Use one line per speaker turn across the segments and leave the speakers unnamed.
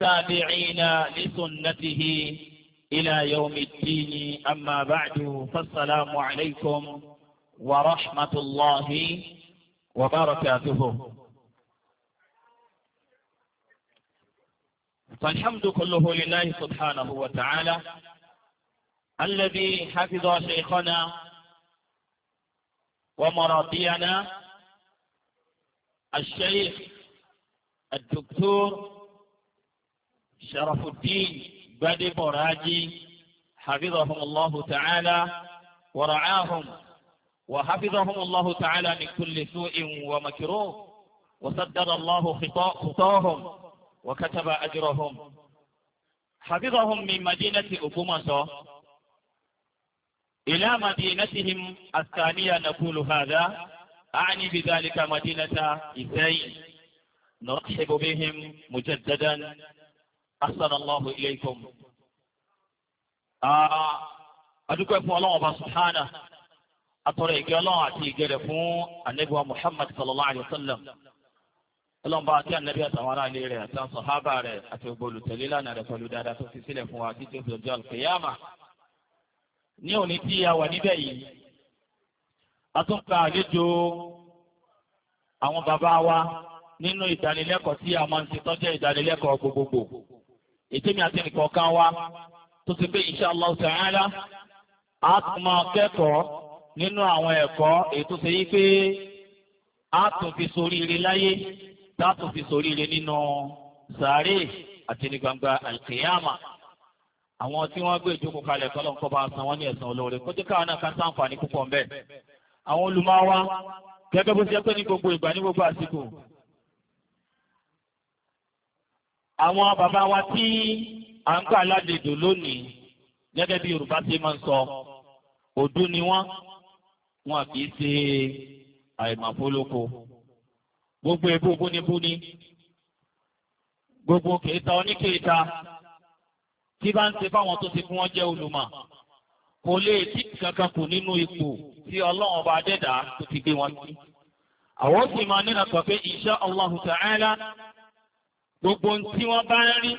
تابعين لسنته إلى يوم الدين أما بعد فالسلام عليكم ورحمة الله وبركاته فالحمد كله لله سبحانه وتعالى الذي حفظ شيخنا ومراضينا الشيخ الدكتور شرف الدين بادي براجي حفظهم الله تعالى ورعاهم وحفظهم الله تعالى من كل سوء ومكروه وسدد الله خطاهم وكتب أجرهم حفظهم من مدينة أبومسو إلى مدينتهم الثانية نقول هذا أعني بذلك مدينة إثين نرحب بهم مجددا asanallahu ilaykum. adúgbò fún ọlọ́wọ́n bá subhana atọ́rọ ìgẹ́ ọlọ́wọ́n àti ìgẹ́rẹ̀ fún anabiwa muhammad sallallahu alayhi wa sallam. ọlọ́wọ́n bá àti anabi àtàwọn ará ilé rẹ̀ àti àwọn sàhábà rẹ̀ àti olùtẹ̀lé lánàá rẹ̀ pẹ̀lú dáadáa tó fi sílẹ̀ fún wa títí ó fi ọjọ́ àlùkìyàmà. ní òní a wà níbẹ̀ yìí a ka àlejò àwọn bàbá wa nínú ìdánilẹ́kọ̀ọ́ tí a máa ń ṣe tọ́jú ìdánilẹ́kọ̀ọ́ gbogbogbò ètèmi àti ẹnìkọ̀ọ̀kan wa tó ti pé insha Allah ta'ala a tún máa kẹ́kọ̀ọ́ nínú àwọn ẹ̀kọ́ èyí tó ṣe yí pé a tún fi soríire láyé tá a tún fi soríire nínú sàárè àti ní gbangba alkiyama àwọn tí wọ́n gbé ìjókòó kalẹ̀ kọ́lọ́ nǹkan bá san wọ́n ní ẹ̀san olóore kó jẹ́ káwọn náà ká sáǹfààní púpọ̀ ń bẹ. àwọn olùmọ̀ wa gẹ́gẹ́ bó ṣe pé ní gbogbo ìgbà ní gbogbo àsìkò àwọn bàbá wa tí à ń gbà ládejò lónìí gẹ́gẹ́ bí Yorùbá ṣe máa ń sọ òdú ni wọ́n wọn kì í ṣe àìmọ̀fólóko gbogbo ebú búnibúni gbogbo kèéta oníkèéta tí bá ń ṣe fáwọn tó ti fún wọn jẹ́ olùmọ̀ kò lè tí kankan kù nínú ipò tí ọlọ́run ọba adẹ́dàá tó ti gbé wọn sí. àwọn sì máa nínà sọ pé insha Allahu ta'ala gbogbo ohun tí wọ́n bá ń rí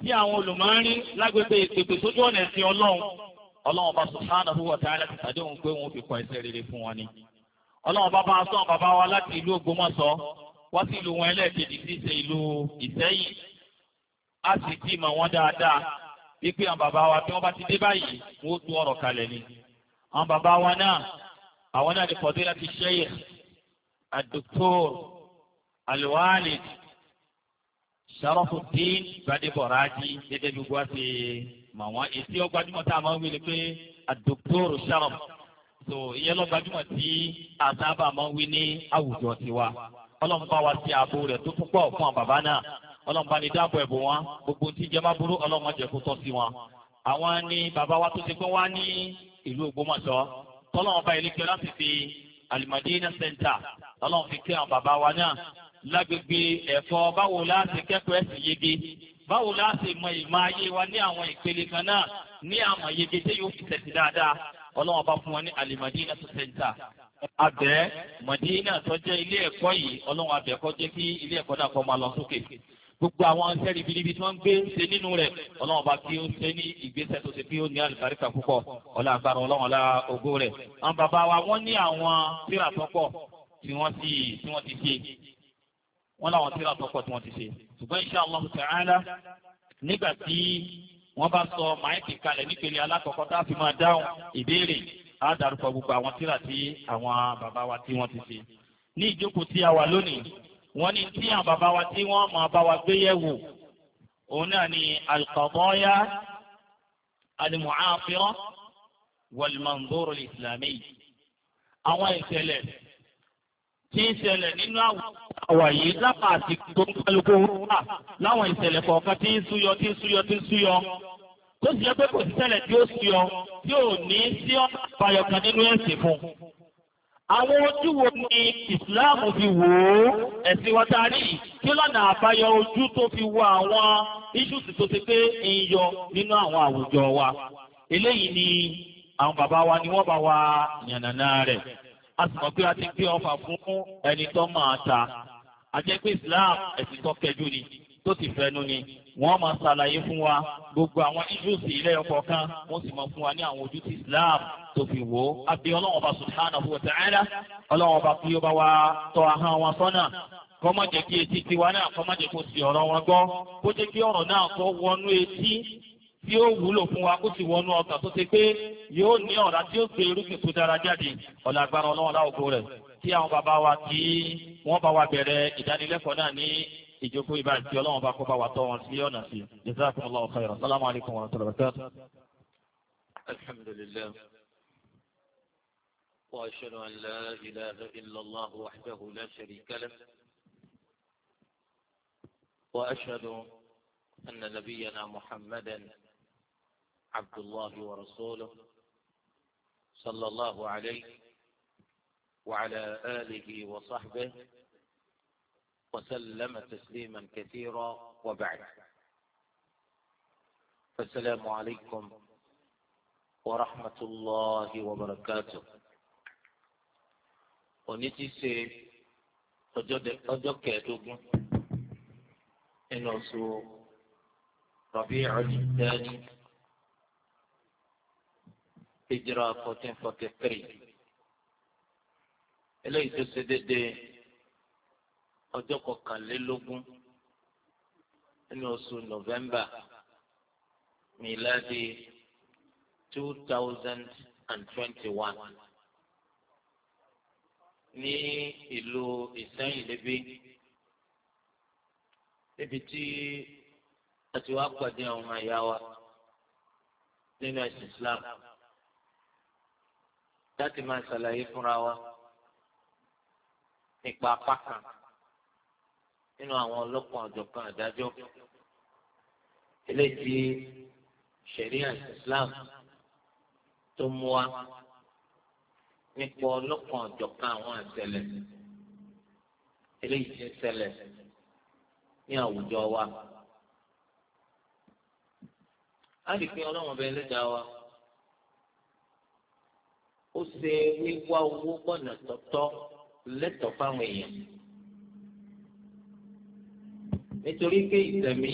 tí àwọn olùmọ̀ ń rí lágbègbè ìpèpè sójú ọ̀nà ẹ̀sìn ọlọ́run ọlọ́run bá subhanahu wa ta'ala ti tàdé òun pé òun fi kọ ẹsẹ̀ rere fún wọn ni. ọlọ́run bá bá a sọ̀n bàbá wa láti ìlú Ògbómọ̀ṣọ́ wá sí ìlú wọn ẹlẹ́ẹ̀kejì sí ṣe ìlú Ìṣẹ́yìn a sì ti mọ̀ wọ́n dáadáa wípé àwọn bàbá wa bí wọ́n bá ti dé báyìí wọ́n tú ọ̀rọ̀ kalẹ̀ ni. àwọn bàbá wa náà àwọn náà ní fadilati Sheikh ad-Doktor al-Walid Sharafuddin Gbadebọ̀rájì gẹ́gẹ́ bí wọ́n ṣe mọ̀ wọ́n èsì ọgbàdúmọ̀ tá a máa ń wí ni pé àdókòrò Sharaf so ìyẹn lọ gbajúmọ̀ tí àtàbà máa ń wí ní àwùjọ tiwa ọlọ́run bá wa ṣe ààbò rẹ̀ tó púpọ̀ fún àwọn bàbá náà ọlọ́run bá ní dáàbò ẹ̀bùn wọn gbogbo tí jẹma burú ọlọ́run jẹ́ kó tọ́ sí wọn. àwọn ni bàbá wa tó ti pín wá ní ìlú Ògbómọ̀ṣọ́ tọ́lọ́run ilé kí ọ fi al Center ọlọ́run fi kí àwọn bàbá wa náà lágbègbè ẹ̀kọ́ báwo láti kẹ́kọ̀ọ́ ẹ̀sìn yege báwo láti mọ ìmọ̀ ayé wa ní àwọn ìpele kan náà ní àmọ̀ yege tí yóò fi tẹ̀sí dáadáa ọlọ́wọ́n bá fún wọn ní alimadina tó sẹ́ńtà abẹ́ madina tó jẹ́ ilé ẹ̀kọ́ yìí ọlọ́wọ́n abẹ́ kọ́ jẹ́ kí ilé ẹ̀kọ́ náà kọ́ máa lọ sókè gbogbo àwọn iṣẹ́ ribiribi tí wọ́n ń gbé ṣe nínú rẹ̀ ọlọ́run bá kí ó ṣe ní ìgbésẹ̀ tó ṣe bí ó ní àlùbáríkà púpọ̀ ọlá ọlọ́run ọlá ògo rẹ̀ àwọn bàbá wa wọ́n ní àwọn tíra tó pọ̀ tí wọ́n ti ṣe wọ́n láwọn tíra tó pọ̀ tí wọ́n ti ṣe ṣùgbọ́n insha Allah ta'ala nígbà tí wọ́n bá sọ máìkì kalẹ̀ nípele alákọ̀ọ́kọ́ tá a fi máa dáhùn ìbéèrè á dárúkọ gbogbo àwọn tíra tí àwọn bàbá wa tí wọ́n ti ṣe. ní ìjókòó tí a wà lónìí wọ́n ní tí àwọn bàbá wa tí wọ́n máa bá wa gbé yẹ̀wò òun náà ni al-qadaya al-mu'afira àwọn ìṣẹ̀lẹ̀ tí ń ṣẹlẹ̀ nínú
àwà yìí lápá àti tó ń kálukú wà láwọn ìṣẹ̀lẹ̀ kọ̀ọ̀kan tí ń súyọ tí ń súyọ tí ń súyọ tó sì yẹ pé kò sí ṣẹlẹ̀ tí ó súyọ tí ò ní sí ọ̀nà àbáyọ kan nínú ẹ̀sìn fún àwọn ojú wo ni Islam fi wò ó ẹ̀sìn wọn ta rí kí lọ́nà àbáyọ ojú tó fi wo àwọn
iṣùsì tó ti pé ń yọ nínú àwọn àwùjọ wa eléyìí ni àwọn bàbá wa ni wọ́n bá wa yànnàná rẹ̀ a sì mọ̀ pé a ti gbé ọfà fún ẹni tó máa ta àjẹ́ Islam ẹ̀sìn tó kẹjú ni tó ti fẹnu ni wọ́n máa ṣàlàyé fún wa gbogbo àwọn ìjúsì ilé ọkọ̀ kan wọ́n sì máa fún wa ní àwọn ojú tí Islam tó fi wò ó. àbí ọlọ́run ọba subhanahu wa ta'ala ọlọ́run ọba kí ó bá wa tọ́ ahọ́n wa sọ́nà kó má jẹ́ kí etí tiwa náà kó kó sì ọ̀rọ̀ wọn gbọ́ kó jẹ́ kí ọ̀rọ̀ náà kó wọnú etí tí ó wúlò fún wa kó sì wọnú ọkàn tó ṣe pé yóò ní ọ̀rá tí ó gbé irúgbìn tó dára jáde ọ̀là agbára ọlọ́run láògbó rẹ̀ tí àwọn bàbá wa tí wọ́n bá wa bẹ̀rẹ̀ ìdánilẹ́kọ̀ọ́ náà ní ìjókòó ìbáyìí tí ọlọ́run bá kó bá wa tọ́ wọn sí ọ̀nà sí jazakumullahu khairan salamu alaykum wa rahmatullahi wa barakatuh.
wa ashhadu
عبد الله ورسوله صلى الله عليه وعلى آله وصحبه وسلم تسليما كثيرا وبعد فالسلام عليكم ورحمة الله وبركاته سي ọjọ́ kẹẹ̀ẹ́dógún إنه oṣù ربيع الثاني hijira fourteen forty three eléyìí tó ṣe déédéé ọjọ́ kọkànlélógún nínú oṣù november
miladi
two thousand and twenty one ní ìlú ìsẹ́yìn lébí níbi tí a ti wá pàdé àwọn àyà wa nínú ẹ̀sìn islam. islam láti máa ṣàlàyé fúnra wa nípa apá kan nínú àwọn ọlọ́kan ọ̀jọ̀kan àdájọ́ eléyìí ṣẹ̀ríà Islam tó mú wa nípa ọlọ́kan ọ̀jọ̀kan àwọn àṣẹlẹ̀ eléyìí ti ń ṣẹlẹ̀ ní àwùjọ wa. a lè fi ọlọ́run ọbẹ̀ ẹlẹ́dàá wa ó ṣe wíwá owó gbọ́nà tọ́tọ́ lẹ́tọ̀ọ́ fáwọn èèyàn nítorí pé ìtẹ̀mí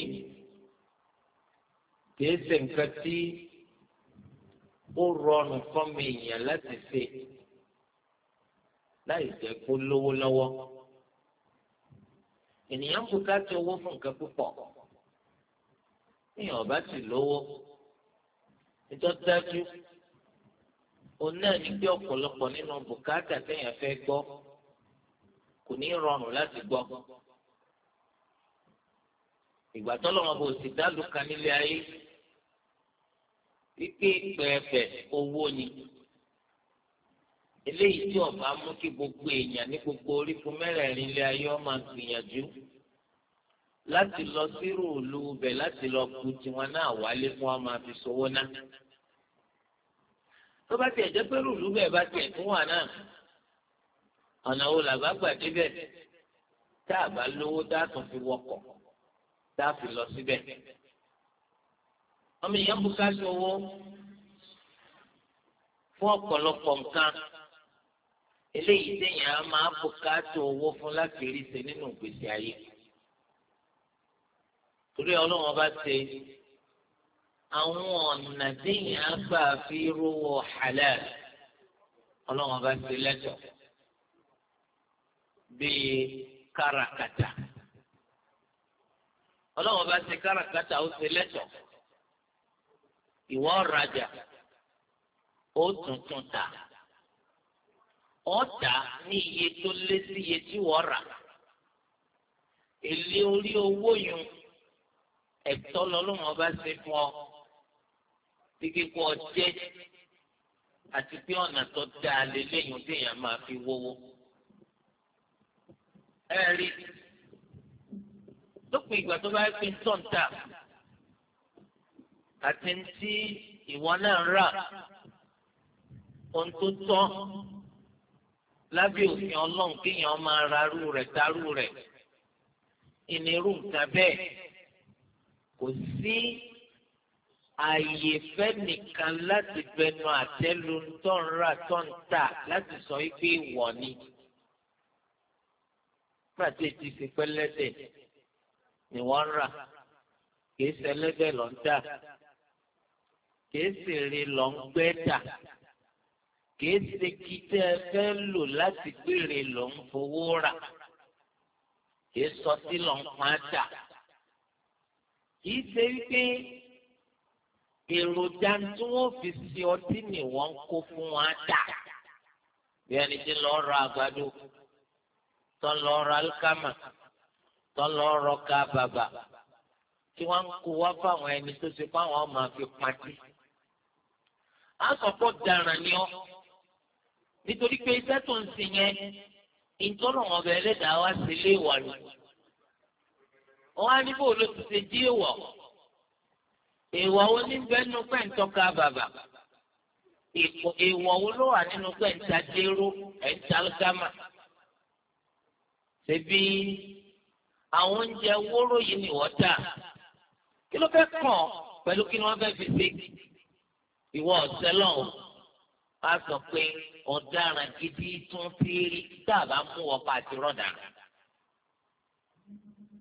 kìí ṣe nǹkan tí ó rọrùn fún mi èèyàn láti ṣe láì jẹ́ kó lówó lọ́wọ́ ènìyàn ń bùkátà owó fún nǹkan púpọ̀ èèyàn ọ̀bá sì lówó nítorí dájú òun náà ní pé ọ̀pọ̀lọpọ̀ nínú bùkátà téèyàn fẹ́ gbọ́ kò ní rọrùn láti gbọ́. ìgbà tó lọ́wọ́ bò sí dálùkà nílé ayé wípé pẹ̀ẹ̀pẹ̀ owó ni eléyìí tí ọba mú kí gbogbo èèyàn ní gbogbo orígun mẹ́rẹ̀ẹ̀rin ilé ayé ọmọ gbìyànjú láti lọ sírò òlu ibẹ̀ láti lọ kú tiwọn náà wálé fún ọmọ àfisowó náà tó bá tiẹ̀ jẹ́ pé rúùlù bẹ́ẹ̀ bá tiẹ̀ tún wà náà ọ̀nà wo làbá gbà débẹ̀ tá a bá lówó tá a tún fi wọkọ̀ tá a fi lọ síbẹ̀ ọmọ èèyàn bùkátà owó fún ọ̀pọ̀lọpọ̀ nǹkan eléyìí téèyàn á máa bùkátà owó fún láti rí ṣe nínú ìgbésí ayé torí ọlọ́run ọba ṣe àwọn ọ̀nà téèyàn gbà fi rówó halal ọlọ́run bá ti lẹ́tọ̀ bíi káràkátà ọlọ́run bá ti káràkátà ó ti lẹ́tọ̀ ìwọ rajà ó tuntun ta ó tà ní iye tó lé sí iye tí wọ́n rà èlé orí owó yun ẹ̀tọ́ lọ́lọ́run ọba ṣe fún ọ kíkíkú ọjẹ́ àti pé ọ̀nà tó dáa lélẹ́yìn téèyàn máa fi wówó. ẹ rí lópin ìgbà tó bá pín tọ́ǹtà àti tí ìwọ náà rà ohun tó tọ́ lábẹ́ òfin ọlọ́run kéèyàn máa rarú rẹ̀ tarú rẹ̀ ìnirú nǹkan bẹ́ẹ̀ kò sí ààyè fẹ́nìkan láti bẹnu àtẹ́lu tọ́nra tọ́ǹtà láti sọ wípé ìwọ ni. pàtẹ́ ti fi pẹ́lẹ́dẹ̀ ni wọ́n ń rà kìí ṣẹlẹ́dẹ̀ lọ ń tà kìí sì rí lọ ń gbẹ́ tà kìí ṣe kí tẹ́ ẹ fẹ́ lò láti gbére lọ ń fowó rà kìí sọ sí lọ ń pa tà kìí ṣe wípé èròjà tí wọ́n fi ṣe ọtí ni wọ́n kó fún wa dà bí ẹni tí lọ rọ àgbàdo tó lọ rọ alikama tó lọ rọ ká bàbà tí wọ́n kó wá fáwọn ẹni tó ṣe fáwọn ọmọ àfi pàtì. àkọ́kọ́ dáràn ni ọ́ nítorí pé iṣẹ́ tó ń sìn yẹn ìtọ́nà ọ̀bẹ ẹlẹ́dàá wá sí ìwà rẹ̀ wọ́n á ní ló ti ṣe díèwọ̀ èèwọ̀ wo ní bẹ́ẹ̀ nu pẹ́ ń tọ́ka bàbà èèwọ̀ wo ló wà nínú pẹ́ ń ta dérú ẹ̀ ń ta gámà ṣebí àwọn oúnjẹ wóró yìí ni wọ́n tà kí ló fẹ́ kàn pẹ̀lú kí ni wọ́n fẹ́ fi ṣe ìwọ ọ̀sẹ́lọ̀ o wá sọ pé ọ̀daràn gidi tún ti rí tá a bá mú ọkọ̀ àti rọ̀dàràn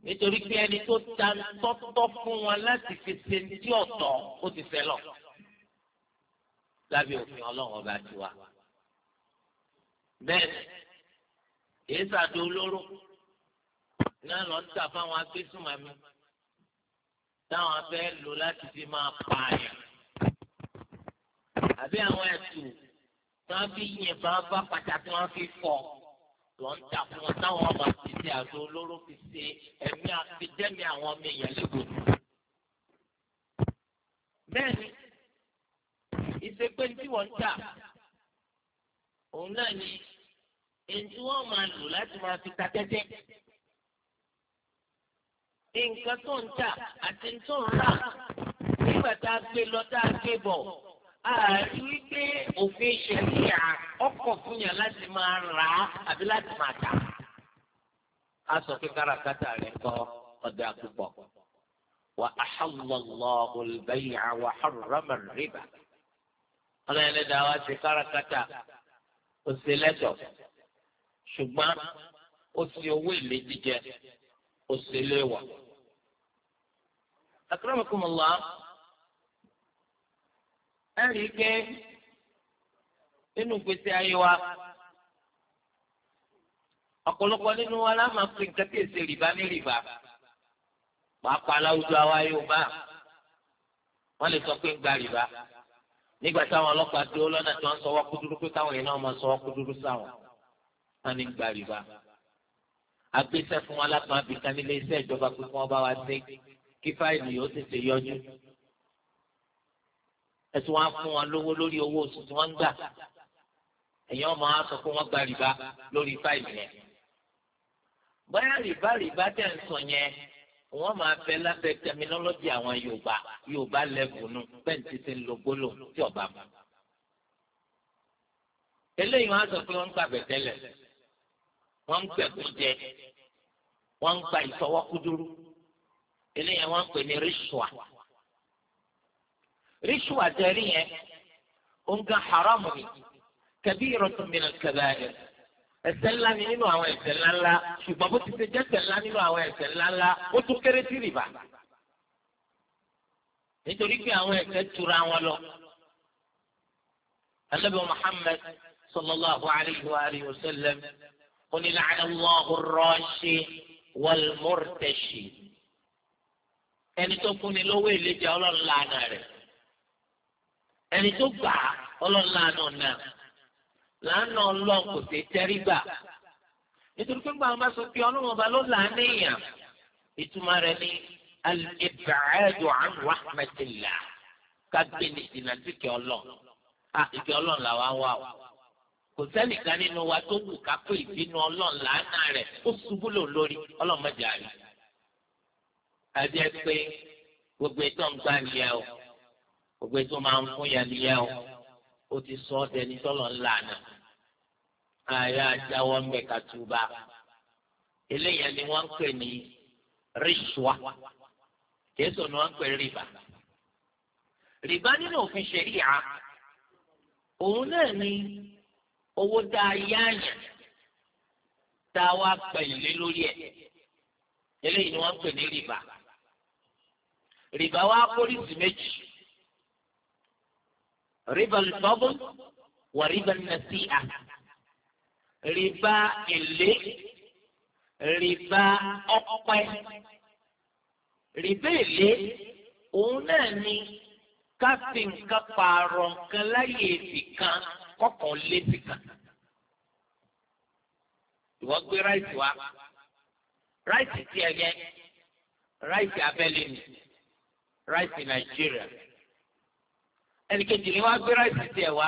nítorí pé ẹni tó ta tọ́tọ́ fún wọn láti fi ṣe tí ọ̀tọ̀ ó ti
fẹ́ lọ. lábẹ́ òfin ọlọ́run ọba ti wá. bẹ́ẹ̀ ni èyí sàdó olóró náà lọ ń tà fáwọn akéṣùmọ̀mí táwọn afẹ́ lò láti fi máa pààyàn. àbí àwọn ẹ̀sùn tí wọ́n fi yìnbọn bá pàtàkì wọn fi fọ́ ọ wọ́n ń tà fún wọn táwọn ọmọ ti ṣe àgbo olóró fi ṣe ẹ̀mí àfijẹ́mi àwọn ọmọ èèyàn lẹ́gbọ̀dọ̀. bẹ́ẹ̀ni ìṣègbè tí wọ́n ń tà òun náà ni èyí tí wọ́n máa lò láti máa fi ta tẹ́tẹ́ nǹkan tó ń tà àti tó ń rà nígbà tá a gbé lọ tá a gbé bọ̀ ààrí wípé òfin ṣẹ̀ríà ọkọ̀ fún yàn láti máa rà á àbí láti máa tà. a sọ pé káràkátà rẹ̀ kọ́ ọ̀dà púpọ̀. wà á Allahu al-bay'a wa harrama ar-riba. ọlọ́yìn wá sí káràkátà ó sì ó sì owó èlé jíjẹ ó sì ẹ̀rí pé nínú gbèsè ayé wa ọ̀pọ̀lọpọ̀ nínú wa la máa pè nǹkan tí èsè rìbá ní rìbá pàápàá láwùjọ àwa Yorùbá wọ́n lè sọ pé ń gba rìbá nígbà táwọn ọlọ́pàá dúró lọ́nà tí wọ́n sọ wọ́n kúdúrú pé táwọn yẹn náà máa sọ wọ́n kúdúrú sáwọn wọ́n ní ń gba rìbá agbésẹ́ fún wọn lápá abìkan nílé iṣẹ́ ìjọba pé kí wọ́n bá wa dé kí fáìlì yóò tètè yọjú ẹ̀sùn wa fún wọn lówó lórí owó oṣù tí wọ́n ń gbà ẹ̀yin ọmọ wa sọ pé wọ́n gba rìbá lórí fáìlì yẹn. bóyá rìbá rìbá tẹ̀ ń sọ yẹn wọ́n máa fẹ́ lábẹ́ tẹminọ́lọ́jì àwọn Yorùbá Yorùbá lẹ́bùnú bẹ́ẹ̀ ti ti ń lo gbólóhùn tí ọba mọ́. eléyìí wọ́n sọ pé wọ́n ń gbàgbẹ́ tẹ́lẹ̀ wọ́n ń gbẹ̀kún jẹ wọ́n ń gba ìsọwọ́kúdúrú
eléyìí wọ́n ń pè ní ríṣùà
ríṣùwà tẹ̀rí yẹn òǹkà haram ni kabiratun min al-kaba'ir ẹ̀ṣẹ̀ ńlá ni nínú àwọn ẹ̀ṣẹ̀ ńlá ńlá ṣùgbọ́n bó ti ṣe jẹ́ ẹ̀ṣẹ̀ ńlá nínú àwọn ẹ̀ṣẹ̀ ńlá ńlá ó tún kéré sí rìbá nítorí pé àwọn ẹ̀ṣẹ̀ tura wọn lọ. النبي محمد صلى الله عليه وآله وسلم قل لعن الله الراشي والمرتشي ẹni tó fún ni lówó ìlẹjẹ Ọlọ́run lànà rẹ̀ ẹni tó gbà á ọlọ́run láàánú náà láàánú ọlọ́run kò sí tẹ́rí gbà nítorí pé gbàgbọ́n bá sọ pé ọlọ́run ọba ló láàánú èèyàn ìtumọ̀ rẹ̀ ni al-ib'adu 'an kágbé ní ìdìnnà sí ìkẹ́ ọlọ́run à ìkẹ́ ọlọ́run làwa wà o kò sẹ́nìkan nínú wa tó wù ká pé ìbínú ọlọ́run láàánú rẹ̀ ó ṣubú lò lórí ọlọ́run mọ̀jà rẹ̀ àti ẹ pé gbogbo ètò ń gbà nìyẹn o gbogbo ètò máa ń fún yaniyá o ó ti sọ ọ́ dẹni tọ́lọ̀ ńlá àná àyà àjáwọ́ ń bẹ kàtúbà eléyàn ni wọ́n ń pè ní ríṣùà jésù ni wọ́n ń pè rìbá rìbá nínú òfin ṣẹ̀ríà òun náà ni owó tá a yáàyàn tá a wá pẹ̀lú lórí ẹ̀ eléyìí ni wọ́n ń pè ní rìbá rìbá wa pólísì méjì riba lọ́bù wà rìbá nàṣíà rìbá èlé rìbá ọ̀pẹ rìbá èlé òun náà ni ká fi nǹkan pààrọ̀ nǹkan láyè ìfìkan kọ̀ọ̀kan lé ìfìkan ìwọ gbé ráìsì wá ráìsì tí ẹ ráìsì abẹ́lé ni ráìsì nàìjíríà ẹnìkejì ni wọ́n á gbé ráìsì tiẹ̀ wá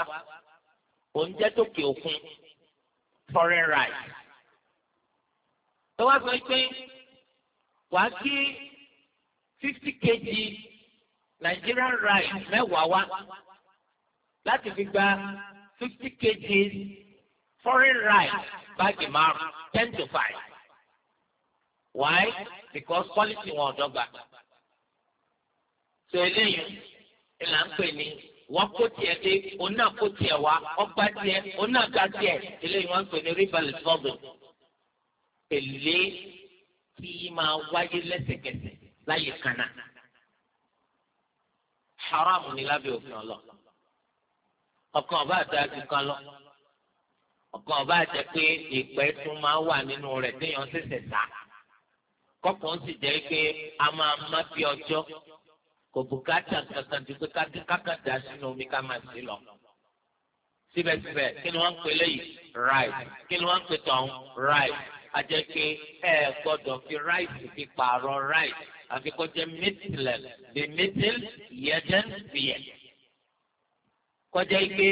oúnjẹ tó kè òkun foreign rice tó wá sọ pé wà á kí fifty kg Nigerian rice mẹ́wàá wá láti fi gba fifty kg foreign rice báàgì márùn ten to five why because quality wọn ò dọ́gba so eléyìí ni là pè ní wọ́n kó tiẹ̀ dé òun náà kó tiẹ̀ wá ọgbà tiẹ̀ òun náà ga tiẹ̀ eléyìí wọ́n ń pè ní rival fọ́ọ̀bù pèlè tí máa wáyé lẹ́sẹ̀kẹsẹ̀ láyé kaná haram ni lábẹ́ òfin ọlọ́ ọkàn ọba àtàkì kan lọ ọkàn ọba àjẹ pé ìpẹ́ tún máa wà nínú rẹ̀ téèyàn ṣẹ̀ṣẹ̀ sá kọ́kàn sì jẹ́ pé a máa má fi ọjọ́ kò bùkátà kankan ju pé kákàtà sínú omi ká máa sí lọ. síbẹ̀síbẹ̀ kí ni wọ́n ń pè léyìí rice kí ni wọ́n ń pè tọ̀hún rice a jẹ́ pé ẹ gbọ́dọ̀ fi rice fi pààrọ̀ rice àfi kó jẹ́ mítìlẹ̀ bí mítìl yẹ́dẹ́ fìyẹ̀. kọjá ike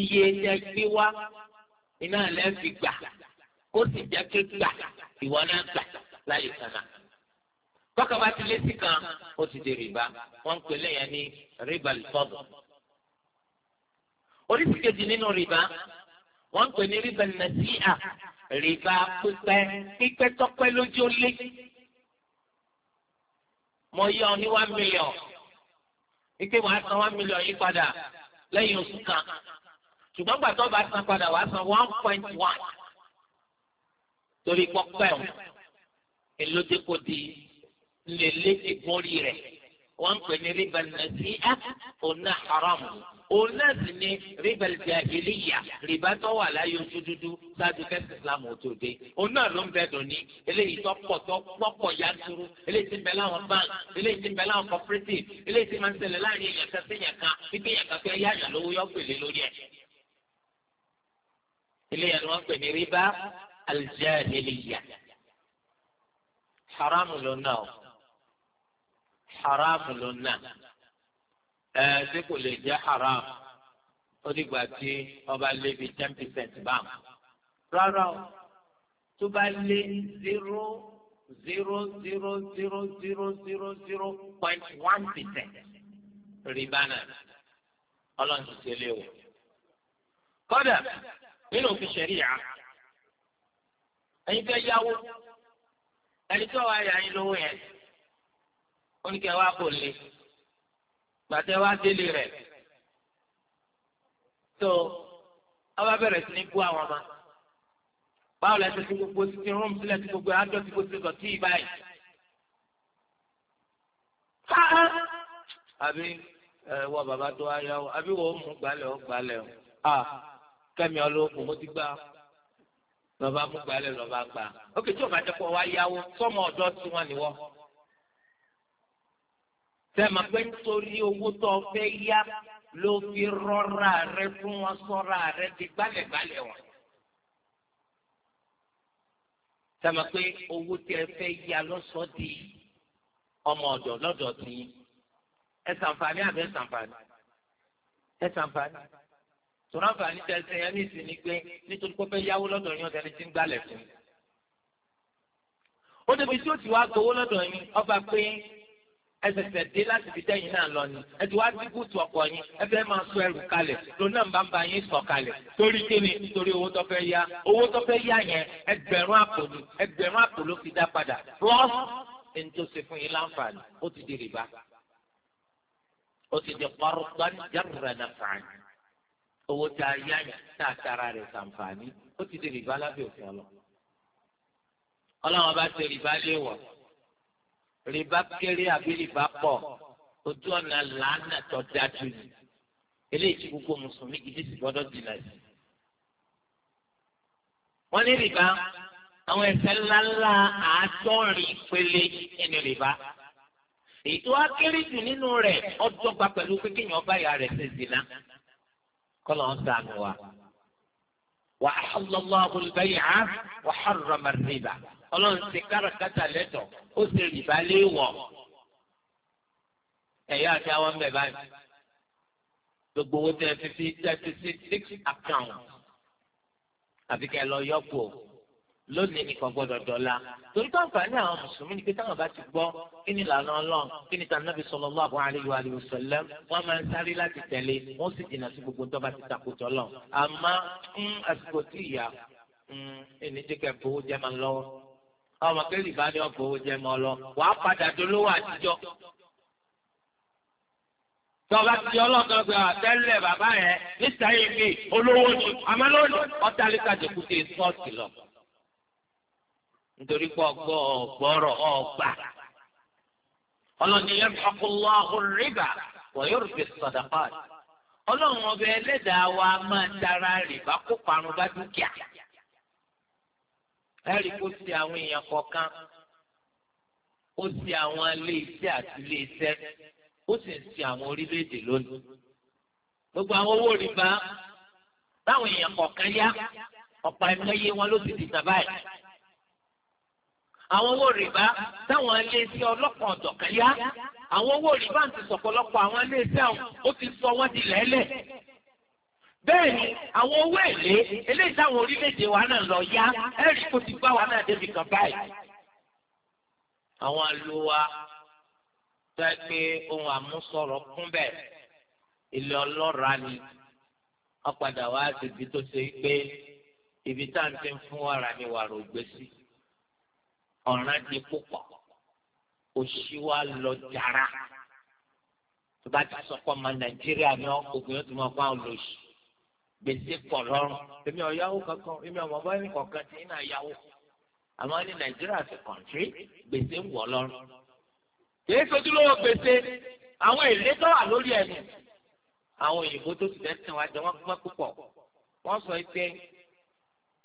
iye ẹ̀jẹ̀ gbé wá iná lẹ́ fi gbà kó sì jẹ́ pé gbà ìwọ náà gbà láyé kan tọ́ka bá ti létí kan ó ti di rìbá wọ́n ń pè lẹ́yìn ní rìbá lìfọ́dù. oríṣi kejì nínú rìbá wọ́n ń pè ní rìbá nàìjíríà rìbá
pípẹ́ pípẹ́ tọ́pẹ́ lójú ó lé.
mo yá ní one million ike wàá san one million yí padà lẹ́yìn oṣù kan ṣùgbọ́n gbàtọ́ bá san padà wàá san one point one torí pọ́pẹ́ o èlò dé kò di lè létí gbórí rẹ̀ wọ́n ń pè ní riba nàìjí á ọ̀nà haram ọ̀nà sì ni riba jahiliya riba tó wà láyé ojú dúdú ṣáájú kẹsì islam tó dé ọ̀nà ló ń bẹ dòní eléyìí tó pọ̀ tó pọ̀pọ̀ yanturu eléyìí tí ń bẹ láwọn bank eléyìí tí ń bẹ láwọn cooperative eléyìí tí máa ń ṣẹlẹ̀ láàrin èèyàn kan sí èèyàn kan wípé èèyàn kan fẹ́ yáyàn lówó yọ pèlè lórí ẹ̀ eléyìí ni wọ́n pè ní riba aljahiliya haram ló náà haramu lọ́nà ẹ̀ ṣé kò lè jẹ́ haramu ó dìgbà tí ọba lé bíi ten percent báàmù rárá o tó bá lé zero zero zero zero zero zero zero point one percent rìbá náà ọlọ́run ti lé o kọ́dà nínú òfin ṣẹ̀ríyà ẹ̀yin fẹ́ yáwó ẹni tó wà yà yín lówó yẹn ó ní kí ẹ wá kò le gbàtẹ wá délé rẹ̀ tó ọba bẹ̀rẹ̀ sí ní bú àwọn ọmọ báwo lẹsẹ tí gbogbo títí rúm sílẹ̀ tí gbogbo àjọ tí gbogbo títí tí ì báyìí. àbí wọ bàbá tó wá yá o àbí wọ́n mú gbalẹ̀ o gbalẹ̀ o a kẹ́mi ọlọ́ọ̀kùn mo ti gbà lọ́ba mú gbalẹ̀ lọ́ba gbà. ó tí o bá jẹ́ pọ̀ wá yáwó sọ́mọ ọ̀dọ́ tí wọ́n ní wọ́n tẹ́ẹ̀mà pé nítorí owó tó o fẹ́ yá ló fi rọ́ra rẹ fún wọn sọ́ra rẹ ti gbálẹ̀gbálẹ̀ wọn. tẹ́ẹ̀mà pé owó tí ẹ fẹ́ yá lọ́sọ̀ọ́ di ọmọ ọ̀dọ̀ lọ́dọ̀ tí ẹ ṣàǹfààní àbẹ́ ṣàǹfààní ẹ ṣàǹfààní tòun àǹfààní tẹ ẹsẹ̀ yẹn ní ìsinmi pé nítorí pé fẹ́ yáwó lọ́dọ̀ yín ọ̀sẹ̀ ni ti ń gbálẹ̀ fún. ó débi tí ó ti wá gbowó lọ́dọ̀ yín ọba pé ẹsẹ̀sẹ̀ dé láti fi dẹ́yìn náà lọ ni ẹ ti wá sí bùtù ọkọ̀ yín ẹ fẹ́ máa sọ ẹrù kalẹ̀ ló náà bá ń ba yín sọ kalẹ̀ torí kíni torí owó tó fẹ́ yá owó tó fẹ́ yá yẹn ẹgbẹ̀rún àpò ni ẹgbẹ̀rún àpò ló fi dá padà plus ẹni tó ṣe fún yín láǹfààní ó ti di rìbá ó ti di pọ́rọ́gbọ́n jábùrẹ̀ náà fàánì owó tá a yá yẹn tá a tara rẹ̀ sàǹfààní ó ti di rìbá lábẹ́ òfin ọlọ́
ọlọ́run ọba ti rìbá
léèwọ̀ rìbá kéré àbí rìbá pọ̀ ojú ọ̀nà làánà tó dájú ni eléyìí tí gbogbo mùsùlùmí gidi sì gbọ́dọ̀ dìnnà sí. wọ́n ní rìbá àwọn ẹ̀ṣẹ̀ ńláńlá àádọ́rin ìpele ẹni rìbá èyí tó wá kéré jù nínú rẹ̀ ọdún ọgbà pẹ̀lú pé kéèyàn bá ìyá rẹ̀ ṣe zina kọ́ lọ́n sànù wa wa ahlallahu al-bay'a wa harrama ar-riba ọlọ́run ti káràkátà lẹ́tọ̀ ó sì rìbá léèwọ̀ ẹ̀yà àti àwọn ń bẹ̀ báyìí gbogbo owó tẹ̀ fi fi thirty six account àbíkẹ́ lọ yọ̀pọ̀ lónìí nìkan gbọ́dọ̀ dọ̀la torí ká nfààní àwọn mùsùlùmí ni pé táwọn bá ti gbọ́ kí ni ìlànà Ọlọ́run kí ni tànàbí sallallahu alaihi wa alihi wasallam wọn máa ń sáré láti tẹ̀lé wọn sì dènà sí gbogbo tó bá ti takòtọ lọ àmọ́ ń àsìkò tí ìyá hmm, ẹni tí kẹ fowó jẹ máa lọ́wọ́ ọmọ kẹlẹ ìbáni ọ fowó jẹ máa lọ wàá padà dolówó àtijọ́ tọba ti ọlọ́dọ̀ gbé wa tẹ́lẹ̀ bàbá yẹn níta yìí mi olówó ni àmọ́ lónìí ọ̀tá nítorí pé ọgbọ́ ọgbọ́rọ̀ ọgbà ọlọ́ni yamhaqullahu rìbá wa yurbi sadaqat ọlọ́run ọbẹ̀ ẹlẹ́dàá wa máa tara rìbá kó parun bá dúkìá ẹ̀rí kó ti àwọn èèyàn kọ̀ọ̀kan ó ti àwọn ilé iṣẹ́ àti ilé ó sì ń ti àwọn orílẹ̀-èdè lónìí gbogbo àwọn owó rìbá táwọn èèyàn kọ̀ọ̀kan yá ọ̀pọ̀ ẹ̀mọ́ iye wọn ló ti dìgbà báyìí àwọn owó rìbá táwọn iléeṣẹ́ ọlọ́kan ọ̀dọ̀kan yá àwọn owó rìbá ti sọ̀pọ̀lọpọ̀ àwọn iléeṣẹ́ àwọn ó ti sọ wọ́n di lẹ́lẹ̀. bẹ́ẹ̀ ni àwọn owó èlé eléyìí táwọn orílẹ̀-èdè wa náà lọ yá ẹ̀rí kò ti gbá wa náà débi kan báyìí. àwọn àlùwà fẹ́ pé ohun àmúsọ̀rọ̀ kún bẹ́ẹ̀ ilé ọlọ́ra ni wọ́n padà wá síbi tó ṣe pé ibi tá à ń fi fún wàrà ni wàrà ò ọ̀ràn ti púpọ̀ òṣì wa lọ jàrá tó bá ti sọ pé ọmọ nàìjíríà ni obìnrin tó máa fún àwọn lòṣì gbèsè pọ̀ lọ́rùn èmi ọ̀yáwó kankan èmi ọmọ bá ní kọ̀ọ̀kan tí ń àyáwó àmọ́ ní nàìjíríà ti kọ̀ǹtì gbèsè ń wọ̀ lọ́rùn kìí sojú lówó gbèsè àwọn èlé tó wà lórí ẹ̀mí àwọn òyìnbó tó ti dẹ́sẹ̀ wá jẹ pẹ́ púpọ̀ wọ́n sọ pé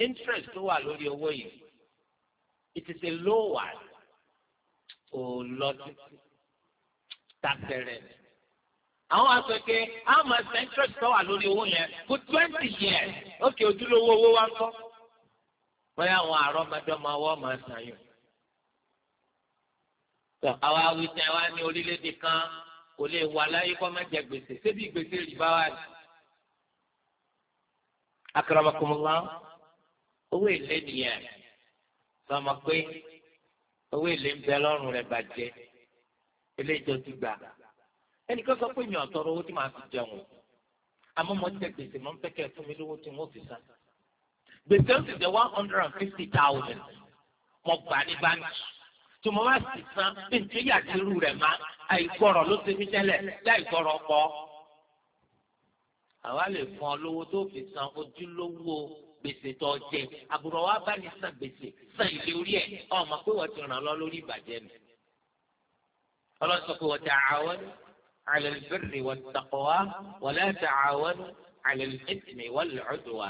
interest tó wà lórí owó yìí it is a low one ò lọ títí tàbẹ̀rẹ̀ àwọn asọ̀kè àmọ̀ ẹ̀sẹ̀ interest tó wà lórí owó yẹn for twenty years ókè ojúlówó owó wa ń kọ́ bóyá àwọn àárọ̀ mẹ́jọ máa wọ́ máa sàn yìí àwa awitẹ wa ní orílẹ̀-èdè kan kò lè wà láyé kó má jẹ gbèsè ṣebí gbèsè rìbá wa ni. akramakumullah owó èlé nìyẹn sọmọ pé owó èlé ń bẹ lọ́rùn rẹ̀ bàjẹ́ eléjọ ti gbà ẹnì kan sọ pé mi ò tọrọ owó tí màá fi jẹun àmọ́ mo tẹ gbèsè mo ń fún mi lówó tí wọ́n fi san gbèsè ń sì jẹ́ one hundred and fifty thousand mo gbà ní báńkì tí mo bá sì san bí n tó yàtí irú rẹ̀ má àìgbọràn ló ṣe mí tẹ́lẹ̀ láìgbọràn pọ̀ àwa lè fún ọ lówó tó fi san ojúlówó gbèsè tó jẹ àbùrọ wa bá ní san gbèsè san ilé orí ẹ ọmọ pé wọ́n ti ràn lọ lórí ìbàjẹ́ mi ọlọsọ pé wọ́n ti àwọn alẹlẹbẹrẹ wọ́n ti tàkọ wa wọ́n lẹ ti àwọn alẹlẹbẹrẹ wọ́n lẹ ọdún wa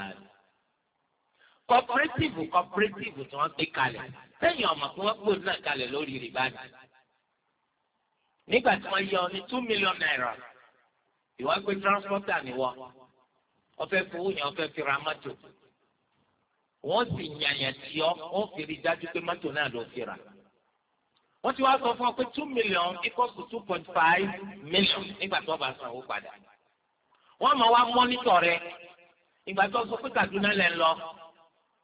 cooperative cooperative tí wọ́n gbé kalẹ̀ sẹ́yìn ọmọ pé wọ́n gbòòrò náà kalẹ̀ lórí rìbá ni nígbà tí wọ́n yọ ní two million naira ìwà gbé transporter ni wọ́n ọfẹ́ fowó yẹn ọfẹ́ fi ra mọ́tò wọ́n sì yàyàn tí ọ́ wọ́n fi rí dájú pé mọ́tò náà ló fi rà. wọ́n ti wá sọ fún ọ pé two million equals to two point five million nígbà tó bá san owó padà. wọ́n máa wá mọ́nítọ̀ rẹ ìgbà tó sọ pé Kaduna lẹ̀ ń lọ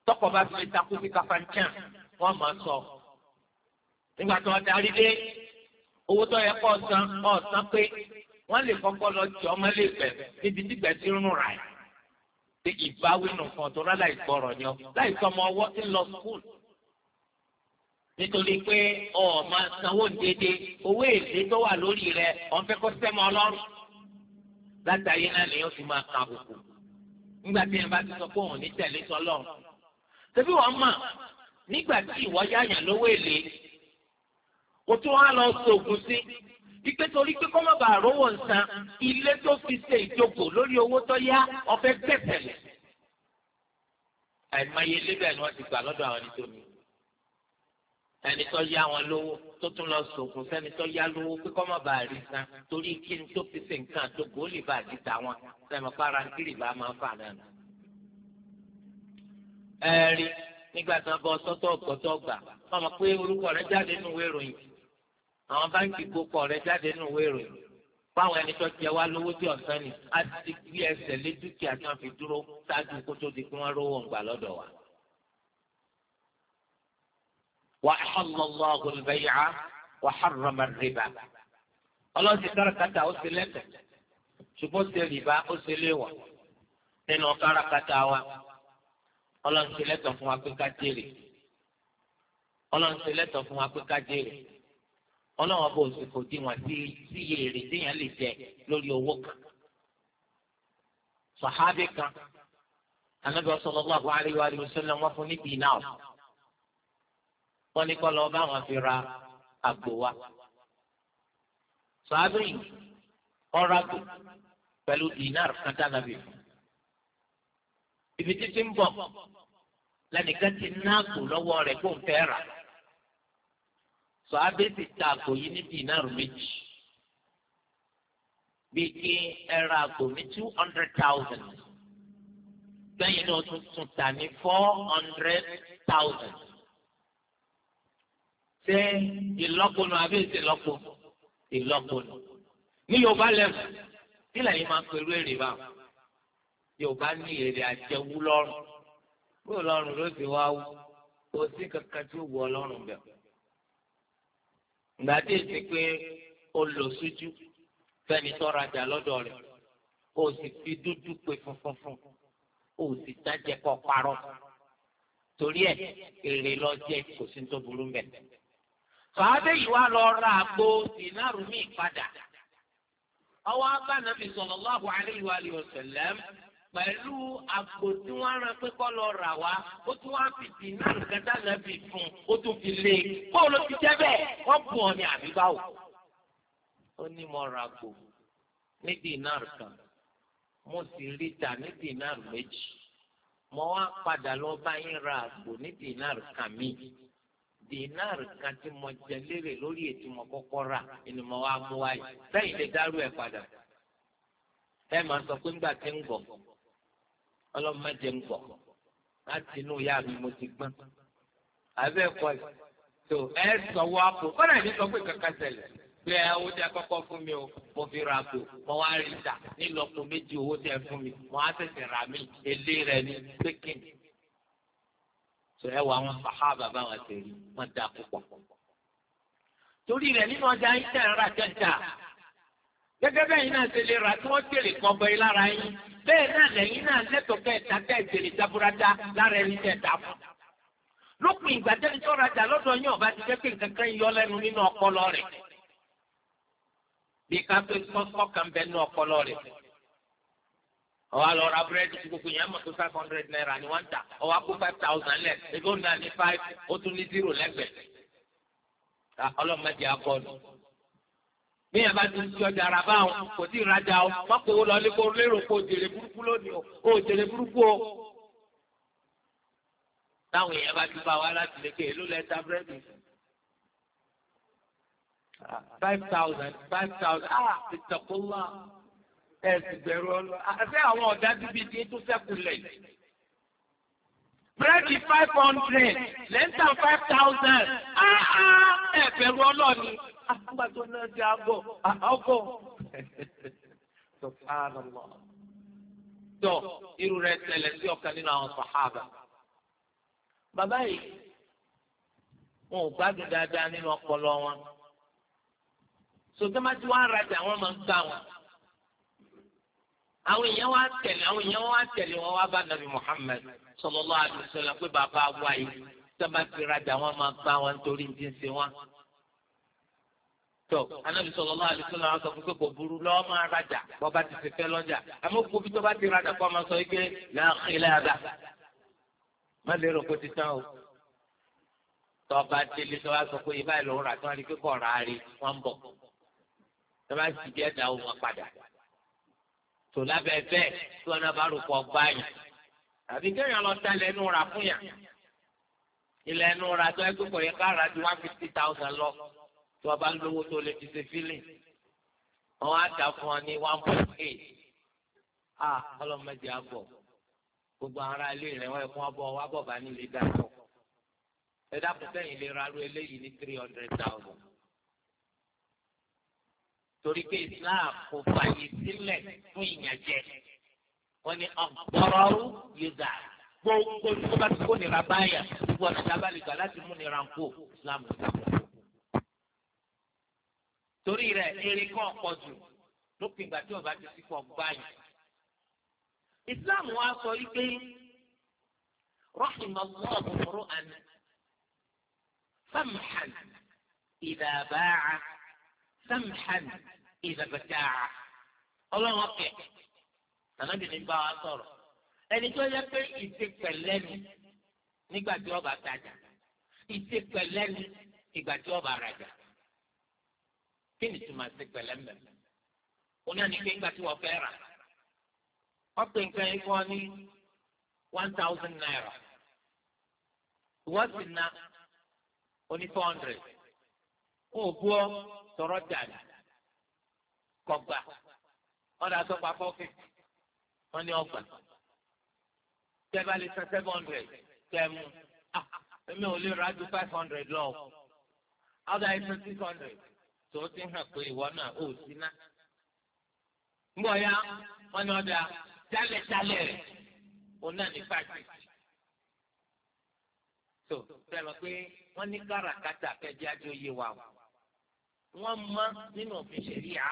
tọkọ bá fi takú sí kafanchan wọ́n máa sọ. nígbà tó ọ darí dé owó tó yẹ kó san ọ̀ san pé wọ́n lè kọ́kọ́ lọ jọ́ ọmọ níbi tí gbẹ̀ ti ń pé ìbáwí nìkan tó rálá ìgbọràn yọ láì sọ ọmọ ọwọ́ tí ń lọ skul nítorí pé ọ máa sanwó déédéé owó èlé tó wà lórí rẹ ọ̀n fẹ́ kó sẹ́mọ ọlọ́run látàrí náà lèyàn fi máa ka àbùkù nígbà tí yẹn bá ti sọ pé òun ní tẹ̀lé tọ́lọ́run tẹ́bí wọ́n mọ̀ nígbà tí ìwọ yáyàn lówó èlé o tún wá lọ sóògùn sí ipe torí pé kọ́ má bàa rówó nǹkan ilé tó fi ṣe ìjókòó lórí owó tó yá ọ̀fẹ́ gbẹ̀tẹ̀lẹ̀. àìmọye lébẹ̀ ni wọ́n ti gbà lọ́dọ̀ àwọn ẹni tó ní. ẹni tó yá wọn lówó tó tún lọ sòkun sẹ́ni tó yá lówó pé kọ́ má bàa rí san torí kí ni tó fi ṣe nǹkan àtòkò ó lè bàa di tàwọn sẹ́mi para kiri bá máa fà náà. ẹ̀rí nígbà tí wọ́n bọ́ sọ́tọ̀ ọ̀gbọ́tọ̀ gbà wọ́n mọ̀ pé orúkọ rẹ̀ jáde nínú àwọn báńkì kókọ rẹ jáde nínú ìwé ìròyìn fáwọn ẹni tó jẹ wá lówó tí ọ̀sán ni á ti gbé ẹsẹ̀ lé dúkìá tí wọ́n fi dúró ṣáájú kó tó di kí wọ́n rówó ǹgbà lọ́dọ̀ wa. wa ahallallahu al-bay'a wa harrama ar-riba ọlọ́sìn kárakátà ó ṣe lẹ́tọ̀ ṣùgbọ́n ṣe rìbá ó ṣe léwọ̀ nínú kárakátà wa ọlọ́sìn lẹ́tọ̀ fún wa pé ká jèrè ọlọ́sìn lẹ́tọ̀ fún wa pé ká jèrè ọlọ́wọ́n bò sí kò dín wọn sí iye èrè téèyàn lè jẹ lórí owó kan. sàhábì kan anábì sallallahu alaihi wa sallam wọn fún ní dinar wọn ní kọ́ lọ́ọ́ bá wọn fi ra àgbò wa. sàhábì ọ̀rọ̀ àgbò pẹ̀lú dinar kan tánàbì fún. ibi títí ń bọ̀ lẹ́nìkan ti ná àgbò lọ́wọ́ rẹ̀ kó ń fẹ́ rà sọ abẹ́sì ta àpò yìí ní dínàrù méjì bíi kí ẹ ra àpò ní two hundred thousand lẹ́yìn náà tún tún ta ní four hundred thousand ṣé ìlọ́kùnù abẹ́sì ìlọ́kùnù ìlọ́kùnù ní Yorùbá lẹ́fù kí lẹ́yìn máa ń pẹ̀lú èrè bá Yorùbá ní èrè àjẹwú lọ́rùn bó lọ́rùn ló ti wá wú kò sí kankan tí ó wù ọ lọ́rùn bẹ́ẹ̀ ìgbà tí èsì pé o lò sójú fẹ́ni tọ́ra jà lọ́dọ̀ rẹ̀ o sì fi dúdú pé funfun fún o sì dájẹ́ kọ́ parọ́ torí ẹ̀ èrè lọ jẹ́ kò sí tó burú mbẹ̀. fàábẹ́ yìí wá lọ ra àgbo dìnnárù padà ọwọ́ abánabi sallallahu alaihi wa sallam pẹ̀lú àpò tí wọ́n rán pé kọ́ lọ rà wá ó tún wá fìdí náà nǹkan dáná fi fún ó tún fi lé e bóun ló fi jẹ́ bẹ́ẹ̀ wọ́n bù ọ ní àbíbáwò. ó ní mo ra àpò ní dínárì kan mo sì rí tà ní dínárì méjì mo wá padà lọ bá yín ra àpò ní dínárì kan mi dínárì kan tí mo jẹ lérè lórí ètò mo kọ́kọ́ rà ni mo wá mú wáyé sẹ́yìn lè dárú ẹ̀ padà ẹ máa sọ pé ńgbà tí ń gbọ̀ ọlọ́mọdé ń bọ̀ láti inú ìyá mi mo ti gbọ́n àbẹ́ ẹ̀kọ́ tó ẹ sọ̀wọ́ àpò kọ́nà ìdí sọ pé kankan ṣẹlẹ̀ pé owó tẹ kọ́kọ́ fún mi o mo fi ra àpò mo wá rí ta nílọ́pọ̀ méjì owó tẹ fún mi mo á tẹ̀sẹ̀ rà mí èlé rẹ ní pékin tó ẹ wọ àwọn sàhábà báwọn ti rí wọn dá púpọ̀ torí rẹ nínú ọjà yìí tẹ̀ ń ra tẹ̀ ń ta gẹ́gẹ́ bẹ́ẹ̀ yìí náà ṣe lè rà tí wọ́n tẹ̀lé kọ́ bẹ́ẹ̀ bẹ́ẹ̀ náà lẹ́yìn náà lẹ́tọ̀ọ́ bẹ́ẹ̀ ta bẹ́ẹ̀ jèrè jaburada lára ẹni tẹ̀ dá fún. lópin ìgbà tẹ́lẹ̀ tó rajà lọ́dọ̀ yín ọba ti jẹ́ pé nǹkan kan yọ lẹ́nu nínú ọpọlọ rẹ̀. bí ká pé kọ́kọ́ kan bẹ nínú ọpọlọ rẹ̀. ọ̀wá lọ ra búrẹ́dì tí gbogbo yẹn mọ̀ tó five hundred naira ni wọ́n ń tà ọ̀wá kó five thousand lẹ̀ ẹgbẹ́ òun náà ní five ó tún ní zero lẹ́gbẹ̀ẹ́. ọlọ́mọdé akọ́ni bí yàrá ti ń sọ jàrá báwọn kò tí ì o wọn lọ lé kó lérò kó jèrè burúkú lónìí
o jèrè burúkú o.
táwọn èèyàn bá ti bá wa láti lè ké èló lẹ́ta búrẹ́dì five thousand five thousand ah ìtàkùnlá ẹ sì bẹ̀rù ọ lọ àti àwọn ọ̀dà bíbí ti tún sẹ́kù lẹ̀. five hundred lẹ́ńtà
five thousand ah
ah ẹ bẹ̀rù ọlọ́ọ̀ni
àgbà tó náà ti àgọ̀
àgọ̀ subhanallah tó irú rẹ̀ ṣẹlẹ̀ sí ọ̀kan nínú àwọn sàhábà bàbá yìí wọn ò gbádùn dáadáa nínú ọpọlọ wọn sọtẹ́mátì wọn arajà wọn máa ń gbà wọn àwọn èèyàn wá tẹ̀lé àwọn èèyàn wá tẹ̀lé wọn wá bá nàbì Muhammad sallallahu alaihi wasallam pé bàbá wa yìí sọtẹ́mátì rajà wọn máa gbà wọn torí ti ń ṣe wọn tọ anabi sọlọ lọ àdìsọ lọ àwọn sọ fún pé kò burú lọ́wọ́ máa rajà bọ́ba ti ti fẹ́ lọ́jà àmọ́ kó bí tó bá ti rajà kó máa sọ yìí pé láàkìlẹ̀ àbá má lérò kó ti tán o tọba délé tọba sọ pé ibà ìlú rà tí wọn rí pé kò rà á rí wọn bọ tọba sì bí ẹ̀dá wọn padà tò lábẹ́ bẹ́ẹ̀ tí wọn náà bá rò pọ̀ báyìí àbí kéèyàn lọ ta ilẹ̀ rà fún yàn ilẹ̀ ẹnu rà tó ẹgbẹ́ kò yẹ ká rà ju one fifty thousand lọ tí wọ́n bá lówó tó lè fi ṣe fílìn wọ́n á dà fún ọ ní one point eight a ọlọ́mọdé àbọ̀ gbogbo ara ilé rẹ̀ wọ́n ẹ̀kún ọbọ̀ wá bọ̀ bá nílé dàpọ̀ ẹ dàpọ̀ sẹ́yìn lè ra ru eléyìí ní three hundred thousand torí pé Islam kò fààyè sílẹ̀ fún ìyànjẹ wọ́n ní ọgbọ́rọ́rú yóò dà gbogbo tó bá ti kó nira báyà gbogbo ọ̀nà tábàlì gbà láti mú nira ń kó Islam ló dàpọ̀ torí rẹ̀ eré kan pọ̀ jù lópin ìgbà tí ọba ti sípò gbáyì. ìsìláàmù wa sọ wípé rọ́ọ̀kìmọ̀ lọ́ọ̀bù fúru àná samhan ìdá báà samhan ìdá bàtàà ọlọ́run ọ̀kẹ́ tànàbì ní bá wa sọ̀rọ̀ ẹni tó yẹ pé ìṣe pẹ̀lẹ́ nígbà tí ọba tajà ìṣe pẹ̀lẹ́ ìgbà tí ọba rajà kí ni tí màá ṣe pẹ̀lẹ́ mbẹ̀ ó náà ní pé ńgbà tí wọ́n fẹ́ rà wọ́n pè nǹkan yìí fún ọ ní
one thousand naira
ìwọ́n sì na oní four hundred ó bú ọ tọrọ dàdà kọgbà ọ̀dà tó pa four fifty ní ọgbà tẹ́bà lè san seven hundred tẹ́mu ah èmi ò lè ra ju five hundred lọ ọ̀dà yìí san six hundred tó ti hàn pé ìwọ náà ò sí ná. ńgbọ́ ya wọ́n ní ọ̀dà jálẹ̀jálẹ̀ rẹ̀ òun náà ní fàájì. tó fẹ́ràn pé wọ́n ní káràkátà kẹjẹ ajó yé wa o. wọ́n mọ nínú òfin ṣẹ̀ríà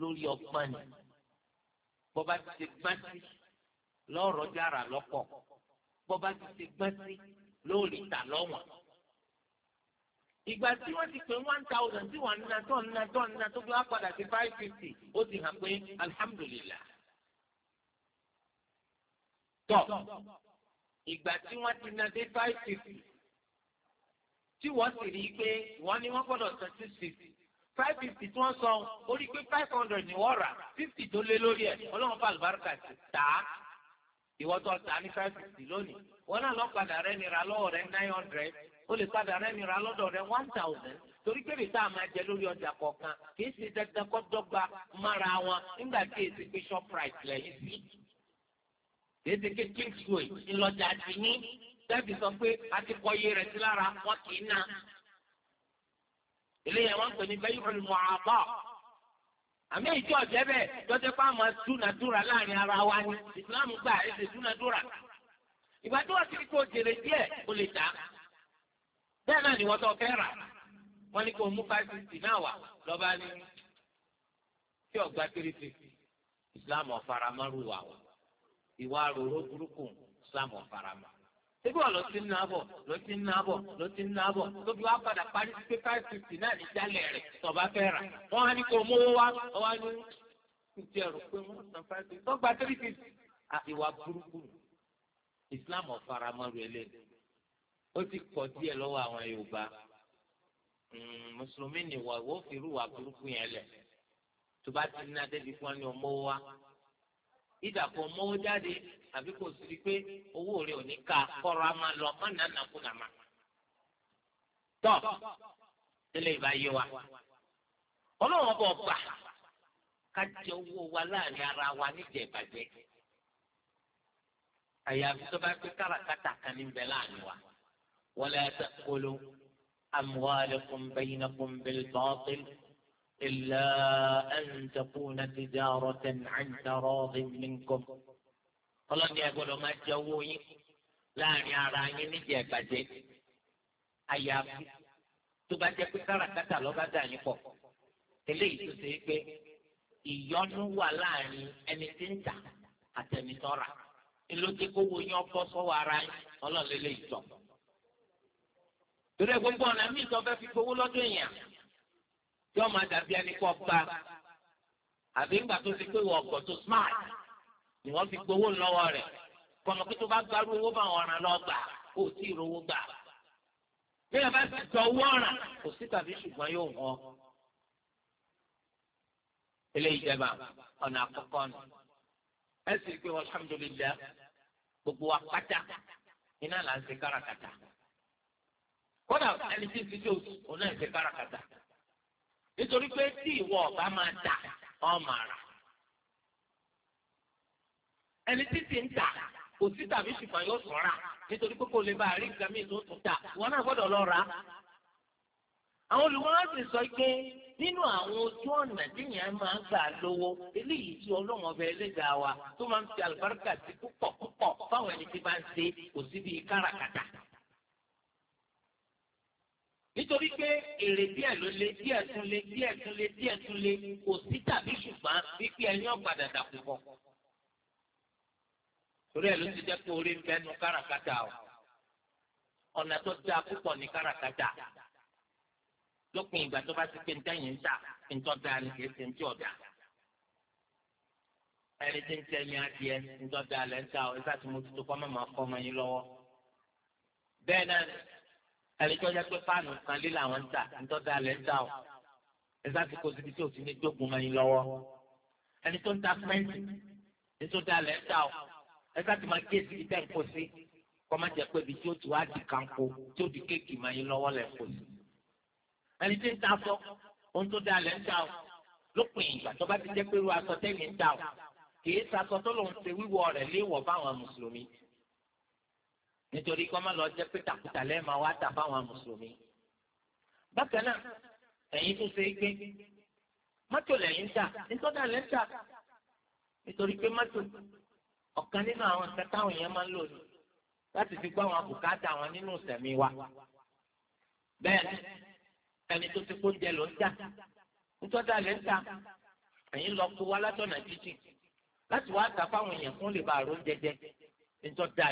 lórí ọgbọ́n ni. bọ́ba ti ti gbá lọ́rọ̀ jára lọ́pọ̀ bọ́ba ti ti gbá lórí ìta lọ́wọ̀n ìgbà tí wọ́n ti pè one thousand tí wọ́n na tó na tó na tó gbé wá sí five fifty ó ti hàn pé alhamdulillah. tọ́ ìgbà tí wọ́n ti na dé five fifty tí wọ́n sì rí i pé wọ́n ní wọ́n gbọ́dọ̀ san six fifty five fifty tí wọ́n san ó pé five hundred ni wọ́n rà fifty tó lé lórí ẹ̀ ọlọ́run fún àlùbáríkà ti tà á ìwọ́n tó ta ní five fifty lónìí wọ́n náà lọ́ọ́ padà rẹ́ nira lọ́wọ́ rẹ̀ nine hundred ó lè padà rẹ́mi ra lọ́dọ̀ rẹ one thousand torí pé rìtá máa jẹ lórí ọjà kọ̀ọ̀kan kì í ṣe dandan kó dọ́gba mára wọn nígbà tí èsì pé shoprite lẹ́yìn sí. èsì pé kingsway ńlọjà ti ní dábì sọ pé a ti kọ iye rẹ̀ sí lára wọn kì í na. eléyàwó wọn pè ní bẹ́yìn olùmọ̀ àbọ̀ àmì ìjọ ọ̀jẹ́ bẹ́ẹ̀ tọ́jẹ́ pé àwọn dúnadúrà láàrin ara wa ni ìsìlámù gbà èsì dúnadúrà. ìgbà tó wà sí kó jèrè díẹ̀ kó lè dá bẹ́ẹ̀ náà ni wọ́n tó fẹ́ rà wọ́n ní kó mú five fifty náà wà lọ́ba ní tí ọgbà three fifty islam ọ̀faramaru wà wọ́n ìwà roró burúkú islam ọ̀farama. ebi wà ló ti ń nàbọ̀ ló ti ń nàbọ̀ ló ti ń nàbọ̀ tóbi wá padà parí sí five fifty náà ní jálẹ̀ rẹ̀ tọ́ba fẹ́ rà wọ́n á ní kó mú wá wọ́n á ní kùtì ẹ̀rù pé wọ́n san five fifty tọ́gbà three fifty. ìwà burúkú islam ọ̀faramaru ẹlẹ́dẹ̀ẹ́ ó ti kọ díẹ̀ lọ́wọ́ àwọn yorùbá hmm, mùsùlùmí nìwọ ìwọ fi irú wa burúkú yẹn lẹ tó bá ti ní adébí fún ẹni ọmọ wa ìdàpọ̀ mọ́wó jáde àbí kò sí pé owó rẹ̀ ò ní ká kọ́ra máa lọ má nà nà má. tọ́ tẹ́lẹ̀ ìbá yé wa ọlọ́run ọba ọba ká jẹ owó wa láàrin ara wa níjẹ̀ àyàfi tó bá pé káràkátà kan níbẹ̀ láàrin wa. ولا تأكلوا أموالكم بينكم بالباطل إلا أن تكون تجارة عن تراض منكم ọlọ́ni يقول ما jẹ لا yín láàrin ara yín níjẹ̀ ìbàjẹ́ àyàfi tó bá jẹ́ pé káràkátà lọ́ba dà yín pọ̀ eléyìí tó ṣe é pé ìyọnu wà láàrin ẹni tí ń tà àtẹnitọ́ra ńlọ́jẹ́ kówó yín ọkọ sọ́wọ́ ara yín ọlọ́ọ̀lẹ́lẹ́ ìjọba torí gbogbo ọ̀nà míì tó fẹ́ fi gbowó lọ́dún èèyàn tí wọ́n máa dàbí ẹni kọ́ gba àbí ńgbà tó ti pé wọ́n ọ̀gọ̀ tó smart ni wọ́n fi gbowó lọ́wọ́ rẹ̀ kọ̀mọ̀ pé tó bá gbarú owó bá ọ̀ràn lọ gbà kó tí ì rówó gbà. bí ẹ bá ti tọ owó ọ̀ràn kò sí tàbí ṣùgbọ́n yóò hàn. ilé ìjẹba ọ̀nà àkọ́kọ́ nù. ẹ sì pé alhamdulillah gbogbo wa iná là ń ṣe káràkátà kódà ẹni tí ń fi tó òun náà ṣe kárakáta nítorí pé tí ìwọ ọba máa dà ọmọ ara ẹni tí ti ń tà kò sí tàbí ṣùgbọ́n yóò tún rà nítorí pé kò lè bá àrí nǹkan míì tó tún tà wọn náà gbọ́dọ̀ lọ rà á. àwọn olùwọ́n sì sọ pé nínú àwọn ojú ọ̀nà tíyẹn máa ń gbà lówó eléyìí tí ọlọ́run ọbẹ̀ ẹlẹ́gàá wa tó máa ń fi àlùbáríkà sí púpọ̀ púpọ̀ fáwọn ẹni tí bá ń ṣe kò nítorí pé èrè díẹ̀ ló lé díẹ̀ tún lé díẹ̀ tún lé díẹ̀ tún lé kò sí tàbí ṣùgbọ́n wípé ẹni ọ̀padà dàkú bọ̀. torí ẹ̀ ló ti jẹ́ pé orí ń bẹnu káràkátà o ọ̀nà tó dáa púpọ̀ ní káràkátà lópin ìgbà tó bá ti pé ntẹ́yìn ń tà ntọ́ da ni kì í ṣe ntí ọ̀dà. ẹni tí ń tẹ́yìn adìẹ ntọ́ da lẹ́ ń tà ọ́ ẹ sá ti mú tuntun kọ́ mọ́ máa fọ́ ọmọ yín lọ́wọ́. bẹ́ẹ̀ náà ẹni tó yẹ pé fáànù kan lé làwọn ń tà ń tọ́da alẹ́ ń tà ọ́ ẹ̀sà ti kó síbi tí òfin ní gbógun mọ́ yín lọ́wọ́ ẹni tó ń ta fẹ́ǹsì ní tó da alẹ́ ń tà ọ́ ẹ̀sà ti máa gé síbi tẹ́ ń kó sí kọ́ má jẹ́ pé ibi tí ó ti wá di kanko tí ó di kéèkì mọ́ yín lọ́wọ́ lẹ́ kó sí. ẹni tí ń ta aṣọ ohun tó da alẹ́ ń tà ọ́ lópin ìgbà tó bá ti jẹ́ pé irú aṣọ tẹ́yìn ń tà ọ́ kì í ṣaṣọ tó lòun ṣe wíwọ̀ rẹ̀ léèwọ̀ fáwọn mùsùlùmí nítorí kọ́ má lọ jẹ́ pé tàkùtà lẹ́ẹ̀ma wá tà fáwọn mùsùlùmí. bákan náà ẹ̀yin tún ṣe é gbé mọ́tò lẹ́yìn tà nítọ́jà lẹ́yìn tà nítorí pé mọ́tò ọ̀kan nínú àwọn nǹkan táwọn èèyàn máa ń lò ní láti fi gbọ́ àwọn àbùkátà àwọn nínú ìsẹ̀mí wa. bẹ́ẹ̀ ẹni tó ti kóúnjẹ ló ń tà nítọ́jà lẹ́yìn tà ẹ̀yin lọ kó wa látọ̀nà títì láti wá tà fáwọn èèyàn fún lè bàa ró jẹjẹ nítọ́jà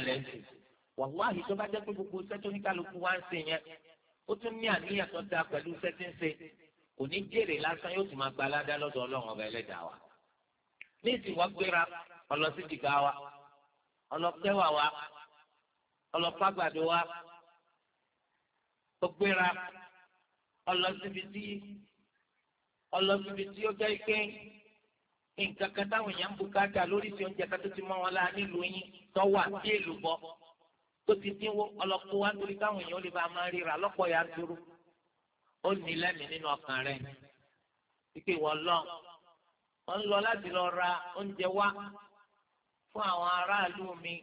wàláhì tó bá jẹ́ pé gbogbo iṣẹ́ tó ní kálukú wá ń ṣe yẹn ó tún ní àníyàn tó dáa pẹ̀lú iṣẹ́ tí ń ṣe kò ní jèrè lásán yóò tún máa gba aládá lọ́dọ̀ ọlọ́run ọba ẹlẹ́dàá wa ní ìsìn wọ́n gbéra ọlọ́sí dìgbà wa ọlọ́pẹ́wà wa ọlọ́pàgbàdo wa ó gbéra ọlọ́síbi tí ó jẹ́ pé nǹkan kan táwọn èèyàn ń bùkátà lórí ti oúnjẹ kan tó ti mọ́ wọn lára nílùú yín tó wà sí ó ti dínwó ọlọ́pọ̀ wá torí káwọn èèyàn lè bá máa ríra lọ́pọ̀ ya dúró ó ní lẹ́mìí nínú ọkàn rẹ̀ wípé wọ́n lọ wọ́n ń lọ láti lọ ra oúnjẹ wá fún àwọn aráàlú mi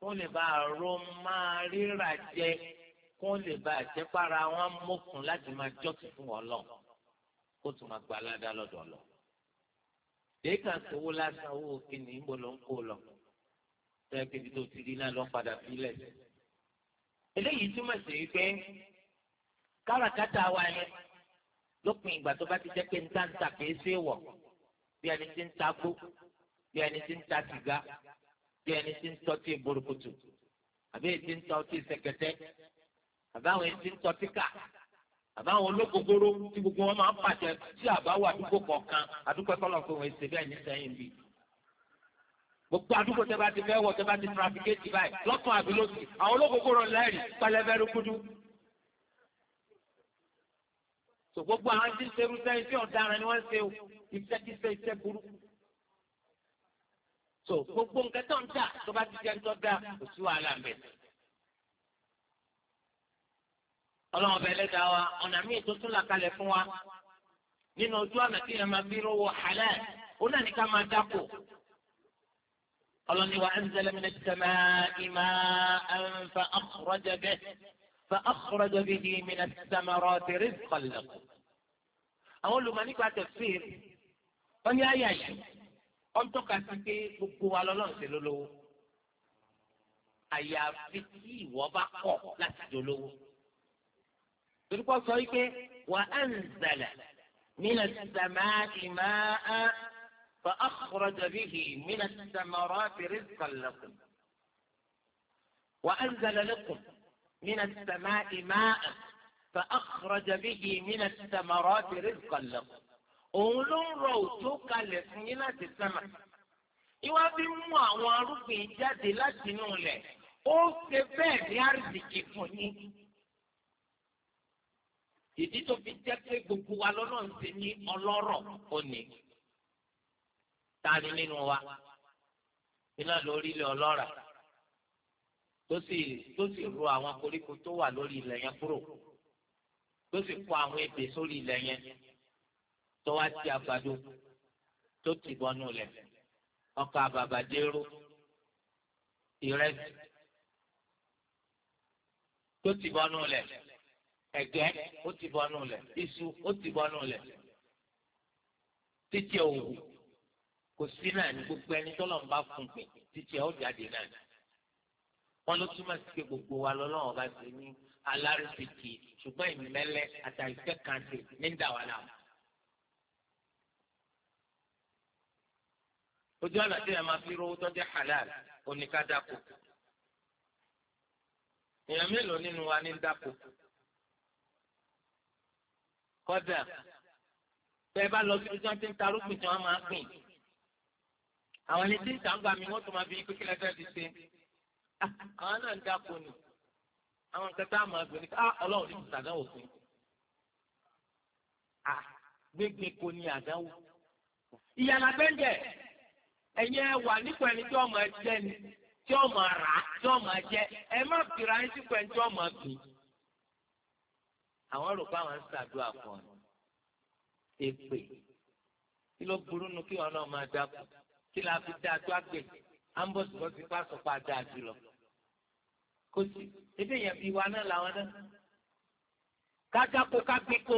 kó lè bá ro máa ríra jẹ kó lè bá àjẹpára wọn mọ́kùn láti máa jọ́sìn fún wọn lọ kó tún máa gba aládàá lọ́dọ̀ lọ. sówó lásán owó kìnnìún bó ló ń kó lọ tẹ́kẹ̀dì tó ti rí náà lọ padà sílẹ̀. eléyìí túmọ̀ sí wípé káràkátà wa yẹn lópin ìgbà tó bá ti jẹ́ pé nta nta kìí ṣe wọ̀ bí ẹni tí ń ta gbó bí ẹni tí ń ta sìgá bí ẹni tí ń tọ́tí burúkutu àbí èyí tí ń tọ́tí sẹ̀kẹ̀tẹ̀ àbáwọn èyí tí ń tọ́tí kà àbáwọn olókogoro tí gbogbo wọn máa ń pàṣẹ sí àbáwọ àdúgbò kọ̀ọ̀kan àdúgbò ẹ̀kọ́ lọ́kọ̀ wọn èsì bẹ́ẹ̀ ní sẹ́yìn bíi gbogbo àdúgbò tẹ bá ti fẹ́ wọ̀ tẹ bá ti tirafikéètì báyìí lọ́tún àbí lósì àwọn olókòókò rọ lẹ́rìí pẹlẹbẹ rúkúdú. tó gbogbo àwọn tí ń ṣe irúṣẹ́ iṣẹ́ ọ̀daràn ni wọ́n ń ṣe o iṣẹ́ kí ṣe iṣẹ́ burúkú. tó gbogbo nǹkan tó ń dà tó bá ti jẹ́ ń tọ́jà kò sí wàhálà ń bẹ̀. ọlọ́run ọbẹ̀ lẹ́dàá wa ọ̀nà míì tó tún là kalẹ̀ fún wa nínú ojú àmì ọlọ́ni wa anzala min as-samaa'i maa'an fa akhraja bihi fa akhraja bihi min as-samarati rizqan lakum. àwọn olùmọ̀ nípa tafsir wọ́n ní àyà yìí wọ́n tọ́ka sí pé gbogbo wa lọ́lọ́run ṣe lólówó àyàfi tí ìwọ bá kọ̀ láti dolówó. torípọ̀ sọ wípé wa anzala min as-samaa'i maa'an. فأخرج به من الثمرات رزقا لكم وأنزل لكم من السماء ماء فأخرج به من الثمرات رزقا لكم òun ló ń rọ òtó kalẹ̀ fún yín láti sánmà ìwà fi mú àwọn arúgbìn jáde láti inú ilẹ̀ ó ṣe bẹ́ẹ̀ ní àrìsìkì fún yín ìdí tó fi jẹ́ pé gbogbo wa lọ́nà ń ṣe ní ọlọ́rọ̀ òní. tani nínú wa iná lórí ilẹ̀ ọlọ́ràá tó sì tó sì ru àwọn koríko tó wà lórí ilẹ̀ yẹn kúrò tó sì kó àwọn ebè sórí ilẹ̀ yẹn tó wá ti àgbàdo tó ti bọnú lẹ̀ ọkà bàbà jéró ìrẹsì tó ti bọnú lẹ̀ ẹ̀gẹ́ ó ti bọnú lẹ̀ iṣu ó ti bọnú lẹ̀ títí òwú kò sí náà ní gbogbo ẹni tọ́lọ̀ ń bá fún pé títí ọ̀ jáde náà wọn ló túmọ̀ sí pé gbogbo wa lọ́lọ́wọ́ bá ti ní alárìsìkì ṣùgbọ́n ìmẹ́lẹ́ àtàìfẹ́ kan ti ní dàwa náà. ojú ọ̀nà tí a máa fi rówó tọ́jú halal oníkádàkù èèyàn mélòó nínú wa ní dáko kọ́dà tẹ́ bá lọ sí ojú ọ̀nà tí ń ta arúgbìn tí wọ́n máa ń pín àwọn ẹni tí ń tàǹgbà mi wọ́n tún máa fi kékeré ẹgbẹ́ ti ṣe àwọn náà ń dáko ni àwọn nǹkan tá a máa gbé ní ká ah, ọlọ́run ní ìsàdánwò fún un ah, gbégbé ko ní àdánwò ìyàlá gbẹ́ǹdẹ̀ ẹ̀yẹ wà nípa ẹni tí ọmọ ẹ ni tí ọmọ rà tí ọmọ jẹ ẹ má bìrà ẹ sípò ẹni tí ọmọ gbìn àwọn rò pé àwọn ń ṣàdúrà fún ọ èpè kí ló burú nu kí wọn náà máa dákú kí la fi dáa tó àgbẹ̀ ambọ̀sibọ̀sì pàṣọpọ̀ àdáa jùlọ kò sí ebi èèyàn bíi wa náà làwọn náà kájáko kágbéko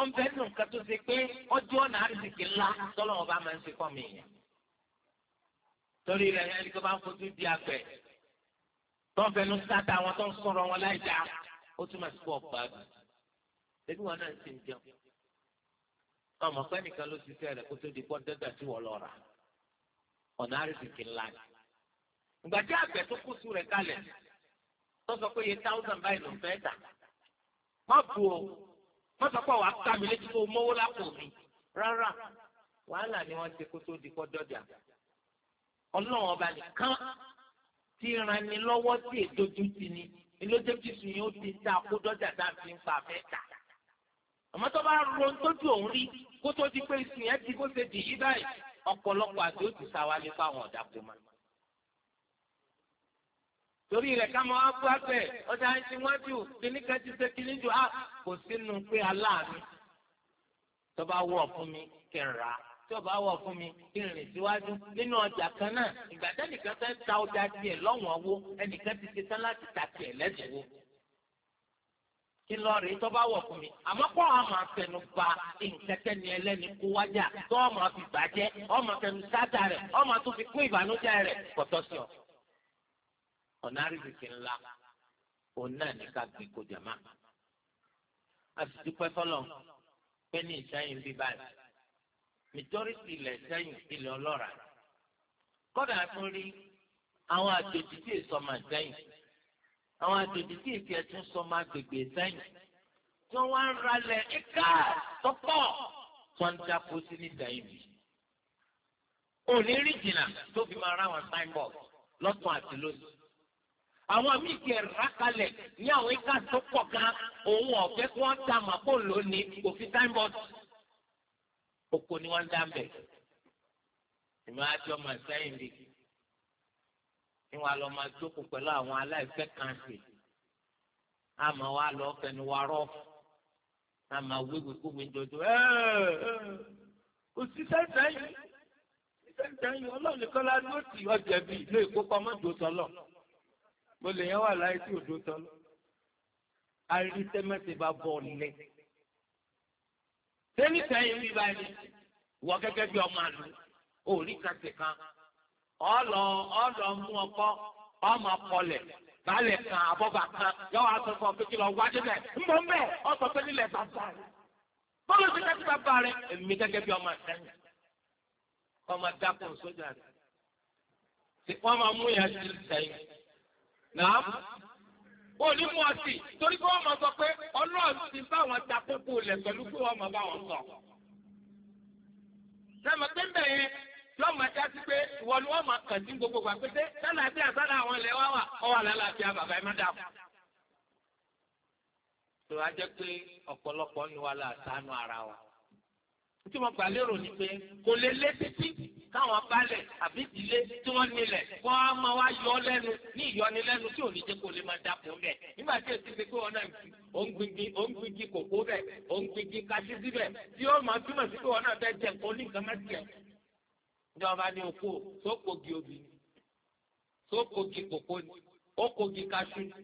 ọ̀nbẹ nù nǹkan tó ṣe pé ọjọ́ ọ̀nà àrísìkì ńlá tọ́lọ́wọ́n bá máa ń ṣe fọ́ọ̀mù èèyàn torí rẹ̀ ẹni tó bá ń fojú di àgbẹ̀ tó ń fẹnu sáta àwọn tó ń sọ̀rọ̀ wọn láì dáa ó túmọ̀ sí pọ̀ gbàgbé ebi wọn náà ń ṣe ń jẹun ọmọ pẹ́ nìkan ló ti sẹ́rẹ̀ kó tó di pọ́ dẹ́gbà tí wọ́n lọ rà á ọ̀nà àrísìkì ńlá ni. ìgbà tí àgbẹ̀ tó kó sùn rẹ̀ kalẹ̀ tó sọ pé iye táwùsàn báyìí ló fẹ́ tà má bu o má sọ pé wàá ká mi létí kó mówó lápò mi rárá wàhálà ni wọ́n ti kó tó di kọ́ dọ́jà ọlọ́run ọba nìkan tí ran ni lọ́wọ́ tí èdojú ti ni ilé tí sùn yóò ti ta kó dọ́jà tá a fi ń pa fẹ́ tà àmọ́ tó bá ro tójú òun rí kó tó di pé ìsìn yẹn ti kó ṣe dì í báyìí ọ̀pọ̀lọpọ̀ àti ó ti sáwálé fáwọn ọ̀dà kò má. torí rẹ̀ ká máa wá gbàgbẹ́ ọjà ń ti wọ́n jù kíní kan ti ṣe kíní jù á kò sínú pé aláàánú. tó bá wọ̀ fún mi kí n rà á tí ó bá wọ̀ fún mi kí n rìn síwájú nínú ọjà kan náà ìgbà tẹ́nìkan fẹ́ ta ọjà tiẹ̀ lọ́wọ́n owó ẹnìkan ti ṣetán láti ta tiẹ̀ lẹ́dínwó ìlọrin tó bá wọ̀ fún mi àmọ́ kọ́ ọ máa fẹnu ba nǹkẹ́kẹ́ ni ẹlẹ́ni kó wájà tó ọ máa fi bàjẹ́ ọ máa fẹnu sáta rẹ̀ ọ máa tún fi kún ìbànújẹ́ rẹ̀ pọ̀tọ́ sí ọ. ọ̀nà àríwísí ńlá òun náà ní ká gbé kó jàmá. a sì dúpẹ́ fọlọ́ pé ní ìsẹ́yìn bí báyìí nítorí sí ilẹ̀ ìsẹ́yìn ilẹ̀ ọlọ́ra kọ́dà tún rí àwọn àjòjì tí èso àwọn àjòjì tí ìfi ẹ̀tún sọ máa gbègbè sẹ́yìn tí wọ́n wá ń ralẹ̀ ẹ̀ka tọ́pọ̀ tó ń dáko sí nísẹ̀yìn bì. òní rí jìnnà tó fi máa ráwọn signboard lọ́tún àti lónìí. àwọn míì kì í rákalẹ̀ ní àwọn ẹ̀ka tó pọ̀ gan òun ọ̀fẹ́ kí wọ́n ta màpò lónìí kò fi signboard. oko ni wọ́n dá ń bẹ̀. ìmọ̀ àti ọmọ sẹ́yìn bì tí wọn lọ máa jókòó pẹ̀lú àwọn aláìfẹ́ kan sí àmọ́ wa lọ fẹnu wa rọ́ọ̀fù náà máa wéwèé kó mi dodo ẹ́ kò sí sẹ́ńtẹ̀ yìí sẹ́ńtẹ̀ yìí ọlọ́run nìkan la ló ti ọjà bí ilé ìkópamọ́ dò tọ́lọ̀ mo lè yẹn wà láyé tí ò dò tọ́lọ̀ arísẹ́mẹ́sẹ̀ bá bọ̀ lẹ́ sẹ́ńtẹ̀ yìí bí báyìí wọ gẹ́gẹ́ bí ọmọ àlù òrí kàṣẹ kan ọlọ ọlọ mú ọkọ ọmọ kọlẹ balẹ̀ kan abọba kan yọ wá sọ fún ọ pé kí lọ wájú bẹ ń bọ mbẹ ọsọ pé nílẹ̀ bàbá rẹ bọlú ti kẹsí bàbá rẹ èmi gẹ́gẹ́ bí ọmọ sẹ́yìn ọmọ dákun sójà rẹ tí wọn máa mú yẹn sí sẹ́yìn náà ó ní mú ọtí torí pé wọn máa sọ pé Ọlọ́run ti bá wọn ta kókó lẹ pẹ̀lú pé wọn máa bá wọn sọ. sẹ́mi pé ń bẹ̀rẹ̀ yóò máa já sí pé ìwọ ni wọ́n máa kàn sí gbogbo wa pété lálàáfíà sára àwọn ilẹ̀ wa wà ọ wà lálàáfíà bàbá ẹ má dà kù. tó a jẹ́ pé ọ̀pọ̀lọpọ̀ ni wà láàánú ara wa. tí wọ́n gbà lérò ni pé kò lè lé títí káwọn balẹ̀ àbí ìdílé tí wọ́n nílẹ̀ wọ́n á máa wá yọ lẹ́nu ní ìyọnilẹ́nu tí ò ní jẹ́ kó lè máa dàpọ̀ bẹ̀. nígbà tí èsì ti pé wọn náà ò ń gbingi kòkó bẹ̀ ò ń kasi síbẹ̀ tí ó máa túmọ̀ sí pé wọn náà fẹ́ jẹ ní ọba ní oko sókògì obì ni sókògì kòkó ni ókògì kaṣú ni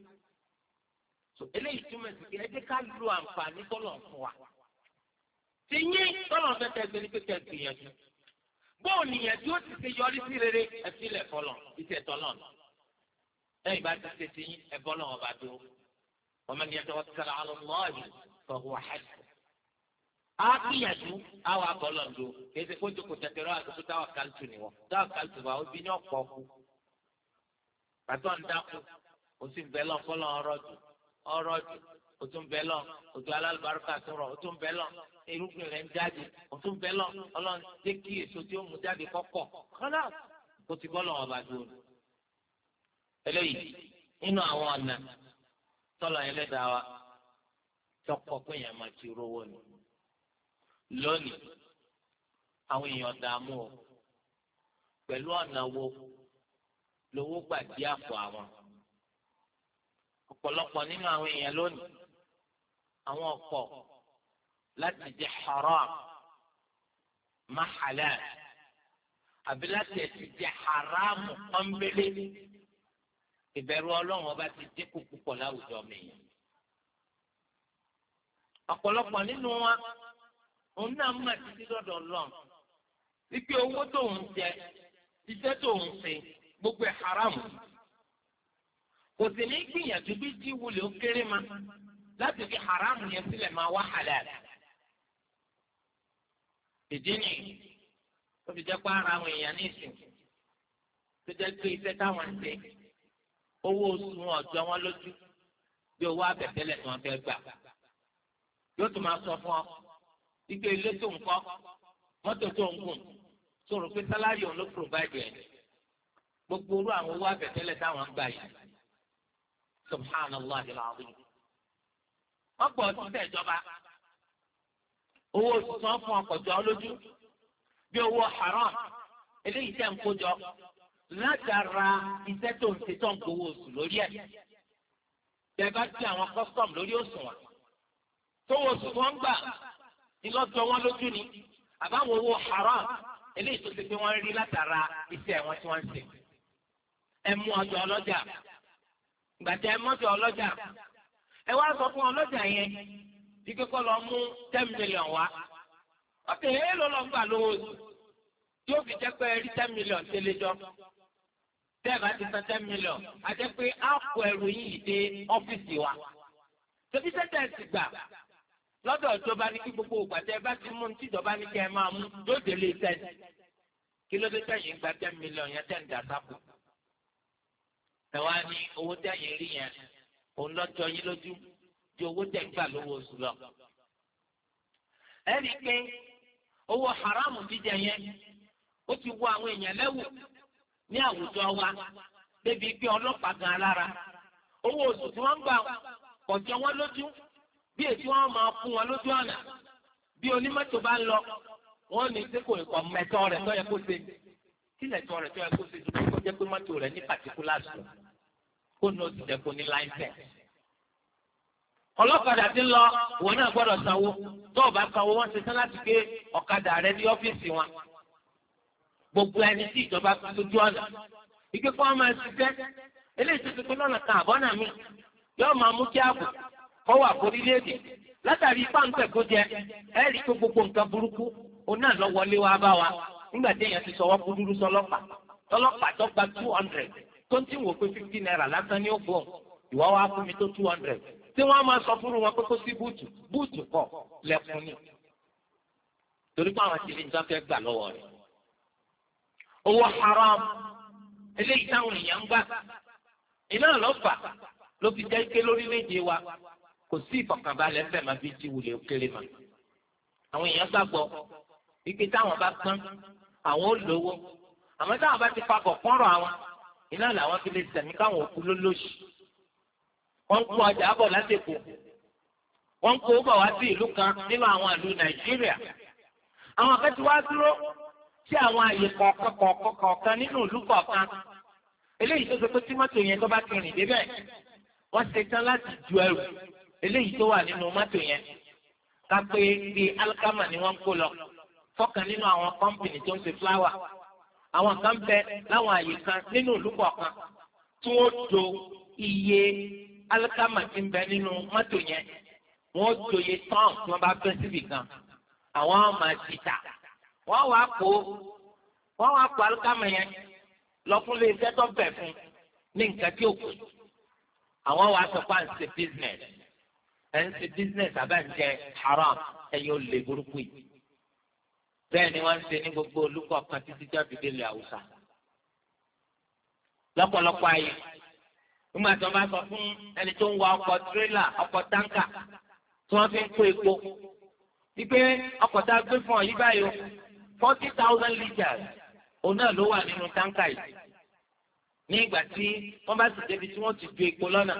eléyìí túmọ̀ sí pé ẹjẹ́ ká lo àǹfààní tọ́lọ̀ fún wa ti yín tọ́lọ̀ fẹ́tẹ̀ gbé ní pípẹ́ gbìyànjú bóò nìyẹn tí ó ti ṣe yọrí sí rere ẹ̀fílẹ̀ fọlọ̀ ìṣẹ̀ tọ́lọ̀ lẹ́yìn bá ti ṣe ti yín ẹ̀bọ́ náà ọba dúró ọmọ nìyẹn tó ti sára ọlọ́mọ ọ̀yìn fọwọ́ á gbìyànjú á wà bọ́lọ̀ ńdo kéde kó jòkó tẹ̀tẹ̀rọ àdókò táwọn kàlùtù ni wọn táwọn kàlùtù wa obi ní ọ̀pọ̀ kú pàtó ń dákú o sì ń bẹ lọ fọlọ ọ̀rọ̀ jù ọ̀rọ̀ jù o tún bẹ lọ ojú alálùbáríkà tó rọ o tún bẹ lọ irúgbìn rẹ o tún bẹ lọ Ọlọ́run jẹ kí èso tí ó mú jáde kọkọ kọlá kó ti wa tọkọ pé yẹn ni lónìí àwọn èèyàn dààmú o pẹ̀lú ọ̀nà wo lówó gbà dí àpò àwọn ọ̀pọ̀lọpọ̀ nínú àwọn èèyàn lónìí àwọn ọ̀pọ̀ láti jẹ haram má halal àbí láti ẹ̀sìn jẹ haramu pọ́nbélé ìbẹ̀rù ọlọ́run ọba ti dínkù púpọ̀ láwùjọ mi. ọ̀pọ̀lọpọ̀ nínú wa òun náà mà títí lọ́dọ̀ lọ́n wípé owó tóun jẹ iṣẹ́ tóun ṣe gbogbo ẹ̀ haramu kò sì ní gbìyànjú bí jíwulẹ̀ ó kéré ma láti fi haramu yẹn sílẹ̀ máa wá halal ìdí ni ó fi jẹ́ pé ara àwọn èèyàn ní ìsìn tó jẹ́ pé iṣẹ́ táwọn ń ṣe owó oṣù wọn ọjọ́ wọn lójú bí owó àbẹ̀tẹ́lẹ̀ tí wọ́n fẹ́ gbà yóò tún máa sọ fún ọ ike ilé tó ń kọ́ mọ́tò tó ń gùn tó rò pé sálárì òun ló provide ẹ̀ gbogbo orú àwọn owó àbẹ̀tẹ́lẹ̀ táwọn ń gbà yìí subhanallah alazim wọ́n pọ̀ títẹ̀ ìjọba owó òṣìṣẹ́ fún ọkọ̀jọ́ olójú bí owó haram eléyìí tẹ̀ ń kójọ látara iṣẹ́ tó ń ṣe tó ń gbowó oṣù lórí ẹ̀ tẹ̀ bá ti àwọn custom lórí òṣùwọ̀n tó wọ́n oṣù tó ń gbà ńlọ́jọ́ wọn lójú ni àbáwọn owó haram eléyìí tó ti pé wọ́n rí látara iṣẹ́ wọn tí wọ́n ń ṣe. ẹ mú ọjọ́ ọlọ́jà gbàtẹ́ ẹ mọ́jọ́ ọlọ́jà ẹ wá sọ fún ọlọ́jà yẹn ike kọ́ lọ mú ten million wá ọ̀tẹ̀ ẹ ló lọ gbà lówó tí ó fi jẹ́ pé rí ten million tẹ́lẹ̀jọ́ tẹ́ẹ̀bá ti san ten million àti pé á kó ẹrù yìí dé ọ́fíìsì wa tẹ́bí tẹ́tẹ́ ti gbà lọ́dọ̀ ìjọba ní kí gbogbo ògbàtẹ́ bá ti mú tíjọba ní kí ẹ máa mú yóò délé ten kí ló dé tẹ̀yìn gba ten million yẹn ten dà sápò. ẹ wá ní owó tẹ̀yìn rí yẹn òun lọ́jọ́ yín lójú ju owó tẹ̀ gbà lówó oṣù lọ. ẹ rí i pé owó haramu jíjẹ yẹn ó ti wọ àwọn èèyàn lẹ́wù ní àwùjọ wa débi pé ọlọ́pàá gan alára owó oṣù tí wọ́n ń gbà kọjọ wọn lójú bí ètí wọn máa fún wọn lójú ọ̀nà bí onímọ́tò bá ń lọ wọn ní ṣé kò kọ̀ mẹ́tọ́ rẹ̀ tó yẹ kó ṣe kí lẹ́tọ́ rẹ̀ tó yẹ kó ṣe tó kó jẹ́ pé mọ́tò rẹ̀ ní pàtíkúlà sùn kó ní oṣù tẹ̀kọ́ ní láìpẹ́. ọlọ́kadà ti ń lọ wọn náà gbọ́dọ̀ sanwó tó o bá sanwó wọn ṣe tán láti gbé ọ̀kadà rẹ ní ọ́fíìsì wọn. gbogbo ẹni tí ìjọba lójú ọ̀nà ike máa ṣiṣẹ́ eléyìí tó ti pín lọ́nà kan àbọ̀nà mi yóò máa mú kí ààbò kọ́ wà forílẹ̀-èdè látàrí páńpẹ́ kó jẹ ẹ̀rí tó gbogbo nǹkan burúkú òun lọ wọlé wa bá wa nígbà tí èèyàn ti sọwọ́ kúdúrú sọlọ́pàá tọlọ́pàá tó gba two hundred tó ń tì wò pé fifty naira lásán ní ògbó ìwọ́ wa fún mi tó two hundred tí wọ́n máa sọ fún wọn pé kó sí búùtù búùtù kọ̀ lẹ́kùn ni torí pé àwọn tìlí nǹkan fẹ́ gbà lọ́wọ́ rẹ̀ owó haram eléyìí táwọn èèyàn ń gbà iná lọ́fà ló fi jẹ́ ike lórílẹ̀‐èdè wa kò sí ìfọ̀kànbalẹ̀ ń bẹ̀ máa fi ti wulẹ̀ kéré mà. àwọn èèyàn gbàgbọ́ wípé táwọn bá gbọ́n àwọn ò lówó àmọ́ táwọn bá ti papọ̀ fọ́nrọ̀ àwọn iná làwọn fi lè sẹ̀mí káwọn òkú lólóṣì. wọ́n ń kó ọjà bọ̀ lásìkò wọ́n ń kó bọ̀ wá sí ìlú kan nínú àwọn ìlú nàìjíríà. àwọn akẹ́tí wá dúró sí àwọn àyè kọ̀ọ̀kan kọ̀ọ̀kan kọ̀ọ̀kan nínú ìlú kọ̀ọ̀kan eléyìí tó ṣe pé tímọ́tò yẹn tó bá ti rìn débẹ̀ wọ́n ṣe tán láti ju ẹrù eléyìí tó wà nínú mọ́tò yẹn ká pé bí alikama ni wọ́n ń kó lọ fọ́kàn nínú àwọn kọ́mpìnì tó ń ṣe fúláwà àwọn kan bẹ láwọn àyè kan nínú ìlú kọ̀ọ̀kan tí wọ́n do iye alikama tí ń bẹ nínú mọ́tò yẹn wọ́n do iye tán tí wọ́n bá fẹ́ síbì kan àwọn máa ti tà wọ́n wá kó wọ́n wá kó alikama yẹn lọ́kúnlé iṣẹ́ tó bẹ̀ fún ní nǹkan tí ò kù àwọn wá sọ pé ń ṣe business ẹ̀ ń ṣe bísínẹ́sì àbáǹjẹ haram ẹ̀yin ò lè burúkú yìí. bẹ́ẹ̀ ni wọ́n ń ṣe ní gbogbo olùkọ́ kan títí jáde délé haúsá. lọ́pọ̀lọpọ̀ ayé nígbà tí wọ́n bá sọ fún ẹni tó ń wa ọkọ̀ tírélà ọkọ̀ táǹkà tí wọ́n fi ń kó epo wípé ọkọ̀ tá a gbé fún ọ yí báyìí o forty thousand litres òun náà ló wà nínú táǹkà yìí ní ìgbà tí wọ́n bá sì débi tí wọ́n ti ju epo lọ́nà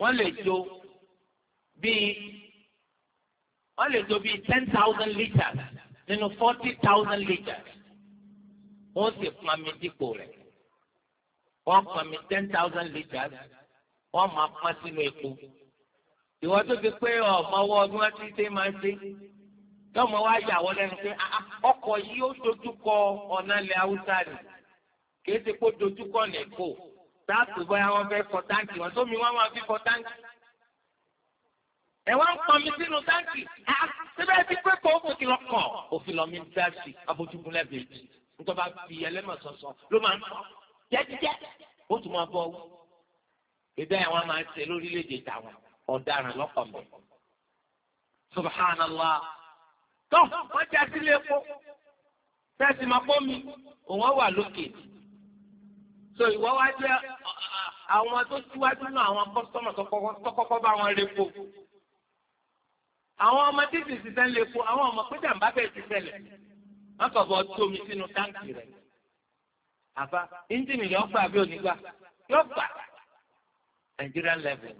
wọ́n lè jo bíi wọ́n lè jọ bíi ten thousand litres nínú forty thousand litres wọ́n sì pami dípò rẹ̀ wọ́n pami ten thousand litres wọ́n máa pọ́n sínú epo ìwọ́n tó fi pé ọ̀mọ́wọ́ ọdún wọn ti ṣe máa ń ṣe tọ́mọ wa yà wọ́n lẹ́nu pé ah, ah, ọkọ̀ yìí ó dojúkọ ọ̀nà ilẹ̀ haúsá ni kì í ṣe kó dojúkọ ní èkó táàpù bóyá wọ́n fẹ́ fọ táǹkì wọn tómi wọ́n máa fi fọ táǹkì ẹ wá ń pọn mi sínú táǹkì síbẹ̀ ti pé kó o kìlọ̀ kàn òfin lọ mi dá sí abojúkun lẹ́bẹ̀ẹ́jì nítorí bá fi ẹlẹ́mọ̀ sọ̀sọ̀ ló máa ń tọ́ jẹ́jíjẹ́ ó tún máa bọ̀ wú. ìbẹ́ ẹ̀ wọ́n máa ń ṣe lórílẹ̀‐èdè tàwọn ọ̀daràn lọ́pọ̀ mọ́. subhanallah tó wọ́n já sílé epo fẹ́ẹ̀sì máa pọ́ mi òun wà lókè. so ìwọ́ wá jẹ́ àwọn tó síwájú náà àwọn kọ́sítọ́mọ̀ tó kọ́kọ́ bá wọn rẹ́pọ̀ àwọn ọmọ títí sísẹ́ ń lè po àwọn ọmọ pé jàǹbá bẹ́ẹ̀ ti ṣẹlẹ̀ wọ́n kàn bọ́ tómi sínú táǹkì rẹ̀ àbá íńjìnì yọ gbà bí onígbà yọ gbà Nigerian level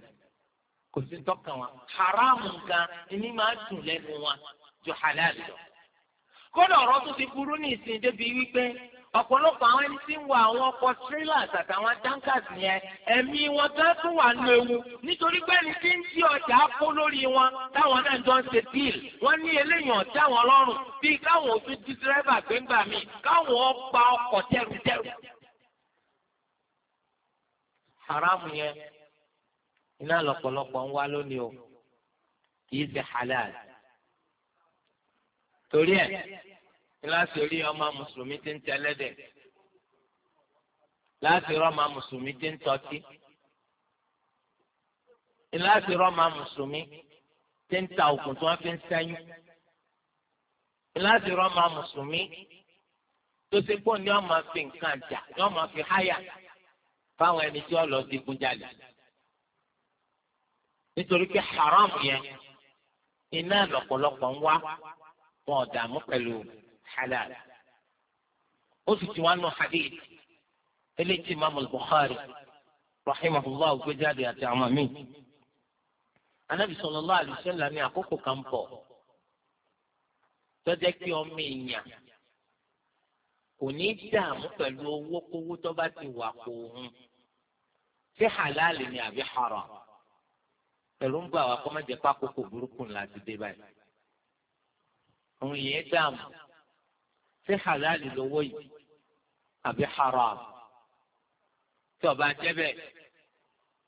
kò sí tọ́kàn wọn haramu gan ẹni máa dùn lẹ́nu wọn ju halal lọ kódà ọ̀rọ̀ tó ti burú ní ìsìn débi wípé ọ̀pọ̀lọpọ̀ àwọn ẹni tí ń wa àwọn ọkọ̀ trailers àtàwọn tankers yẹn ẹ̀mí wọn gán tún wà nù ewu nítorí pé ẹni tí ń tí ọjà kó lórí wọn táwọn náà jọ ń ṣe deal wọ́n ní eléyìí ọ̀já wọn lọ́rùn bíi káwọn ò tún di dírẹ́fà gbẹ́ngbà mi káwọn ọ̀pá ọkọ̀ tẹrùtẹrù. haramu yẹn iná lọ̀pọ̀lọpọ̀ ń wá lónìí o kì í ṣe halal torí ẹ̀ láti rí ọmọ mùsùlùmí tí ń tẹlẹ́dẹ̀ láti rí ọmọ mùsùlùmí tí ń tọ́tí láti rí ọmọ mùsùlùmí tí ń ta òògùn tí wọ́n fi ń sẹ́yìn láti rí ọmọ mùsùlùmí tó ti gbọ́ ni wọ́n máa fi nǹkan jà ni wọ́n máa fi háyà fáwọn ẹni tí wọ́n lọ digun jalè nítorí pé haram yẹn iná lọ́pọ̀lọpọ̀ ń wá wọn ò dààmú pẹ̀lú òògùn. حلال. ó sì حديث. اللي nù البخاري. رحمه الله. al-bukhari rahimahullah gbé jáde àti àwọn míì anabi sallallahu alaihi wasallam ní àkókò kan bọ̀ tọjá kí ọmọ èèyàn kò ní dààmú pẹ̀lú owó kówó tó bá ti wà kó òun ṣé halal ni àbí haram pẹ̀lú ń bọ̀ àwọn akọ́mọ̀jẹ̀pá kókò burúkú ńlá ti dé báyìí òun yẹn dààmú ṣé halal lówó yìí àbí haram tí ọba jẹ́ bẹ́ẹ̀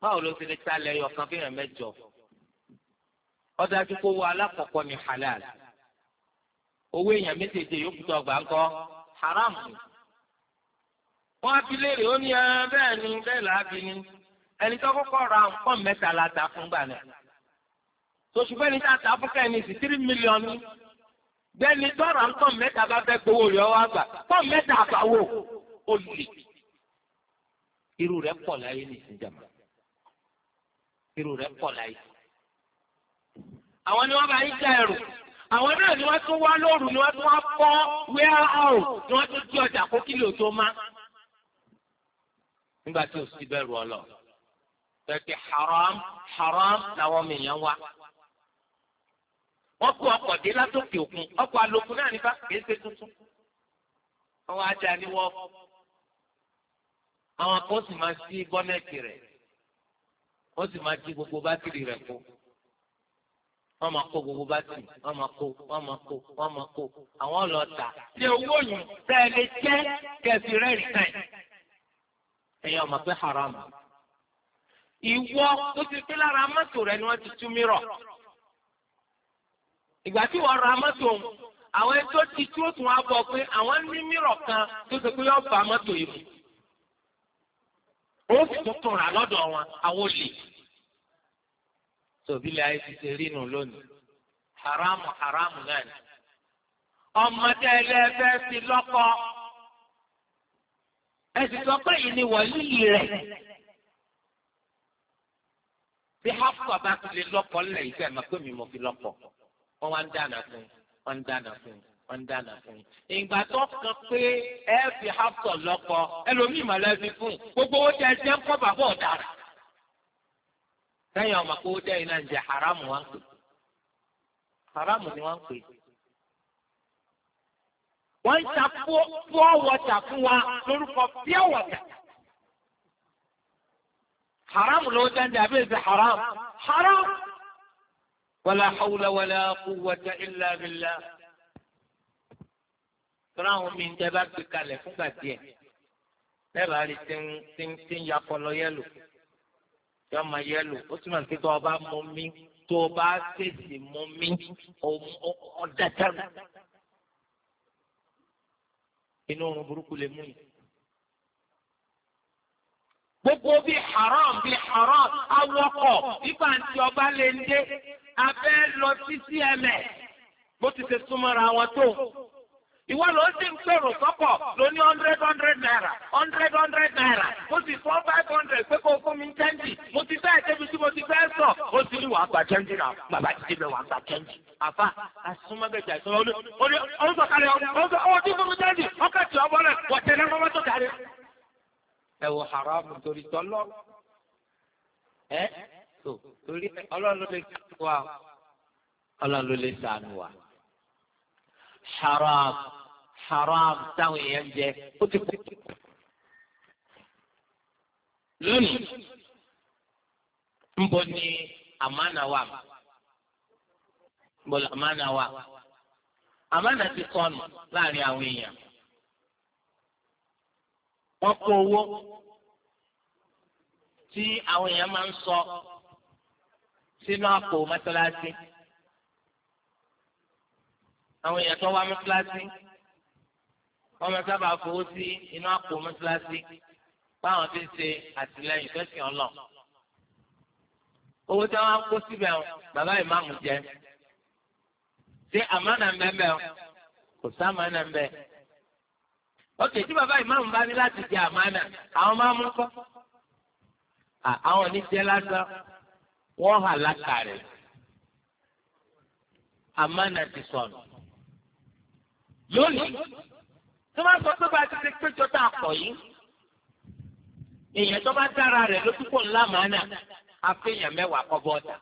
báwo ló ti lè ta lẹ́yìn ọ̀kan fi hàn mẹ́jọ ọdájú kó wo alákọ̀ọ́kọ́ ní halal owó èèyàn méjèèjì yòókù tó ọgbà ń kọ́ haram wọn á fi léèrè ó ní ẹ bẹ́ẹ̀ ni bẹ́ẹ̀ là ni ẹni tó kọ́kọ́ ra nǹkan mẹ́ta la ta fún gbà náà tòṣùpẹ́ ni tá a ta fún kẹ́hìn ní sí tírí mílíọ̀nù bẹ́ẹ̀ni tọ́ra ń pọ̀n mẹ́ta bá fẹ́ gbowó rẹ̀
wá gbà pọ̀n mẹ́ta àbáwò
ó lè. irú rẹ̀ pọ̀ láyé ní ìsìnjàmà irú rẹ̀ pọ̀ láyé.
àwọn ni wọ́n bá yí já ẹrù àwọn náà ni wọ́n tún
wá lóru ni wọ́n tún wá fọ́ warehouse ni wọ́n tún jí ọjà kó kílò tó má. nígbà tí o sì bẹ̀rù ọ lọ. bẹ́ẹ̀ haram haram làwọn èèyàn wá. wọn kó ọkọ̀ dé látòkè òkun ọkọ̀ alòkun náà nípa kìí ṣe tuntun àwọn ajá ni wọ́n àwọn kan sì máa sí bọ́nẹ́ẹ̀tì rẹ̀ wọ́n sì máa jí gbogbo bátìrì rẹ̀ kó wọ́n máa kó gbogbo bátìrì wọ́n máa kó wọ́n máa kó wọ́n máa kó àwọn ọlọ́ta ṣé owó yìí tẹ́ ẹ lè jẹ́ kẹfì rẹ́rì káì ẹ̀yin ọmọ pé haram ìwọ tó ti pé lára mọ́tò rẹ ni wọ́n ti tú ìgbà tí wọ́n ra mọ́tò òun àwọn ẹni tó ti tí ó tún wá bọ̀ pé àwọn ní mìíràn kan tó ṣe pé yóò bá mọ́tò yìí mú ó sì tún tún rà lọ́dọ̀ wọn àwọn olè tòbílẹ̀ ayé ti ṣe rí nù lónìí haramu haramu náà ni ọmọdé ẹlẹ́fẹ́ ti lọ́kọ ẹ sọ pé yìí ni wọ̀líì rẹ̀ bí hafsa bá ti lè lọ́kọ ẹ̀ máa pè mí mo fi lọ́kọ wọ́n wá ń dáná fún wọ́n ń dáná fún wọ́n ń dáná fún. ìgbà tó kàn pé ẹ fi hapsọ lọ́kọ ẹlòmíì mà lẹ́bi fún gbogbo owó tẹ ẹ jẹ́ ń kọ́ bàbá ọ̀daràn. sẹ́yìn ọmọ kó dẹ́ iná ń jẹ haramu wá ń pè haramu ni wá ń pè. wọ́n ń ta pure water fún wa lórúkọ pure water haramu ló ń jẹ́ ń àbí èsì haram haram.
haram
wala hawla wala quwwata illa billah tọ́lá àwọn mi ń tẹ́ bá gbé kalẹ̀ fúngbà díẹ̀ lẹ́bàá rí tí ń tí ń ya kọlọ yẹ́lò tí ọmọ yẹ́lò ó túmọ̀ sí tó ọba mú mi tó ọba ṣèṣì mú mi ọ̀dàtàrà inú oorun burúkú lè mú yìí. gbogbo
bíi haram bíi haram awọkọ̀ nígbà tí ọba lè ń dé abẹ́ lọ sí cma bó ti ṣe súnmọ́ra wọn tó ìwọ ló ń dín sọ́pọ̀ ló hundred hundred naira hundred hundred naira mo sì fọ́ five hundred pé
kó fún mi chẹ́ǹjì mo ti fẹ́ débi tí mo ti fẹ́ sọ ó sì ní wàá gba chẹ́ǹjì náà bàbá ti débẹ̀ wàá gba chẹ́ǹjì àfa àsúnmọ́gbẹ̀jà ìsọ̀rọ̀ olú olú ọ̀hún sọ̀kalẹ̀ ọ̀hún ọ̀hún tí fún mi
chẹ́ǹjì ọkọ̀ tí ọ̀bọ̀ rẹ̀ wọ̀tẹ̀ lẹ́nu ọmọ tó kàrí.
ẹ so torí ọlọ́run ló lè sànù wa ọlọ́run ló lè sànù wa haram haram táwọn èèyàn jẹ ó ti pọ̀ lónìí
ń bọ̀ ní àmánà wa
ń bọ̀ ní wa àmánà ti sọnù láàrin àwọn èèyàn wọ́n kó owó tí àwọn èèyàn máa ń sọ sínú àpò mọ́sálásí àwọn èèyàn tó wá mọ́sálásí wọ́n máa sábà fowó sí inú àpò mọ́sálásí báwọn ti ń ṣe àtìlẹ́yìn fẹ́sìn ọlọ owó tí wọ́n kó síbẹ̀ bàbá ìmáàmù jẹ ṣé àmánà ń bẹ́ẹ̀ bẹ́ẹ̀ kò sámánà ń bẹ́ẹ̀ ókè tí bàbá ìmáàmù bá ní láti jẹ àmánà àwọn máa mú kọ́ àwọn oníjẹ lásán wọ́n hà látàrí amánà ti sọnù. lónìí tó bá sọ pé bá a ti ṣe péjọ tá a pọ̀ yìí èèyàn tó bá dára rẹ̀ ló túbọ̀ ńlá màánà àfihàn mẹ́wàá kọ́ bọ́ọ̀tà.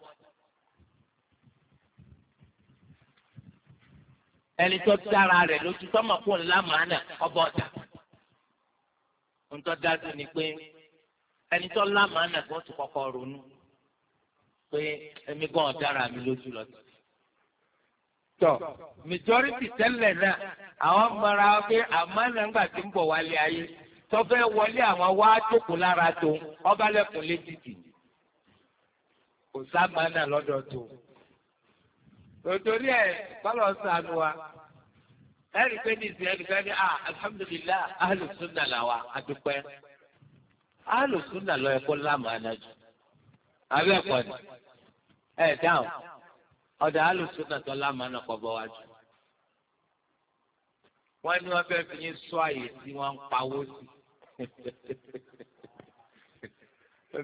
ẹni tó dára rẹ̀ lójú tọmọ kó ńlá màánà ọbọ ọjà ń tọ́ dájú ni pé ẹni tó ńlá kó tún kọ́kọ́ ronú. pé èmi gan dára mi tọ majority tẹlẹ náà àwọn mara pé àmọ́ náà ń gbà tí ń bọ̀ wálé ayé tọ́fẹ́ wọlé àwọn wá jókòó lára tó ọba lẹ́kùn létìtì kò sábà náà lọ́dọ̀ tó. òtòrí kọ́lọ̀ sànù wa pé ní ìsìn ẹnìkan àbí ẹ̀kọ́ ni ẹ̀ dáhùn ọ̀dà alùsùnà tó lámàánà kọ́ bọ́ wájú. wọ́n ní wọ́n fẹ́ẹ́ fi yín sọ àyè tí wọ́n ń pawó sí.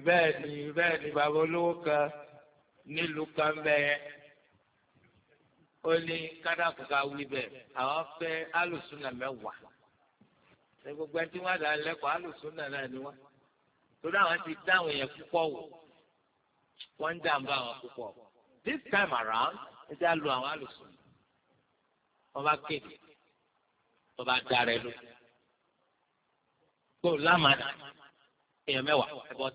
bẹ́ẹ̀ ni bẹ́ẹ̀ ni bàbá olówó kan nílùú kan bẹ́ẹ̀ ó ní kádàkù ká wí bẹ́ẹ̀ àwọn fẹ́ alùsùnà mẹ́wàá. gbogbo ẹni tí dà lẹ́kọ̀ọ́ alùsùnà náà ni wọ́n. torí àwọn ti dáhùn yẹn púpọ̀ wò wọ́n ń dàmbá àwọn púpọ̀ this time around ẹ ti á lu àwọn alùsùn wọ́n bá kéde
wọ́n bá dára ẹ ló
kó lámàdà èèyàn mẹ́wàá ẹ bọ́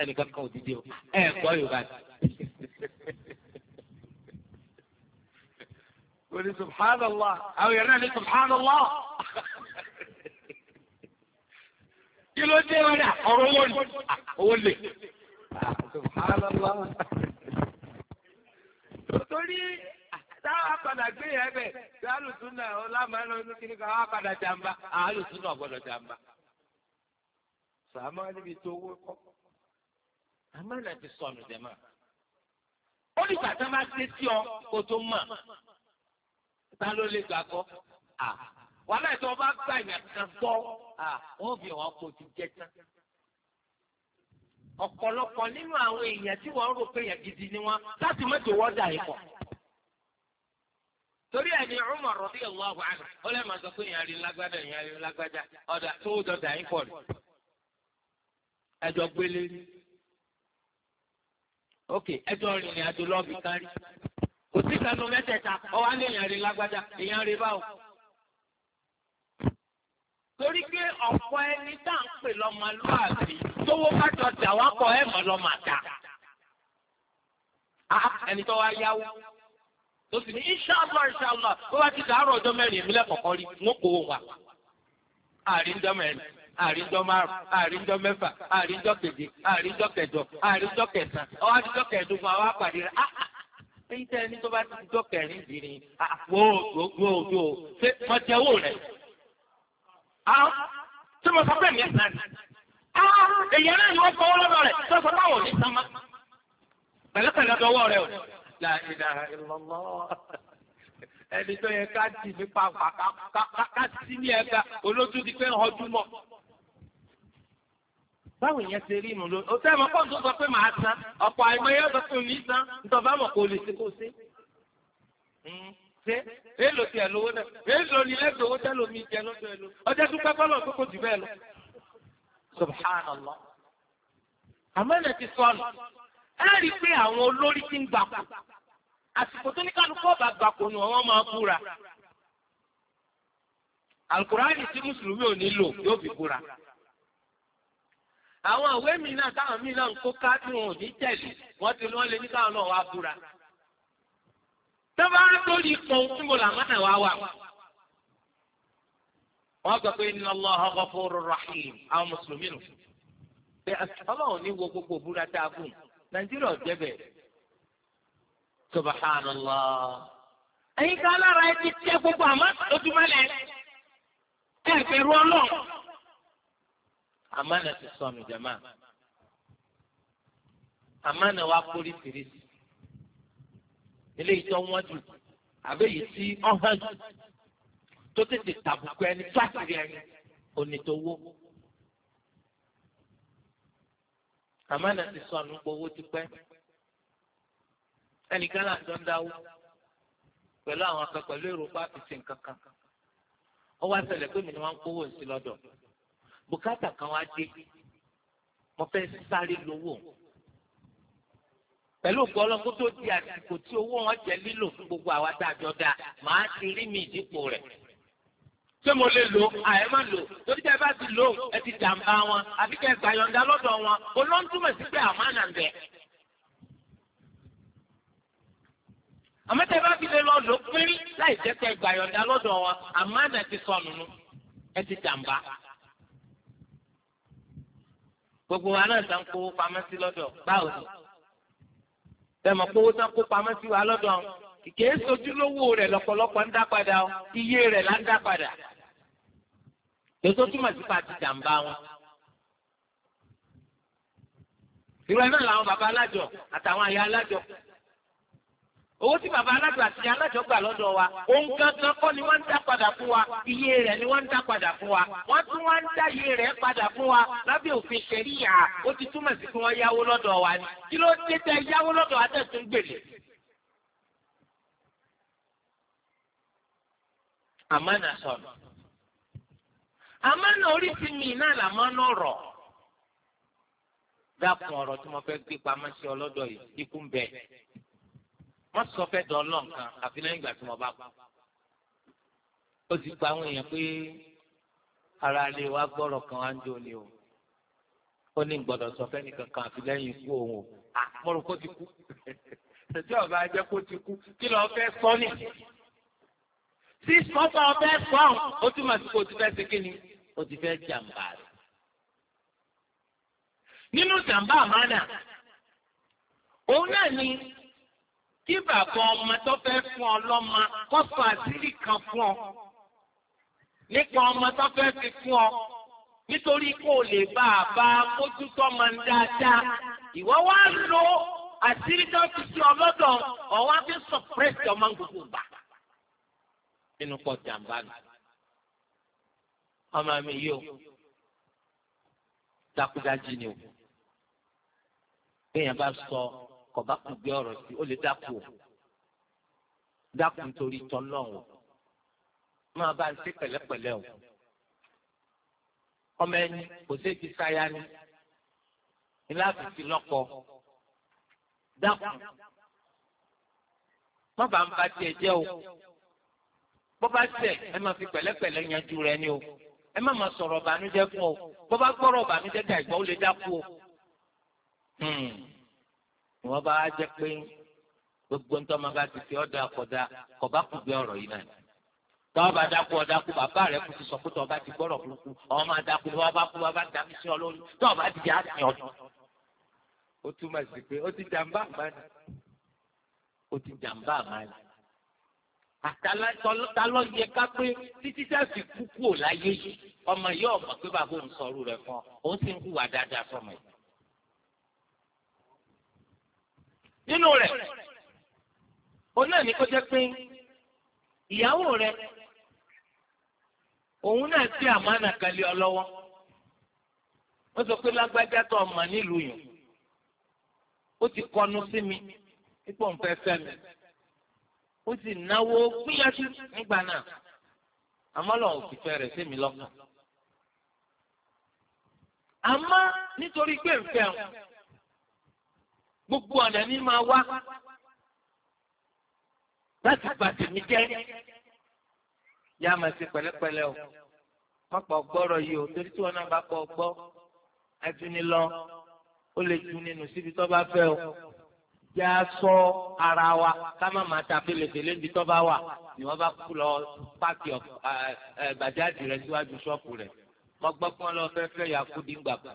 ẹnìkan kan òdìdí o ẹ gbọ́ yorùbá ti. قولي سبحان الله أو يرني
سبحان الله
kí ló dé wọn dà ọ̀rọ̀ wọn ni ah, owó lè
torí táwa padà gbé yẹn bẹ̀ tí alùsùnà ọlámàánà inú kiri ká wá padà jàmbá alùsùnà ọ̀gbọ́dọ̀ jàmbá.
sàmá níbi tó wó kọ́ amánà ti sọnù jẹ̀má. ó ní bàtà máa ṣe sí ọ kó tó mà ta ló lè gbà kọ́ wàhálà ìtọ́ bá gbà yàn kan gbọ́ wọ́n fi hàn kó ti jẹ́ tán. ọ̀pọ̀lọpọ̀ nínú àwọn èèyàn tí wọ́n rò pé èèyàn gidi ni wọ́n láti mọ́tò wọ́n dà yìí pọ̀. torí ẹ̀ ní Umar radiyallahu anhu ó lè máa sọ pé lágbádá lágbádá ọ̀dà tó dọ̀dà yìí pọ̀ ẹjọ́ gbélé rí ok ẹjọ́ àjò lọ́ọ̀bì kárí kò sí kanú mẹ́tẹ̀ẹ̀ta ní torí pé ọ̀pọ̀ ẹni tá à ń pè lọ́mọlúwàbí tówó bájọ dà wá kọ ẹ̀ mọ́ lọ́mọ àtà. ẹni tó wá yáwó tó sì ní inṣàlá inṣàlá tó bá ti dàárọ̀ ọjọ́ mẹ́rin èmi lẹ́kọ̀ọ́kọ́ rí n ó kó o wà. àríjọ mẹ́rin àríjọ márùn àríjọ mẹ́fà àríjọ keje àríjọ kẹjọ àríjọ kẹsàn án ọwọ́ àríjọ kẹẹ̀dógún àwọn àpàdé rẹ̀ ẹ̀yìn tẹ́ ẹni tó bá ti dọ́kẹ̀rin dì àpò òjò òjò ṣé wọ́n jẹ́wọ́ rẹ̀. Ah, tí mo sọ pé mi sàn ní.
Ah,
èèyàn náà ni wọ́n fọwọ́ lọ́dọ̀ rẹ̀ tó sọ báwo ní sàn máa.
pẹ̀lẹ́pẹ̀lẹ́ dọwọ́ rẹ o. la ilaha illallah ẹni tó yẹ ká tì mí pàpà ká sí ní ẹ̀ka olójú ti pé ọdún mọ́.
báwo yẹn ṣe rí ìmúlò o tẹ́ ẹ̀mọ́ pọ́ǹtò sọ pé màá san ọ̀pọ̀ àìmọye ọ̀sọ̀ fún mi san ntọ́ba mọ̀ kò lè ṣe kó ṣe. Hmm. ṣe èèlò ti ẹ̀ lówó ni mi
jẹ lọ tó jù lọ. àmọ́nà ti
ẹ rí i pé àwọn
olórí ti ń gbàkú àsìkò tó ní kálukú ọba gbàkú ni máa alukurani tí mùsùlùmí ò ní lò yóò fi búra àwọn àwé mi táwọn mi náà ń kó wọ́n ti lọ́ọ́ lé ní káwọn náà wá tó bá lórí ipò níbo làmánà wá wà. wọ́n gbọ́ pé inna Allaha ghafurur rahim àwọn mùsùlùmí nù. ọlọ́run ní wo gbogbo òbúra tá a kù nàìjíríà ọ̀jẹ̀ bẹ̀rẹ̀. subhanallah. ẹ̀yin ká lára ẹ ti gbogbo àmọ́ ojúmọ́lẹ̀ ẹ̀ ti wa kórìtìrìtì. eléyìí tó wọ́n jù àbẹ́yìí tí ọ̀hán jù tó tètè tàbùkù ẹni tó àtìrí ẹni onítòwó. àmánà ti sọ àánú gbowó ti pẹ́ ẹnìkan láti ń dáwó pẹ̀lú àwọn akẹ́kọ̀ọ́ pẹ̀lú èrò bá fi ṣe nǹkan kan ó wá ṣẹlẹ̀ pé mi ni wọ́n ń kówó sí lọ́dọ̀ bùkátà kan wá dé mo fẹ́ sáré lówó pẹ̀lú òkú ọlọ́kú tó di àsìkò tí owó wọn jẹ lílò fún gbogbo àwa tá a jọ da màá ti rí mi ìdípò rẹ̀. ṣé mo lè lò àyè má lò torí tẹ bá ti lò ẹ ti jàǹbá wọn àfi kẹ gbàyọ̀ǹda lọ́dọ̀ wọn olóńtúmọ̀ sí pé àmánà ń àmọ́ tẹ bá fi lè lọ lò pínrín láì jẹ́ kẹ gbàyọ̀ǹda lọ́dọ̀ wọn àmánà ti sọnù nù ẹ ti jàǹbá. gbogbo wa náà sàn kó pamọ́ sí lọ́dọ̀ báwo ni tẹmọ pé owó tán kó pamọ́ sí wa lọ́dọ̀ kìkì é sojúlówó rẹ̀ lọ́pọ̀lọpọ̀ ń dá padà o iye rẹ̀ là ń dá padà èso túmọ̀ sí pa ti jàǹbá wọn. ìrọ̀ náà làwọn bàbá alájọ àtàwọn àyà alájọ owó tí bàbá alájọ àti alájọ gbà lọ́dọ̀ wa òun gangan kọ́ ni wọ́n ń dá padà fún wa iye rẹ̀ ni wọ́n ń dá padà fún wa wọ́n tún wá ń dá iye rẹ̀ padà fún wa lábẹ́ òfin ṣẹ̀ríyà ó ti túmọ̀ sí kí wọ́n yáwó lọ́dọ̀ wa ni kí ló dé tẹ yáwó lọ́dọ̀ wa tẹ̀sùn gbèlè. àmánà sọ̀rọ̀ àmánà oríṣi mi náà làmánà ọ̀rọ̀ dákun ọ̀rọ̀ tí mo fẹ́ gbé pamọ́ sí ọlọ́dọ̀ yìí ikú ń má sọ fẹ́ dán lọ́n kan àfi lẹ́yìn ìgbà tí mo bá kú. ó ti pa àwọn èèyàn pé ara lè wá gbọ́rọ̀ kan á ń jó ni o ó ní gbọ́dọ̀ sọ fẹ́ nìkan kan àfi lẹ́yìn ikú òun o àmọ́rò kó ti kú ṣèjọ́ ọba jẹ́ kó ti kú kí lọ́ọ́ fẹ́ sọ ni. sí sọ́tọ̀ ọbẹ̀ sọ́ọ̀n ó túmọ̀ sí kó o fẹ́ ṣe kí ni o ti fẹ́ jàǹbá rẹ̀. nínú jàǹbá àmàlà òun náà ni
kí bàbá ọmọ tó fẹ́ fún ọ lọ́mọ kó sọ àṣírí kan fún ọ nípa ọmọ tó fẹ́ fi fún ọ nítorí kó o lè bá a bá mójútó ọmọ dáadáa ìwọ wá lo àṣírí tó fi sí ọlọ́dọ̀ ọ̀wá fi sọ̀pẹ́sì ọmọ gbogbo
gbà nínú pọ̀ jàǹbá nù ọmọ mi yóò dákúdájí ni o. Béèyàn bá sọ kọba kù gbé ọ̀rọ̀ sí ó lè dákú o dákú nítorí tọlọ́run máa bá ń ṣe pẹ̀lẹ́pẹ̀lẹ́ o ọmọ ẹni kò sí ti sáyà ni ìlàbí ti lọ́kọ dákú má bàa ń ba tiẹ̀ jẹ́ o bó bá tẹ̀ ẹ máa fi pẹ̀lẹ́pẹ̀lẹ́ yanjú rẹ ni o ẹ má máa sọ̀rọ̀ bànújẹ́ fún o bó bá gbọ́rọ̀ bànújẹ́ ká ìgbọ́ ó lè dákú o. Hmm ni wọ́n bá jẹ́ pé gbogbo ntọ́ ma bá ti fi ọ̀dà kọ̀dà kọ̀bá kù bí ọ̀rọ̀ yìí náà tọ́wọ́ bá dákú ọ̀dákú bàbá rẹ̀ kù ti sọ pé tọ́wọ́ bá ti gbọ́rọ̀ burúkú ọmọ àdákú ni wọ́n bá kú bàbá dàmí sí ọ lórí tọ́wọ́ bá ti yà á sìn ọdún. ó túmọ̀ sí pé ó ti jàǹbá àmàlà ó ti jàǹbá àmàlà àtàlọ́ yẹ ká pé títí tá a fi láyé yìí ọmọ yìí ọmọ nínú rẹ̀ òun náà ní kó jẹ́ pé ìyàwó rẹ̀ òun náà ti àmánà kan lé ọ lọ́wọ́ ó sọ pé lágbájá tó ọmọ nílùú yìí ó ti kọnu sí mi pípọ̀ ń fẹ́ fẹ́ mi ó sì náwó gbìyànjú nígbà náà àmọ́ lọ́wọ́ fi fẹ́ rẹ̀ sí mi lọ́kàn àmọ́ nítorí pé ń fẹ́ wọn gbogbo ọ̀nà mi máa wá láti gbàtì mi jẹ́ yá máa ṣe pẹ̀lẹ́pẹ̀lẹ́ o má pọ̀ gbọ́rọ̀ yìí o torí tí wọn náà bá pọ̀ gbọ́ ẹtúni lọ ó lè tu nínú síbi tó bá fẹ́ o yá sọ ara wa ká má máa ta fèlèfèlè níbi tó bá wà ni wọ́n bá kú lọ páàkì gbàjáde rẹ̀ síwájú ṣọ́ọ̀pù rẹ̀ mọ́gbọ́n kí wọ́n lọ fẹ́ fẹ́ yà kú dín gbàgbà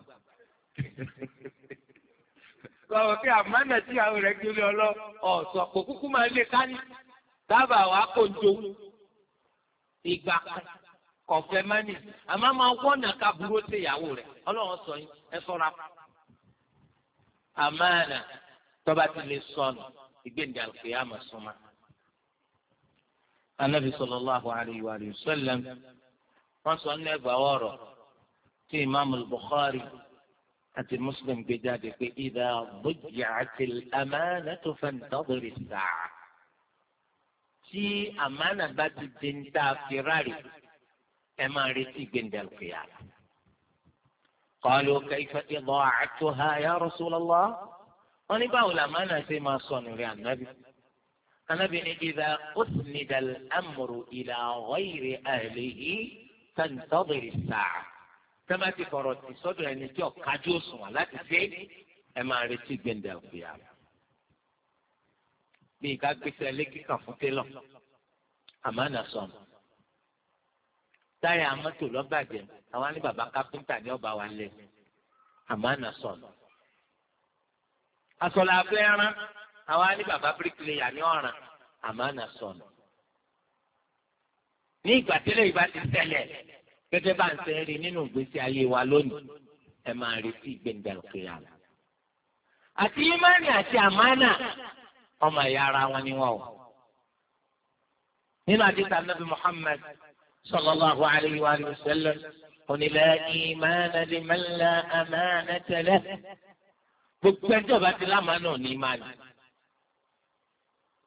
lọ́wọ́ pé àmọ́nà tí àwọn rẹ̀ gbélé ọlọ́ ọ̀sọ̀ kò kúkú máa lé káyí dábàá wàá kó jo ìgbà kọ̀fẹ́ mání àmọ́ máa wọ́nà ká burú sí ìyàwó rẹ̀ ọlọ́run sọ yín ẹ sọ́ra àmọ́nà tọ́ba ti lè sọnù ìgbéǹdà òkè àmọ́ súnmọ́. anabi sallallahu alayhi wa sallam wọn sọ ní ẹgbàá ọ̀rọ̀ tí imaamu bukhari àti muslim gbé jáde pé ìdá bójì àti àmàna tó fẹ́ ntọ́bìrì sáà. tí àmàna bá ti di ń ta fìrarì ẹ máa retí gbẹ̀ndẹ̀lùkìyà. قالوا كيف إضاعتها يا رسول الله wọ́n ní báwo la máa náà ṣe máa sọnù rẹ̀ ànábì ànábì ní ìdá usnida al-amru ila ghayri ahlihi fantadhir as-sa'a tẹ́lá ti fọ̀rọ̀ tì sọ́dọ̀ ẹni tí ọ̀kájú òṣùwọ̀n láti ṣe ẹ máa retí gbẹ̀ndẹ̀ òkèèyà. bí ìka gbèsè lẹ́kìkà fún télọ̀ àmàna sọ̀nù. táyà mọ́tò lọ́gbàjẹ́ àwọn ní bàbá kápẹ́ńtà ní ọba wa lẹ̀ àmàna sọ̀nù. asọ̀lá abẹ́rán àwọn ní bàbá bíríkìlẹ̀yà ní ọ̀ràn àmàna sọ̀nù. ní ìgbà tẹ́lẹ̀ ìbá ti tẹ́lẹ̀ gẹ́gẹ́ bá ń ṣe rí nínú ìgbésí ayé wa lónìí ẹ máa retí gbẹ̀ngàn òkèèyà lọ. àti ìmánì àti àmánà ọmọ ẹ̀yà ara wọn ni wọ́n o. nínú àdìsá nàbì Muhammad sallallahu alayhi wa sallam onílẹ̀ ìmánà lè mẹ́lẹ̀ àmánà tẹ̀lẹ̀. gbogbo ẹjọ́ bá ti lámánà ní ìmánì.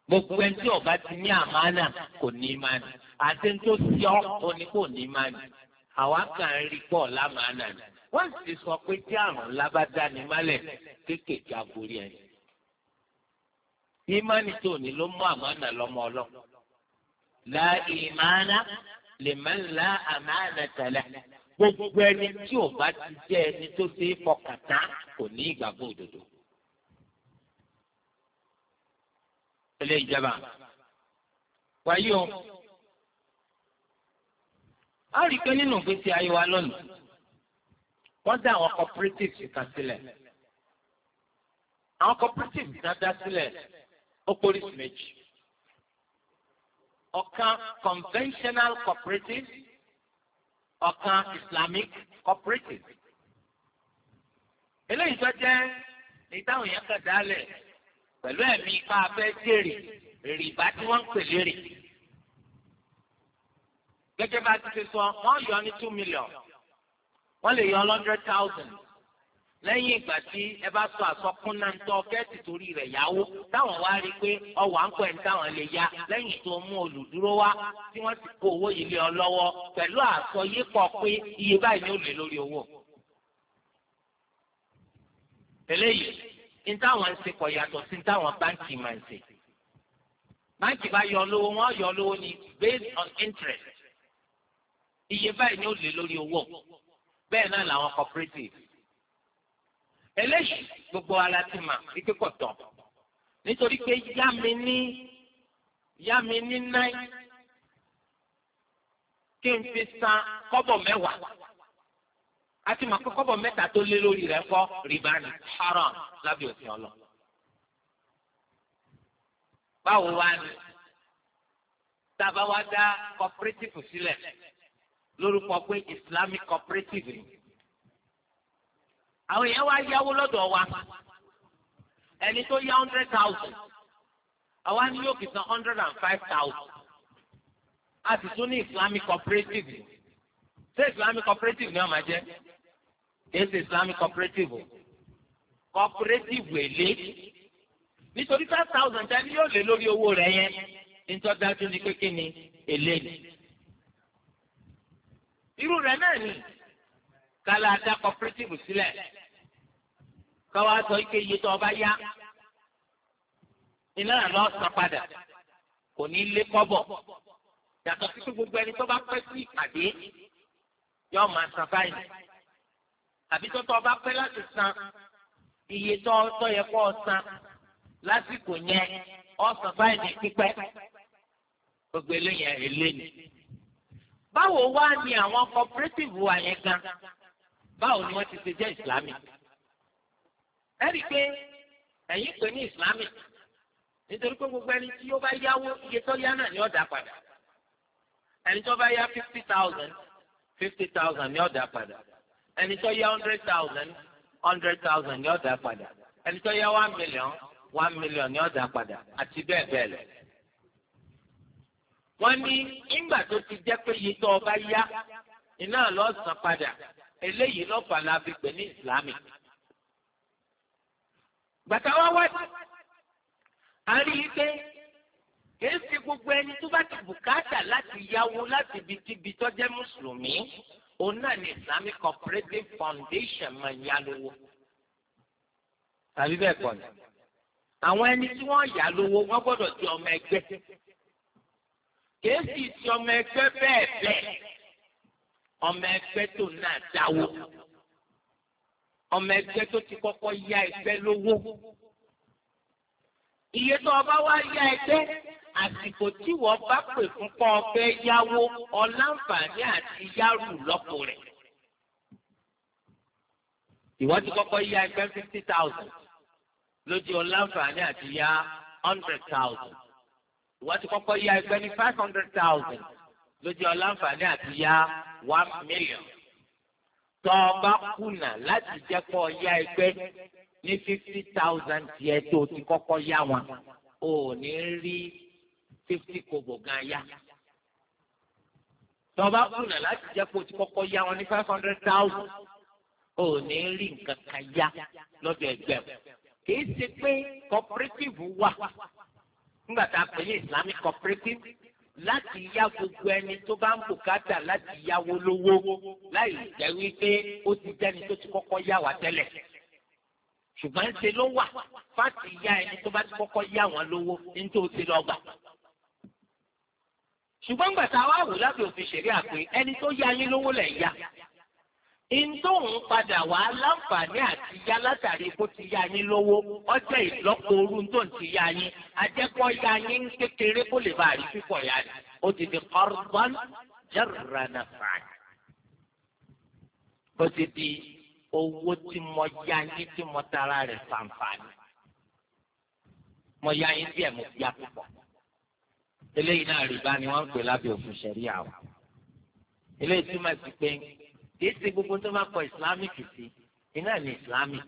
gbogbo ẹjọ́ bá ti ní àmánà kò ní ìmánì. àti ní tó ṣe ọ́ òní kò ní ìmánì àwa kàn ń rí pọ̀ lámàánà ni wọ́n sì sọ pé tí àrùn ńlá bá dání málẹ̀ kéékèèké aborí ẹni. ìmánì tó ní ló mú àmánà lọ́mọ ọlọ́ la ìmánà lè má la àmánà tẹ̀lẹ̀ gbogbo ẹni tí ò bá ti jẹ́ ẹni tó ṣe é fọkàn tán kò ní ìgbàgbọ́ òdodo. ilé ìjọba wáyé o a rí i pé nínú ìgbésí ayé wa lónìí wọ́n dá àwọn cooperatives kan sílẹ̀ àwọn cooperatives kan dá sílẹ̀ ó pólísì méjì ọ̀kan conventional cooperative ọ̀kan islamic cooperative eléyìí tó jẹ́ ìdáhùn yẹn kàn dálẹ̀ pẹ̀lú ẹ̀mí ká fẹ́ jèrè rìbá tí wọ́n ń pè lérè gẹ́gẹ́ bá ti ṣe sọ wọ́n yọ ní two million wọ́n lè yọ hundred thousand lẹ́yìn ìgbà tí ẹ bá sọ àsọkún náà ń tọ́ kẹ́ẹ̀tì torí rẹ̀ yáwó táwọn wá rí i pé ọwọ́ à ń pẹ́ ní táwọn lè ya lẹ́yìn tó mú olùdúró wá tí wọ́n ti kó owó yìí lé ọ lọ́wọ́ pẹ̀lú àsọyípọ̀ pé iye báyìí ni ó lè lórí owó. eléyìí ní táwọn ń ṣe kọ̀ yàtọ̀ sí táwọn báǹkì máa ń ṣe. báǹkì bá yọ lówó wọn yọ lówó ni based on interest iye báyìí ni ó lè lórí owó bẹ́ẹ̀ náà làwọn cooperative eléyìí gbogbo ara ti mà wípé kò tán nítorí pé yá mi ní yá mi ní náì kí n fi san kọ́bọ̀ mẹ́wàá àti màá kọ́ kọ́bọ̀ mẹ́ta tó lé lórí rẹ̀ kọ́ rìbá ni haram lábẹ́ òfin ọlọ. báwo wá ni tá a bá wá dá cooperative sílẹ̀ lórúkọ pé islamic cooperative ni àwọn èèyàn wá yáwó lọ́dọ̀ wa ẹni tó yá hundred thousand àwa ni yóò fi san hundred and five thousand a sì tún ní islamic cooperative ṣé islamic cooperative ni wọ́n máa jẹ́ kìí ṣe islamic cooperative o cooperative èlé nítorí five thousand tẹ́lẹ̀ yóò lé lórí owó rẹ̀ yẹn nítorí dájú ni pé kí ni èlé ni irú rẹ̀ náà ni kálá dá cooperative sílẹ̀ káwá sọ ike iye tó ọba yá iná lọ san padà kò ní lé kọ́bọ̀ yàtọ̀ sí pé gbogbo ẹni tó bá pẹ́ sí ìpàdé yóò máa san báyìí àbí tó tọ́ ọba pẹ́ láti san iye tó tọ́ yẹ kó san lásìkò yẹn ọ̀sán báyìí ní gbogbo eléyìí ẹ̀ lé báwo wá ni àwọn cooperative wa yẹn gan báwo ni wọ́n ti ṣe jẹ́ islamic ẹ rí i pé ẹ̀yin pè ní islamic nítorí pé gbogbo ẹni tí ó bá yáwó iye tó yá náà ni ó dá padà ẹni tó bá yá fifty thousand fifty thousand ni ó dá padà ẹni tó yá hundred thousand hundred thousand ni ó dá padà ẹni tó yá one million one million ni ó dá padà àti bẹ́ẹ̀ bẹ́ẹ̀ lọ wọ́n ní ìgbà tó ti jẹ́ pé iye tó ọba yá iná lọ́sàn padà eléyìí lọ́fà la fi pè ní ìsìlámì. gbàtà wá wádìí a rí i pé kìí ṣe gbogbo ẹni tó bá ti bùkátà láti yáwó láti ibi tíbi tó jẹ́ mùsùlùmí òun náà ni islamic cooperative foundation máa yá lówó. tàbí bẹ́ẹ̀ kọ́ ni àwọn ẹni tí wọ́n yá lówó wọ́n gbọ́dọ̀ jẹ́ ọmọ ẹgbẹ́ kéésì ti ọmọ ẹgbẹ́ bẹ́ẹ̀ bẹ́ẹ̀ ọmọ ẹgbẹ́ tó náà dáwó ọmọ ẹgbẹ́ tó ti kọ́kọ́ yá ẹgbẹ́ lówó iye tó ọba wá yá ẹgbẹ́ àsìkò tí wọ́n bá pè fún kọ́ ọbẹ̀ yáwó ọ̀làǹfààní àti yárù lọ́pọ̀ rẹ̀ ìwọ́n ti kọ́kọ́ ya ẹgbẹ́ fifty thousand lójú ọ̀làǹfààní àti yá hundred thousand ìwọ́n ti kọ́kọ́ yá ẹgbẹ́ ní five hundred thousand lójú ọláǹfààní àti yá one million tọ́ ọ bá kùnà láti jẹ́ kọ́ yá ẹgbẹ́ ní fifty thousand tiẹ̀ tó ti kọ́kọ́ yá wọn ò ní rí fifty kobo gan yá tọ́ ọ bá kùnà láti jẹ́ kó ti kọ́kọ́ yá wọn ní five hundred thousand ò ní rí nǹkan kan yá lọ́dọ̀ ẹgbẹ́ kì í ṣe pé cooperative wà nígbà tá a pè ní islamic cooperative láti yá gbogbo ẹni tó bá ń bùkátà láti yáwó lówó láì jẹ́ wípé ó ti jẹ́ni tó ti kọ́kọ́ yá wa tẹ́lẹ̀ ṣùgbọ́n ṣe ló wà fáti yá ẹni tó bá ti kọ́kọ́ yá wọn lówó ní tó ti lọ gbà. ṣùgbọ́n gbàtà wa wò lábẹ́ òfin ṣẹ̀rí àpè ẹni tó yá yín lówó lẹ̀ yá ìdóhùn padà wá láǹfààní àti yá látàrí kó ti yá yín lówó ọjọ́ ìlọ́po orú tó ń ti yá yín ajẹ́kọ́ yá yín kékeré kó lè bá a rí fífọ̀ yá ni ó ti di qardan jarra naf'an. ó ti di owó tí mo yá yín tí mo tara rẹ̀ fàǹfààní. mo yá yín díẹ̀ mo yá púpọ̀. eléyìí náà rìbá ni wọ́n ń pè lábẹ́ òfin ṣẹ̀ríà o. eléyìí túmọ̀ sí pé kìí ṣe gbogbo tó bá kọ islamic sí iná ní islamic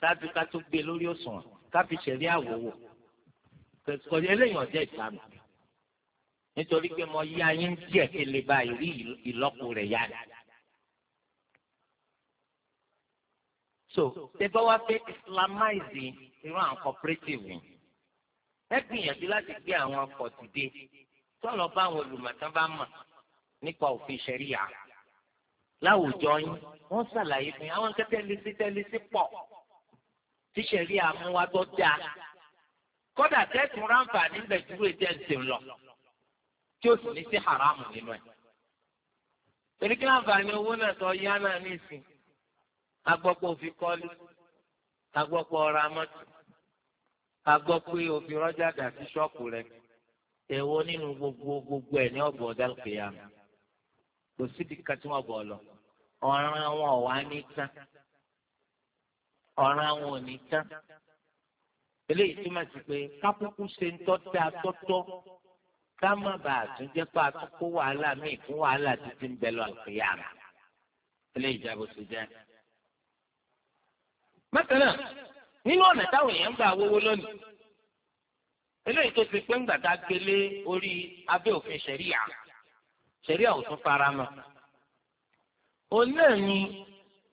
ṣáájú ká tó gbé lórí òṣùwọ̀n ká fi ṣẹ̀rí àwòwò kọjá eléyìí ọ̀jẹ́ islamic nítorí pé mo yá yín díẹ̀ kí lè bá rí ìlọ́po rẹ̀ yá ni. so tẹ́gbọ́ wá fẹ́ islamize irú àwọn cooperative yìí ẹ gbìyànjú láti gbé àwọn ọkọ̀ tìde tó bá àwọn olùmọ̀tán bá mọ̀ nípa òfin ṣẹ̀ríyà. láwùjọ yín wọn ṣàlàyé fún yín àwọn nǹkan tẹ́lẹ̀ pọ̀ tíṣẹ̀rí àmúwágbọ́ dáa kódà tẹ́sùn ráǹfà níbẹ̀ ìjẹ́ lọ tí ó sì ní sí haramu nínú ẹ̀. torí kí ni owó náà sọ yá náà ní ìsìn agbọ́pọ̀ òfin kọ́lé agbọ́pọ̀ ọ̀rọ̀ amọ́tò agbọ́pọ̀ òfin rọ́jà dà sí ṣọ́ọ̀kù rẹ̀ nínú gbogbo gbogbo ẹ̀ ní ọ̀dà kò síbi kan tí wọ́n bọ̀ lọ ọ̀ràn wọn ò wá ní tán ọ̀ràn wọn ò ní tán eléyìí túmọ̀ sí pé kápúkú ṣe ń tọ́ da tọ́tọ́ ká má bàa tún jẹ́ pé àtúkò wàhálà míì fún wàhálà títí ń bẹ lọ àpéyàrá eléyìí jábọ̀ sí jẹ́. bákan náà nínú ọ̀nà táwọn èèyàn ń gbà wówó lónìí eléyìí tó ti pé ń gbàdá gbélé orí abẹ́ ṣẹ̀ríyà ṣẹ̀ríà ò tún fara mọ́. òun náà ni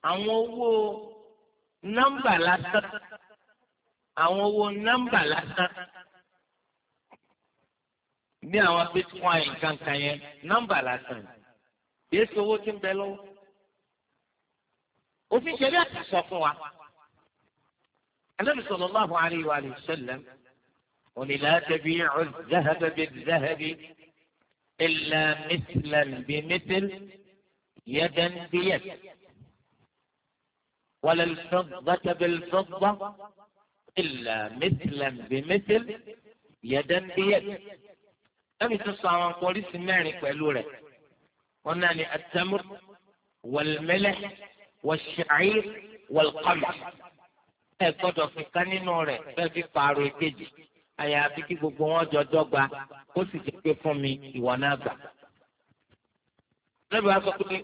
àwọn owó nọ́mbà lásán àwọn owó nọ́mbà lásán bí àwọn bitcoin kankan yẹn nọ́mbà lásán yìí ṣe owó tí ń bẹ lọ́wọ́. òfin ṣẹ̀ríà ti sọ fún wa. النبي صلى الله عليه وآله وسلم قل لا تبيعوا الذهب بالذهب إلا مثلا بمثل يدا بيد ولا الفضة بالفضة إلا مثلا بمثل يدا بيد أبي تصعب عن قولي سمعني كوالورة قلنا التمر والملح والشعير
والقمح
أي قدر في kan nínú rẹ̀ في fi pààrọ̀ àyàfi kí gbogbo wọn jọ dọ́gba kó sì jẹ́ pé fún mi ìwọ náà gbà. Níbi wá sọ pé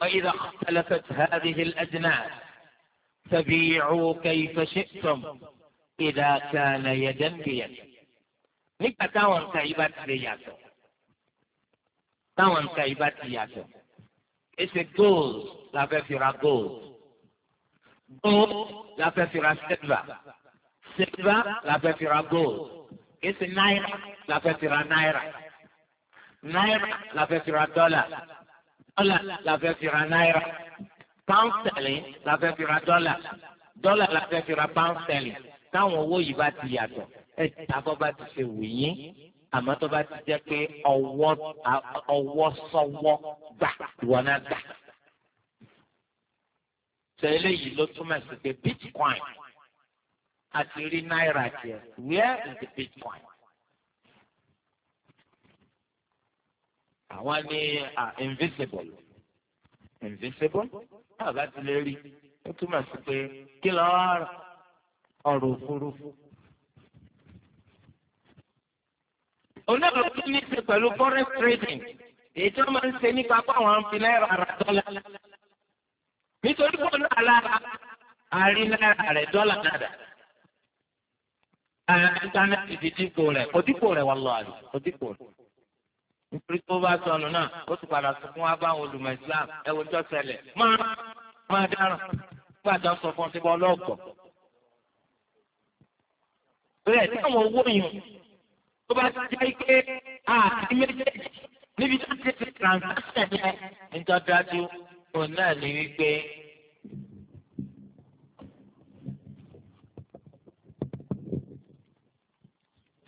وإذا اختلفت هذه الأجناس فبيعوا كيف شئتم إذا كان يدا بيد nígbà táwọn nǹkan yìí bá ti lè yàtọ̀ táwọn nǹkan yìí bá ti yàtọ̀ èsì gold la fẹ́ fi ra gold la fẹ́ fi ra silva la fẹ́ fi ra gold kìí ṣe náírà la fẹ́ fi ra náírà náírà la fẹ́ fi ra dọ́là dọ́là la fẹ́ fi ra náírà pound sterling la fẹ́ fi ra dọ́là dọ́là la fẹ́ fi ra pound sterling táwọn owó yìí bá ti yàtọ̀ ẹ̀ tàbọ̀ bá ti ṣe wù yín àmọ́ tó bá ti jẹ́ pé ọwọ́ sọ́wọ́ gbà ìwọ náà gbà. sọ eléyìí ló túmọ̀ sí pé bitcoin àti rí náírà tiẹ̀ where is the bitcoin. àwọn ni invisible invisible náà bá ti lè rí ó túmọ̀ sí pé kí lọ́ọ́ rà
ọ̀rọ̀ òfurufú.
onígbàgbọ́ ní ṣe pẹ̀lú forex trading
èyí tí wọ́n máa ń ṣe
nípa pé àwọn ń fi náírà ra dọ́là. nítorí pé ọ̀nà àlára àrí náírà rẹ̀ dọ́là dáadáa íńtánẹ́ẹ̀tì ti dípò rẹ̀ kò dípò rẹ̀ wà lọ́ọ̀rì kò dípò rẹ̀. nítorí tó bá sọnù náà ó ti padà sọ fún wa bá àwọn olùmọ̀ Islam ẹ wo tó ṣẹlẹ̀ máa máa dáràn nígbà tó ń sọ fún ọ síbọ̀ ọlọ́ọ̀kọ̀.
bẹ́ẹ̀ tí àwọn owó yìí tó bá ti jẹ́ pé àti méjèèjì
níbi tó ti ti transaction yẹn ń tọ́ dájú òun náà ní wípé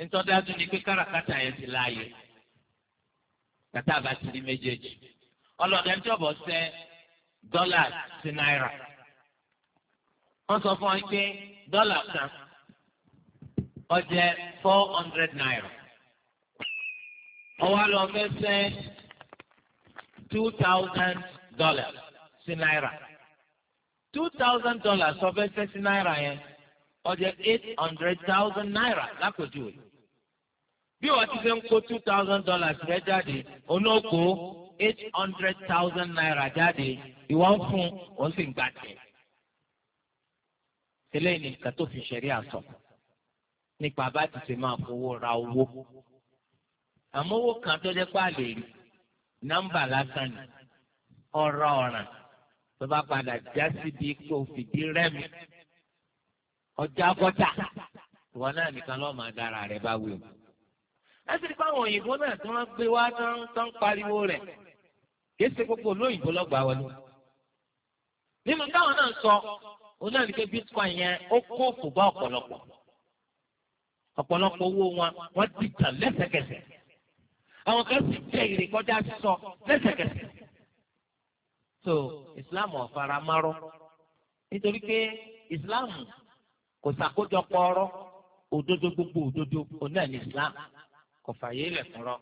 ntọ́dájú ni pé káràkátà yẹn ti láàyè kàtà bá ti di méjèèjì ọlọ́dẹ ń tọ́bọ̀ sẹ́ dọ́là sí náírà wọ́n sọ fún ọ pé dọ́là kan ó four hundred naira ọwọ́ lọ fẹ́ sẹ́ two thousand dollars sí náírà two thousand dollars sọ fẹ́ sẹ́ sí náírà yẹn ó eight hundred thousand naira lápèjúwe bí wọ́n ti ṣe ń kó two thousand dollars rẹ jáde onóko eight hundred thousand naira jáde ìwọ́n ń fún òun sì ń gbà tẹ̀. eléyìí ni nǹkan tó fi ṣẹ̀rí àsọ nípa bá ti ṣe máa fowó ra owó àmọ́ owó kan tó jẹ́ pé àlè rí nọ́mbà lásán ni ọ̀rọ̀ ọ̀ràn tó bá padà já síbi kó fìdí rẹ́mi ọjà gọ́tà ìwọ náà nìkan lọ́ọ́ máa dára rẹ bá wí o láti rí fáwọn òyìnbó náà tí wọ́n gbé wá tán pariwo rẹ̀ kìí ṣe gbogbo olóyìnbó lọ́gbàá wọlé. nínú táwọn náà sọ òun náà ní pé bitcoin yẹn ó kó òfò bá ọ̀pọ̀lọpọ̀ ọ̀pọ̀lọpọ̀ owó wọn wọ́n ti tàn lẹ́sẹ̀kẹsẹ̀ àwọn kan sì jẹ́ ìrékọjá sísọ lẹ́sẹ̀kẹsẹ̀. so islam ọ̀fara márọ́ nítorí pé islam kò ṣàkójọpọ̀ ọ̀rọ̀ òdodo gbogbo òdodo òun náà ní islam. islam kò fààyè ilẹ̀ fún rọ.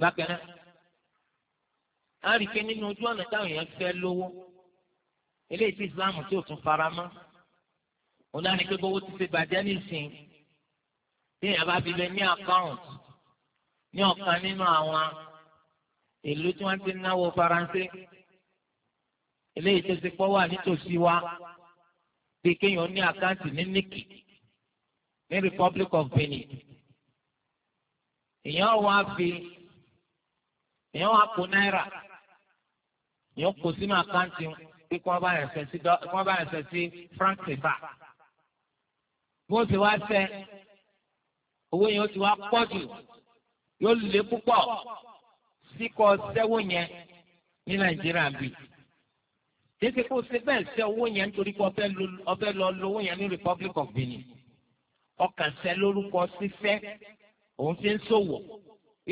bákan náà a rí i pé nínú ojú ọ̀nà táwọn èèyàn fẹ́ lówó eléyìí tí Islam tí ò tún fara mọ́ òun náà ni pé bówó ti ṣe bàjẹ́ nísìn tí èèyàn bá fi lè ní account
ní ọ̀kan nínú
àwọn ìlú tí wọ́n ti náwó Faransé eléyìí tó ṣe pọ́ wà nítòsí wa bí kéèyàn ní àkáǹtì ní níkì ní Republic of Benin èèyàn wá fi èèyàn wá kó náírà èèyàn kó sínú àkáǹtì pé kí wọ́n bá ẹ̀sẹ̀ sí kí wọ́n bá ẹ̀sẹ̀ sí franc CFA bí wọ́n ti wá sẹ́ owó yẹn ó ti wá pọ̀ jù yóò lè púpọ̀ síkọ sẹ́wó yẹn ní Nàìjíríà bíi tètè kó o ṣe bẹ́ẹ̀ sẹ́ owó yẹn nítorí pé ọbẹ̀ lọ lówó yẹn ní Republic of Benin ọkàn sẹ lórúkọ sífẹ́ òun fi ń ṣòwò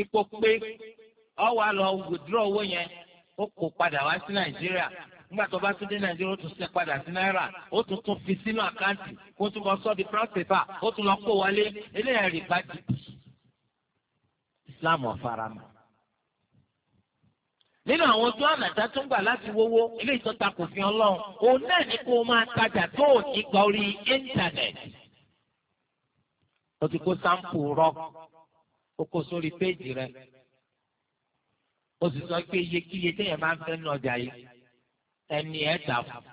ipò pé ọ wà lọ wìdúrọ̀ owó yẹn ó kó padà wá sí nàìjíríà nígbà tó bá tún dé nàìjíríà ó tún padà sí náírà ó tún tún fi sínú àkáǹtì kó tún lọ sọ di ó tún lọ kó wọlé eléyà islam ọ̀farama. nínú àwọn ojú gbà láti wówó ilé ìtọ́ta kò fi ọlọ́run òun náà ní kó máa ó ti kó sáǹpù rọ ó kó sórí péèjì rẹ ó sì sọ pé iyekíye téèyàn bá ń fẹ́ nu ọjà yìí ẹni ẹ̀ dà fún.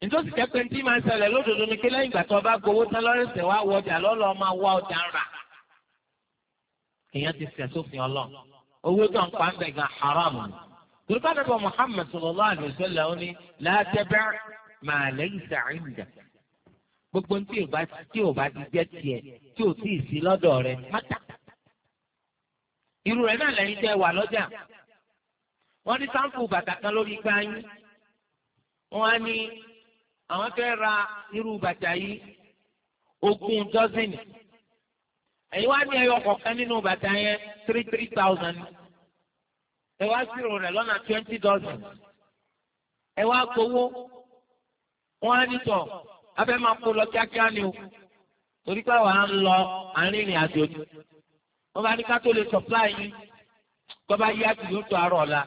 nítorí jẹ́ pé tí máa ń ṣẹlẹ̀ lódodo ni kí lẹ́yìn ìgbà tó bá gbowó tán lọ́rẹ́sẹ̀ wá wọ ọjà lọ́lọ́ máa wá ọjà ń rà. èèyàn ti ṣẹ̀ sófin ọlọ́run owó tó ń pa ń bẹ̀ gan haram ni. turkana bá Muhammad sallallahu alaihi wasallam ní la tabi' ma laysa 'indak gbogbo tí ò bá tí ò bá ti jẹ́ tiẹ̀ tí ò tí ì sí lọ́dọ̀ rẹ̀ mátà. irú rẹ̀ náà lẹ́yìn tẹ́ wà lọ́jà wọ́n ní sáǹpù bàtà kan lórí igbá yín á ní àwọn fẹ́ ra irú bàtà yìí ogún dọ́sìnì ẹ̀yin wá ní ẹyọ kọ̀ọ̀kan nínú bàtà yẹn three three thousand ẹ wá ṣírò rẹ̀ lọ́nà twenty dozen ẹ wá gbowó wọ́n á ní tọ̀ abẹ́ máa kó lọ kíákíá ni o torí pé àwọn à ń lọ àárín àjò ni wọ́n bá ní ká tó lè supply yín tó bá yá ti yóò tó àárọ̀ ọ̀la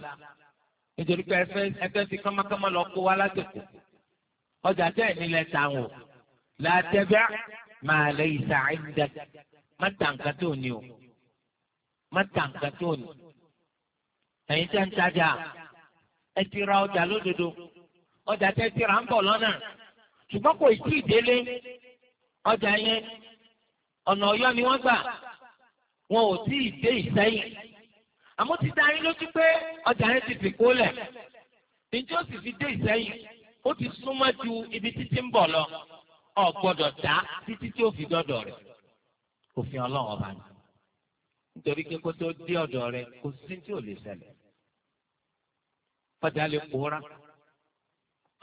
nítorí pé ẹfẹ́ ẹfẹ́ ti kánmákánmá lọ kó wá lásìkò ọjà tẹ́ ẹ̀ nílẹ̀ táwọn làtẹ́bẹ́ máa lẹ ìsà ẹ̀dá má ta nǹkan tó ní o má ta nǹkan tó ní. ẹ̀yin tẹ́ ń tajà ẹ ti ra ọjà lódodo ọjà tẹ́ ti rà ń bọ̀ lọ́nà ṣùgbọ́n kò tí ì délé ọjà yẹn ọ̀nà ọ̀yọ́ ni wọ́n gbà wọn ò tí ì dé ìsẹ́yìn àmọ́ ti dá yín lójú pé ọjà yẹn ti fìkó lẹ̀ níjẹ́ ó sì fi dé ìsẹ́yìn ó ti súnmọ́ ju ibi títí ń bọ̀ lọ ọ̀ gbọ́dọ̀ dá títí tí ó fi dọ́dọ̀ rẹ̀ òfin ọlọ́run ọba ni nítorí pé kó tó dé ọ̀dọ̀ rẹ̀ kò sí tí ò lè ṣẹlẹ̀ ọjà lè pòórá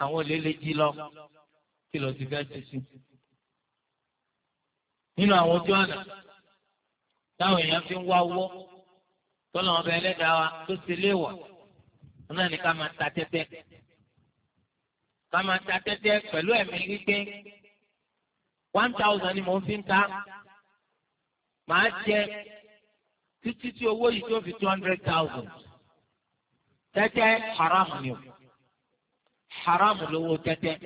àwọn olè lè jí lọ kí ló ti fẹ́ ti sí. nínú àwọn ojú ọ̀nà táwọn èèyàn fi ń wá owó tọ́lọ́ ọba ẹlẹ́dàá wa tó ti léèwọ̀ náà ni ká máa ta tẹ́tẹ́ ká máa ta tẹ́tẹ́ pẹ̀lú ẹ̀mí wípé one thousand ni mò ń fi ń ta màá jẹ títí tí owó yìí tó fi two hundred thousand tẹ́tẹ́ haram ni o haram lówó tẹ́tẹ́.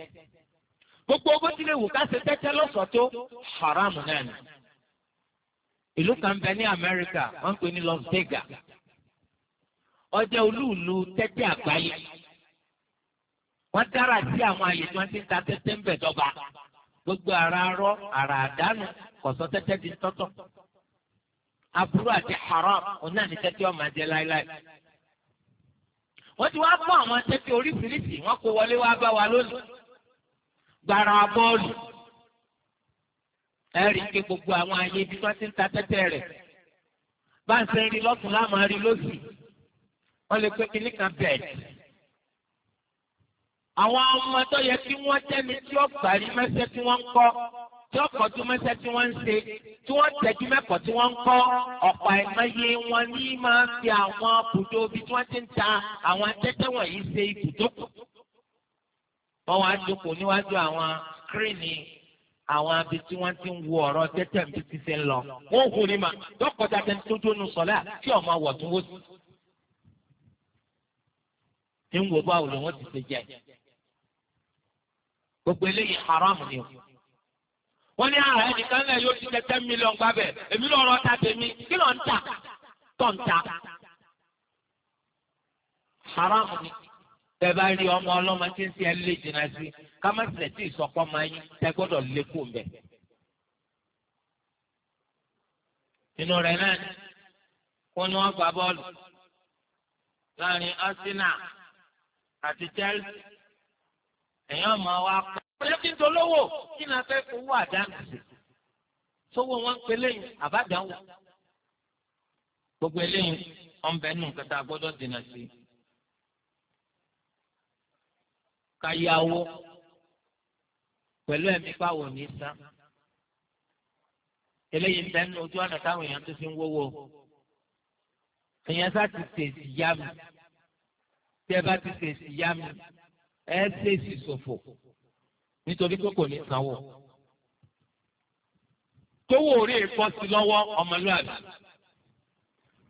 gbogbo owó tí lè wù ká ṣe tẹ́tẹ́ haram náà ni. ìlú kan bẹ ní Amẹ́ríkà wọ́n ń pè ní Las Vegas ọjọ́ olúùlú tẹ́tẹ́ àgbáyé wọ́n dára sí àwọn àyè tí wọ́n ti ń gbogbo ara rọ ara àdánù kọsọ tẹ́tẹ́ di tọtọ aburú haram tẹ́tẹ́ ọmọ láéláé wọ́n ti wá bọ́ àwọn tẹ́tẹ́ oríṣiríṣi wa lónìí gbàrà bọ́ọ̀lù ẹ rí i pé gbogbo àwọn ààyè ibi wọ́n ti ń ta tẹ́tẹ́ rẹ̀ bá ń sẹ́ rí lọ́tún láàmú rí lọ́sì wọ́n lè pé kínní kan bẹ̀ẹ̀dì. àwọn ọmọ tó yẹ kí wọ́n jẹ́ni tí ó parí mẹ́sẹ̀ tí wọ́n ń kọ́ tí ó kọjú mẹ́sẹ̀ tí wọ́n ń ṣe tí wọ́n tẹ̀jú mẹ́kọ̀ọ́ tí wọ́n ń kọ́ ọ̀pọ̀ àìmọye wọn ní máa fi àwọn bùdó ibi tí wọ́n ti ń ta àwọn tẹ́tẹ́ wọ̀nyí ṣe ibùdókù wọ́n wá jókòó níwájú àwọn skírínì àwọn abi tí wọ́n ti ń wo ọ̀rọ̀ tẹ́tẹ̀ ń bí ti ṣe ń lọ. wọ́n hù ní ma dọ́kọ̀tà tẹ́ni tó dónú sọ̀lá tí ọmọ wọ̀ tó wó sí. ní wo báwo ló wọ́n ti ṣe jẹ́ gbogbo eléyìí haram ni o wọ́n ní ààrẹ ah, nìkan náà yóò ti tẹ́tẹ́ mílíọ̀n gbábẹ̀ èmi lọ́rọ̀ ta tèmi kí ló ta tó ń ta haram ni tẹ bá rí ọmọ ọlọ́mọ tí ń ṣe ẹlẹ jìnnà sí kámẹsìlẹ tí ìsọpọ máa yín tẹ gbọ́dọ̀ lékò mbẹ. inú rẹ náà kó ní wọn gba bọ́ọ̀lù láàrin Arsenal àti Chelsea èèyàn máa wá pẹ́. ọ̀rẹ́ kí n dolówó kí n afẹ́ fowó àdánù sí sówó wọn pélé yìí àbádánwò gbogbo eléyìí ọ̀nbẹ kẹta gbọ́dọ̀ dènà sí i. ká yáwó pẹ̀lú ẹ̀mí báwo ní sá eléyìí ń bẹ́ẹ̀ ní ojú ọ̀nà táwọn èèyàn tó fi ń wówó èèyàn sá ti tèsì yá mi tí ẹ bá ti tèsì yá mi ẹ tèsì ṣòfò nítorí pé kò ní sanwó tówó orí èèpọ̀ sí lọ́wọ́ ọmọlúwàbí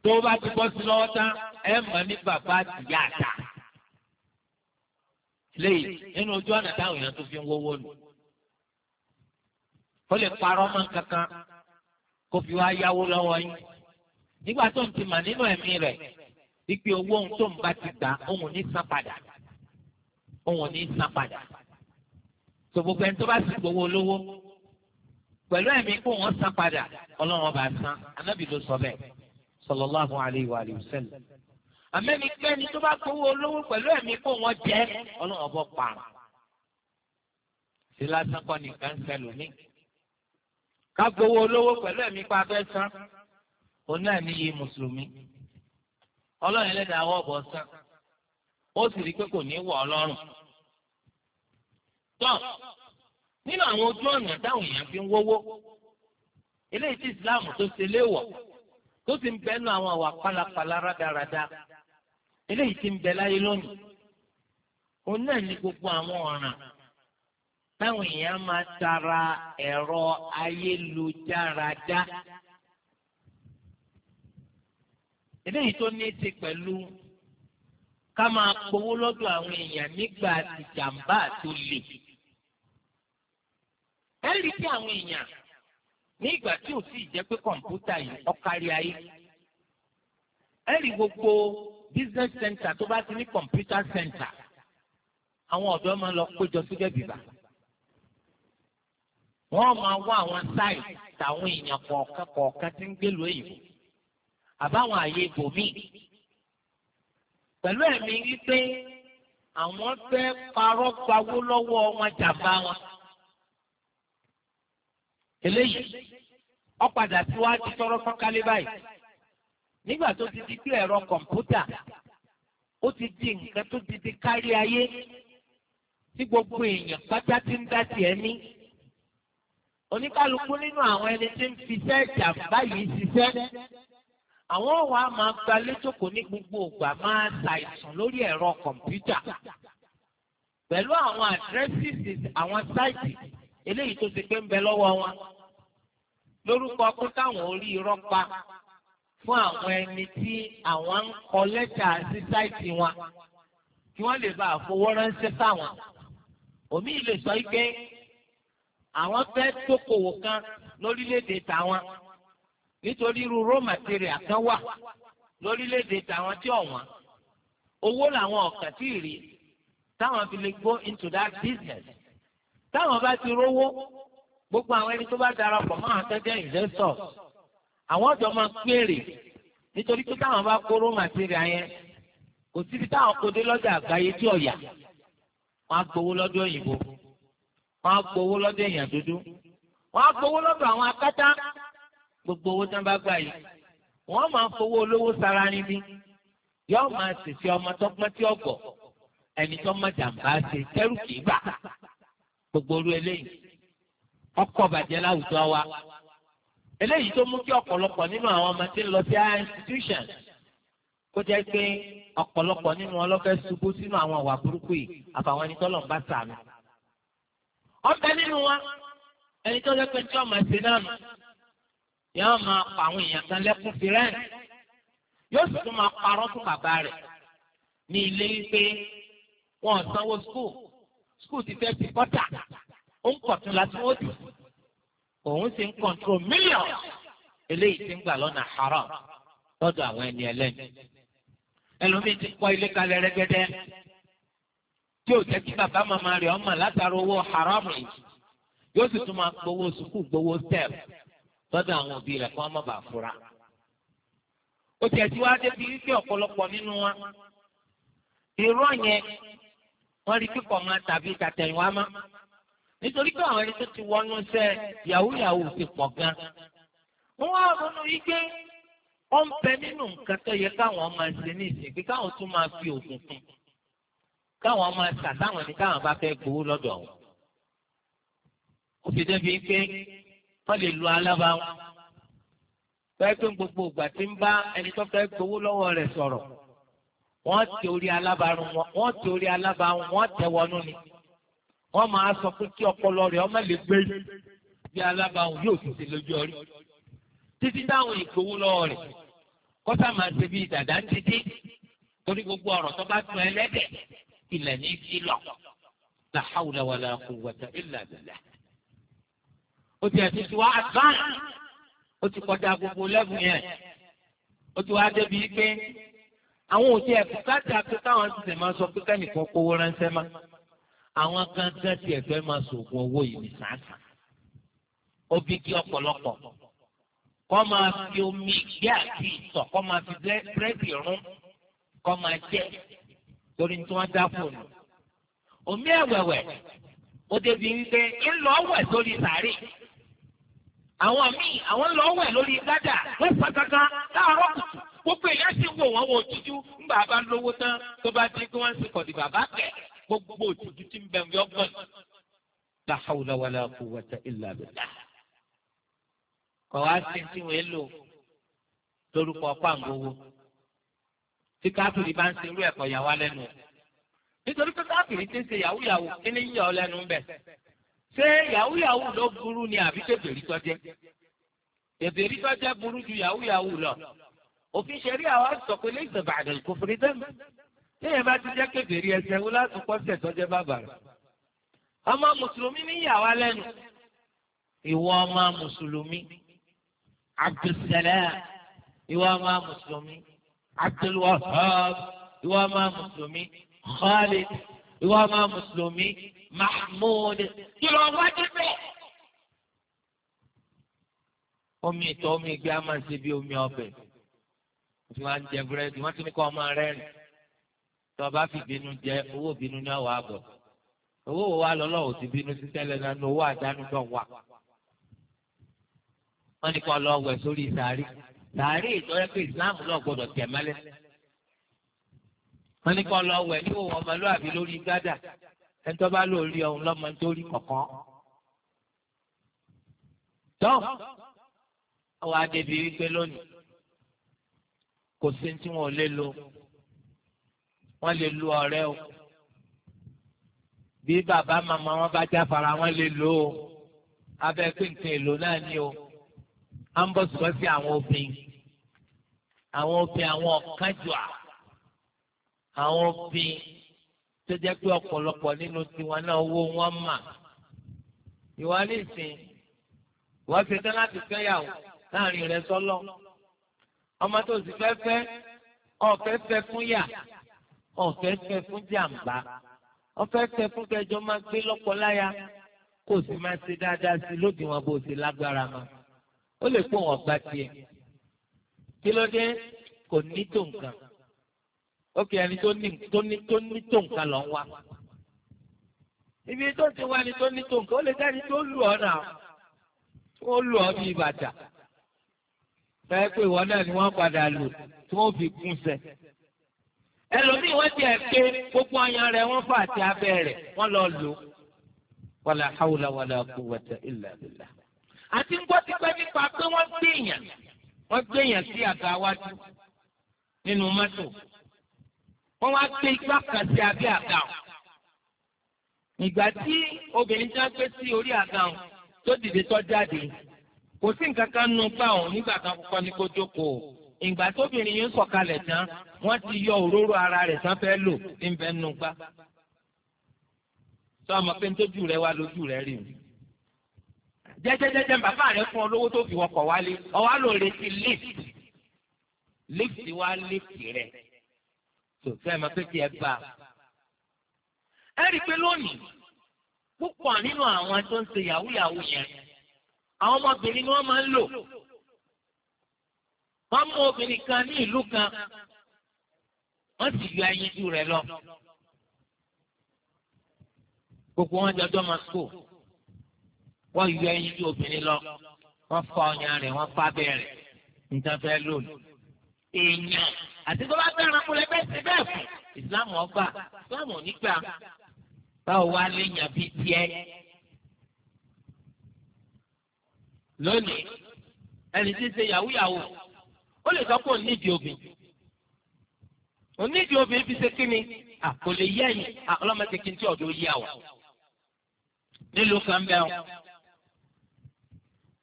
tó bá
ti
bọ́
sí lọ́wọ́ tán ẹ mọ̀ ní bàbá àtìyá àtà léyìí nínú ojú ọ̀nà táwọn èèyàn tó fi ń wọ́wọ́ nù. ó lè parọ́ mọ́ kankan kó fi wá yáwó lọ́wọ́ yín. nígbà tó ń ti mà nínú ẹ̀mí rẹ̀ wípé owó ohun tó ń bá ti gbà òun ní san padà òun ní san padà. tó gbogbo ẹni tó bá sì gbowó olówó pẹ̀lú ẹ̀mí kó wọ́n san padà ọlọ́run ọba san anábì ló sọ bẹ́ẹ̀ sallallahu alaihi wa alihi wasallam àmẹ́nikẹ́ni tó bá gbowó olówó pẹ̀lú ẹ̀mí kó wọ́n jẹ́ ọlọ́run ọ̀bọ pààrọ̀. sí lásán kọ́ nìkan ń sẹ́lò ní. ká gbowó olówó pẹ̀lú ẹ̀mí pa fẹ́ san òun náà níye mùsùlùmí. ọlọ́run ẹlẹ́dàá wọ́ ọ̀bọ san ó sì rí i pé kò ní wọ̀ ọlọ́run. tọ́ nínú àwọn ojú ọ̀nà táwọn èèyàn fi ń wówó eléyìí tí ìsìláàmù tó ṣe léèwọ̀ tó sì ń bẹ́nu àwọn àwà pálapàla rádaràda eléyìí tí ń bẹ láyé lónìí òun náà ní gbogbo àwọn ọ̀ràn táwọn èèyàn máa tara ẹ̀rọ ayélujára dá eléyìí tó ní ti pẹ̀lú ká máa gbowó lọ́dọ̀ àwọn èèyàn nígbà tìjàmbá tó le ẹ rí i pé àwọn èèyàn ní ìgbà tí ò sì jẹ́ pé kọ̀ǹpútà yìí ọ̀kárí ayé ẹ rí gbogbo business center tó bá ti ní computer center àwọn ọ̀dọ́ máa lọ péjọ síbẹ̀ bìbà wọ́n máa wá àwọn sáì tàwọn èèyàn kọ̀ọ̀kan kọ̀ọ̀kan tí ń gbèlú èyí àbáwọn àyè ibòmíì pẹ̀lú ẹ̀mí wípé àwọn fẹ́ parọ́ pawó lọ́wọ́ wọn jàmbá wọn eléyìí ọ̀padà tí wàá ti tọrọ fọ́nkálé báyìí nígbà tó ti di pé ẹ̀rọ kọ̀m̀pútà ó ti di nǹkan tó ti di kárí ayé tí gbogbo èèyàn pátá ti ń dá tiẹ̀ ní. oníkálukú nínú àwọn ẹni tí ń fiṣẹ́ ìjàmbá yìí ṣiṣẹ́ àwọn ọ̀wà máa gba létòkò ní gbogbo ìgbà máa ṣàìsàn lórí ẹ̀rọ kọ̀m̀pútà pẹ̀lú àwọn àdírẹ́sìsì àwọn sáìtì eléyìí tó ti pé ń bẹ lọ́wọ́ wọn lórúkọ pé káwọn orí irọ́ pa fún àwọn ẹni tí àwọn ń kọ lẹ́tà sí sáìtì wọn kí wọ́n lè bá àfowó ránṣẹ́ sáwọn. òmí lè sọ pé àwọn fẹ́ tókòwò kan lórílẹ̀‐èdè tàwọn nítorí irú raw material kan wà lórílẹ̀‐èdè tàwọn tí ọ̀wọ́n owó làwọn ọ̀kàn tí ì rí táwọn fi lè go into that business táwọn bá ti rówó gbogbo àwọn ẹni tó bá darapọ̀ mọ́ àwọn akẹ́kẹ́ investors àwọn ọ̀dọ́ máa péré nítorí pé táwọn bá kóró màtíríà yẹn kò síbi táwọn kó dé lọ́jà àgbáyé tí ọ̀yà wọ́n á gbowó lọ́dọ̀ òyìnbó wọ́n á gbowó lọ́dọ̀ èèyàn dúdú wọ́n á gbowó lọ́dọ̀ àwọn akátá gbogbo owó tán bá gbà yìí wọ́n máa fowó olówó sara níbí yóò máa sèse ọmọ tọ́gbọ́n tí ọ̀gbọ̀ ẹni tó má jàǹbá ṣe tẹ́rù kì í bà gbogbo orú eléyìí ọkọ̀ bàjẹ́ láwùjọ wa eléyìí tó mú kí ọ̀pọ̀lọpọ̀ nínú àwọn ọmọ tí ń lọ sí higher institution kó jẹ́ pé ọ̀pọ̀lọpọ̀ nínú ọlọ́fẹ́ ṣubú sínú àwọn ìwà burúkú yìí àfàwọn ẹni tọ́lọ̀ ń bá sàánú. ọ̀pẹ nínú wa ẹni tó lẹ́pẹ́ tí ọmọ ẹ̀sìn náà nù yóò máa pa àwọn èèyàn kan lẹ́kún fìrẹ́ǹ yóò sì tún máa parọ́ fún bàbá rẹ̀ ní ilé wípé wọn sanwó skul skul ti fẹ́ ti kọ́tà ó ń pọ̀ tún láti wọ́n dùn òun sì ń kọ́ńtró mílíọ̀n eléyìí ti ń gbà lọ́nà haram lọ́dọ̀ àwọn ẹni ẹlẹ́ni. ẹlòmíín ti kọ́ ilé kalẹ̀ rẹ́gẹ́dẹ́ tí ò jẹ́ kí bàbá màmá rẹ̀ ọmọ látara owó haram yìí yóò sì tún máa gbowó sùkúù gbowó step lọ́dọ̀ àwọn òbí rẹ̀ fura. ó tiẹ̀ tí wàá débi wípé ọ̀pọ̀lọpọ̀ nínú wa wọ́n rí kíkọ̀ máa tàbí nítorí pé àwọn ẹni tó ti wọnú iṣẹ́ yahoo yahoo ti pọ̀ gan. wọ́n wá ronú yí pé ó ń bẹ nínú nǹkan tó yẹ káwọn máa ṣe ní ìsìn pé káwọn tún máa fi oògùn kún káwọn máa ṣà táwọn ní káwọn bá fẹ́ gbowó lọ́dọ̀ wọn. ó fi débi pé wọ́n lè lu alábàáwọn fẹ́ pé gbogbo ìgbà tí ń bá ẹni tó fẹ́ gbowó lọ́wọ́ rẹ̀ sọ̀rọ̀ wọ́n ti orí alábàárùn wọn wọ́n ti orí alábàárùn wọn tẹ̀ wọnú ni wọ́n máa sọ pé kí ọpọlọ rẹ̀ ọmọ lè gbé bí alábàáhùn yóò ti ṣe lójú ọrí títí táwọn ìgbowó lọ́wọ́ rẹ̀ kọ́sà máa ṣe bí dàdá títí torí gbogbo ọ̀rọ̀ tó bá tún ẹlẹ́dẹ̀ ilẹ̀ ní kí lọ la hawla wala quwwata illa billah ó ti ẹ̀sìn tí wàá tán ó ti kọjá gbogbo lẹ́bùn yẹn ó ti wàá débi pé àwọn òsì ẹ̀kú káàtì àti táwọn ti sè máa sọ pé kẹ́nìkan kówó ránṣẹ́ máa àwọn kankan tí ẹ̀fẹ́ máa sògùn owó yìí ní sàásà ó bí kí ọ̀pọ̀lọpọ̀ kọ́ máa fi omi gbé àti ìtọ̀ kọ́ máa fi búrẹ́dì rún kọ́ máa jẹ́ torí tí wọ́n dá fóònù omi ẹ̀wẹ̀wẹ̀ ó débi wípé ńlọ wẹ̀ sórí sàárè àwọn míì àwọn lọ wẹ̀ lórí gádà wọ́n fà kankan láàárọ̀ kùtù gbogbo èèyàn sì wò wọ́n wọ ojújú ńgbà bá lówó tán tó bá dín kí wọ́n ń sìnkọ̀dì bàbá kẹ̀ gbogbo òtútù tí ń bẹ̀ ń yọgbọ̀n la hawla wala quwwata illa billah. kọ̀ wá sí tí wọ́n lò lórúkọ pàǹgówó tí káfíìrì bá ń ṣe irú ẹ̀kọ́ yà wá lẹ́nu nítorí pé káfíìrì ti ń ṣe yahoo yahoo kí ni yíyọ lẹ́nu bẹ̀ ṣé yahoo ló burú ni àbí tètèrè tọ́jẹ́ tètèrè tọ́jẹ́ burú ju yahoo lọ òfin ṣẹ̀rí àwọn àti sọ̀kọ́ ilé ìsọ̀bàdàn kò fèrè dẹ́nu téèyàn bá ti jẹ́ kébèrè ẹsẹ̀ wo láti kọ́sẹ̀ tọ́jẹ́ bàbàrà ọmọ mùsùlùmí ní ìyàwó lẹ́nu ìwọ ọmọ mùsùlùmí Abdulsalam ìwọ ọmọ mùsùlùmí Abdulwahab ìwọ ọmọ mùsùlùmí Khalid ìwọ ọmọ mùsùlùmí Mahmoud kìlọ̀
wájú bẹ́ẹ̀.
omi ìtọ́ omi ìgbé a máa ṣe bí omi ọbẹ̀ tí wọ́n á jẹ búrẹ́dì wọ́n ti ní kọ́ ọmọ rẹ̀ tó bá fi bínú jẹ owó bínú ní ọwọ́ àbọ̀ owó wo wá lọ́lọ́ ò ti bínú sí tẹ́lẹ̀ náà ní owó àdánù tó wà. wọ́n ní kó lọ wẹ̀ sórí sàárì sàárì ìtọ́jú pé ìsìláàmù náà gbọ́dọ̀ tẹ̀ mẹ́lẹ́. wọ́n ní kó lọ wẹ̀ ní òun ọmọlúwàbí lórí gádà ẹni tó bá lò rí ọ̀hún lọ́mọ tó rí kọ̀ọ̀kan. tó àwọn adébíyí pé lónìí kò sí ní tí wọn ò lè wọ́n lè lu ọ̀rẹ́ o bí bàbá màmá wọn bá jáfara wọ́n lè lò ó abẹ́ pínpín èlò náà ni o à ń bọ̀ sọ sí àwọn obìnrin àwọn obìnrin àwọn ọ̀kánjúà àwọn obìnrin tó jẹ́ pé ọ̀pọ̀lọpọ̀ nínú tiwọn náà owó wọn mà ìwọ nísìn wọ́n ṣe tán láti fẹ́yàwó láàrin rẹ̀ sọ́lọ́ ọmọ tó sì fẹ́ fẹ́ ọ̀fẹ́ fẹ́ fún yà ọ̀fẹ́ fẹ́ fún jàǹbá ọ̀fẹ́ fẹ́ fún kẹjọ máa gbé lọ́kọláya kó o sì máa ṣe dáadáa sí i lódiwọ̀n bó o ṣe lágbára ma ó lè pọ̀ wọ́n gba tiẹ̀ kí ló dé kò ní tó nǹkan ó kì í ẹni tó ní tó ní tó ní tó nǹkan lọ ń wá ibi tó ti wá ni tó ní tó nǹkan ó lè dá ẹni tó lù ọ́ náà ó lù ọ́ bíi bàtà fẹ́ẹ́ pé ìwọ náà ni wọ́n padà lù tí fi gún sẹ́ẹ̀
ẹlòmíì wọ́n ti ẹ̀ pé
gbogbo ọyàn rẹ̀ wọ́n fà àti abẹ́ rẹ̀ wọ́n lọ lò wàlà hàwùlà wàlà quwwata illa billah. àti ń gbọ́ tipẹ́ nípa pé wọ́n gbé èèyàn
wọ́n gbé èèyàn sí àga wájú
nínú mọ́tò wọ́n wá gbé igbá kan sí abẹ́ àga ọ̀. ìgbà tí obìnrin já gbé sí orí àga ọ̀ tó dìde tó jáde kò sí nǹkan kan nù gbà ọ̀ nígbà kan kọ́kọ́ ní kó jókòó ìgbà tóbìnrin yìí ń sọ̀kalẹ̀ tán wọ́n ti yọ òróró ara rẹ̀ tán fẹ́ lò ní bẹ́ẹ̀ nù gbá. sọ ma pé ntójú rẹ wá lójú rẹ rí o. jẹ́jẹ́jẹ́jẹ́ bàbá rẹ fún ọ tó fi wọkọ̀ wálé ọwọ́ àlò retí lift lift wá lift rẹ̀ tó fẹ́ ma pé tiẹ̀ bá a. ẹ rí i pé lónìí púpọ̀ nínú àwọn tó ń ṣe yàwúyàwú yẹn àwọn ọmọbìnrin ni wọ́n máa ń lò wọ́n mú obìnrin kan ní ìlú kan wọ́n sì yọ ẹyinjú rẹ̀ lọ. gbogbo wọn jọjọ máa school wọ́n yọ ẹyinjú obìnrin lọ wọ́n fa ọyàn rẹ̀ wọ́n fa bẹ́ẹ̀rẹ̀ nǹkan fẹ́ lónìí. èèyàn àti tó bá fẹ́ràn múlẹ̀ bẹ́ẹ̀ sí bẹ́ẹ̀ fún ìsìláàmù ọgbà ìsìláàmù ò báwo wá léèyàn bíi tiẹ̀ lónìí ẹni tí ń ṣe yàwúyàwó ó lè sọ pé òun nídìí obìnrin òun nídìí obìnrin fi ṣe kíni kò lè yẹ ẹ̀yìn ọlọ́mọdé kí n tí ọ̀dọ́ yí àwọ̀ nílùú kan bẹ́ẹ̀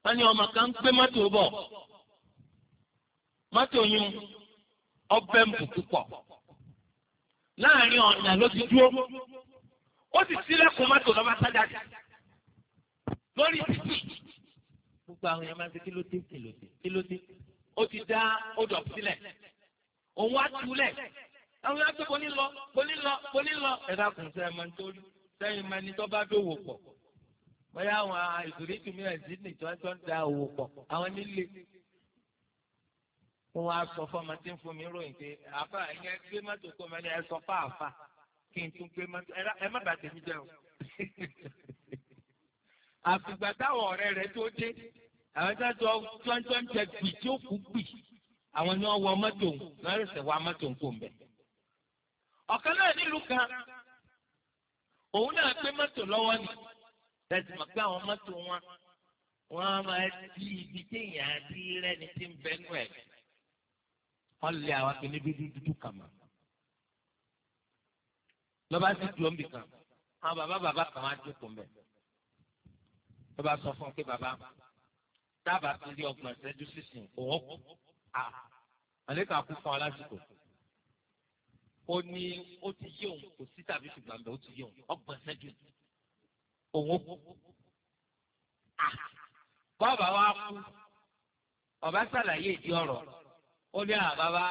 wọ́n
ní ọmọ kan ń gbé mọ́tò bọ̀
mọ́tò yún ọbẹ̀ ń bù púpọ̀
láàrin ọ̀nà ló ti dúró
ó
sì sílẹ̀kùn mọ́tò lọ́ba sájáde lórí títì gbogbo àwọn yẹn máa ń ṣe kí ló dé kí ló dé kí ló dé ó ti dá odò sílẹ̀ òun á túlẹ̀ àwọn yàrá tó boni lọ boni lọ boni lọ ẹ̀dá kùn sẹ́yìn máa ń torí sẹ́yìn máa ní tó bá dòwò pọ̀ bóyá àwọn ìdúrí tún mìíràn sí ní tí tó ń da òwò pọ̀ àwọn nílé wọn á sọ fọmọ tí ń fún mi ròyìn pé àfa ẹ̀yẹ gbé mọ́tò kó mẹ́ni ẹ sọ fún àfa kí n tún gbé mọ́tò ẹ má bàtẹ́ mi jẹ́ o àfìgbà táwọn ọ̀rẹ́ rẹ tó dé àwọn tó tó tó tó ń tẹ gbì tí ó kú gbì àwọn ni wọ́n wọ mọ́tò wọ́n rẹ̀ sẹ̀ wá mọ́tò ń kó ń bẹ̀. ọ̀kan náà nílùú kan òun náà gbé mọ́tò lọ́wọ́ ni tẹ̀sí mọ̀ pé àwọn mọ́tò wọn wọ́n á máa di ibi téèyàn àti rẹ́ni ti ń bẹ́nu ẹ̀. wọ́n lé àwọn akẹ́lẹ́ dúdú dúdú kàn mọ́. lọ́ba sì dúró kan àwọn bàbá bàbá kan á jókòó ń bẹ̀. sọ fún un pé bàbá dábàá tó di ọgbọ̀n ìṣẹ́jú sísìn òun kù àlékà kú fún alásìkò ó ní ó ti yé òun kò sí tàbí ṣùgbọ́n àgbẹ̀ ó ti yé òun ọgbọ̀n ìṣẹ́jú òun kù bọ́ọ̀bà wa kú ọ̀bá ṣàlàyé ìdí ọ̀rọ̀ ó ní àbábá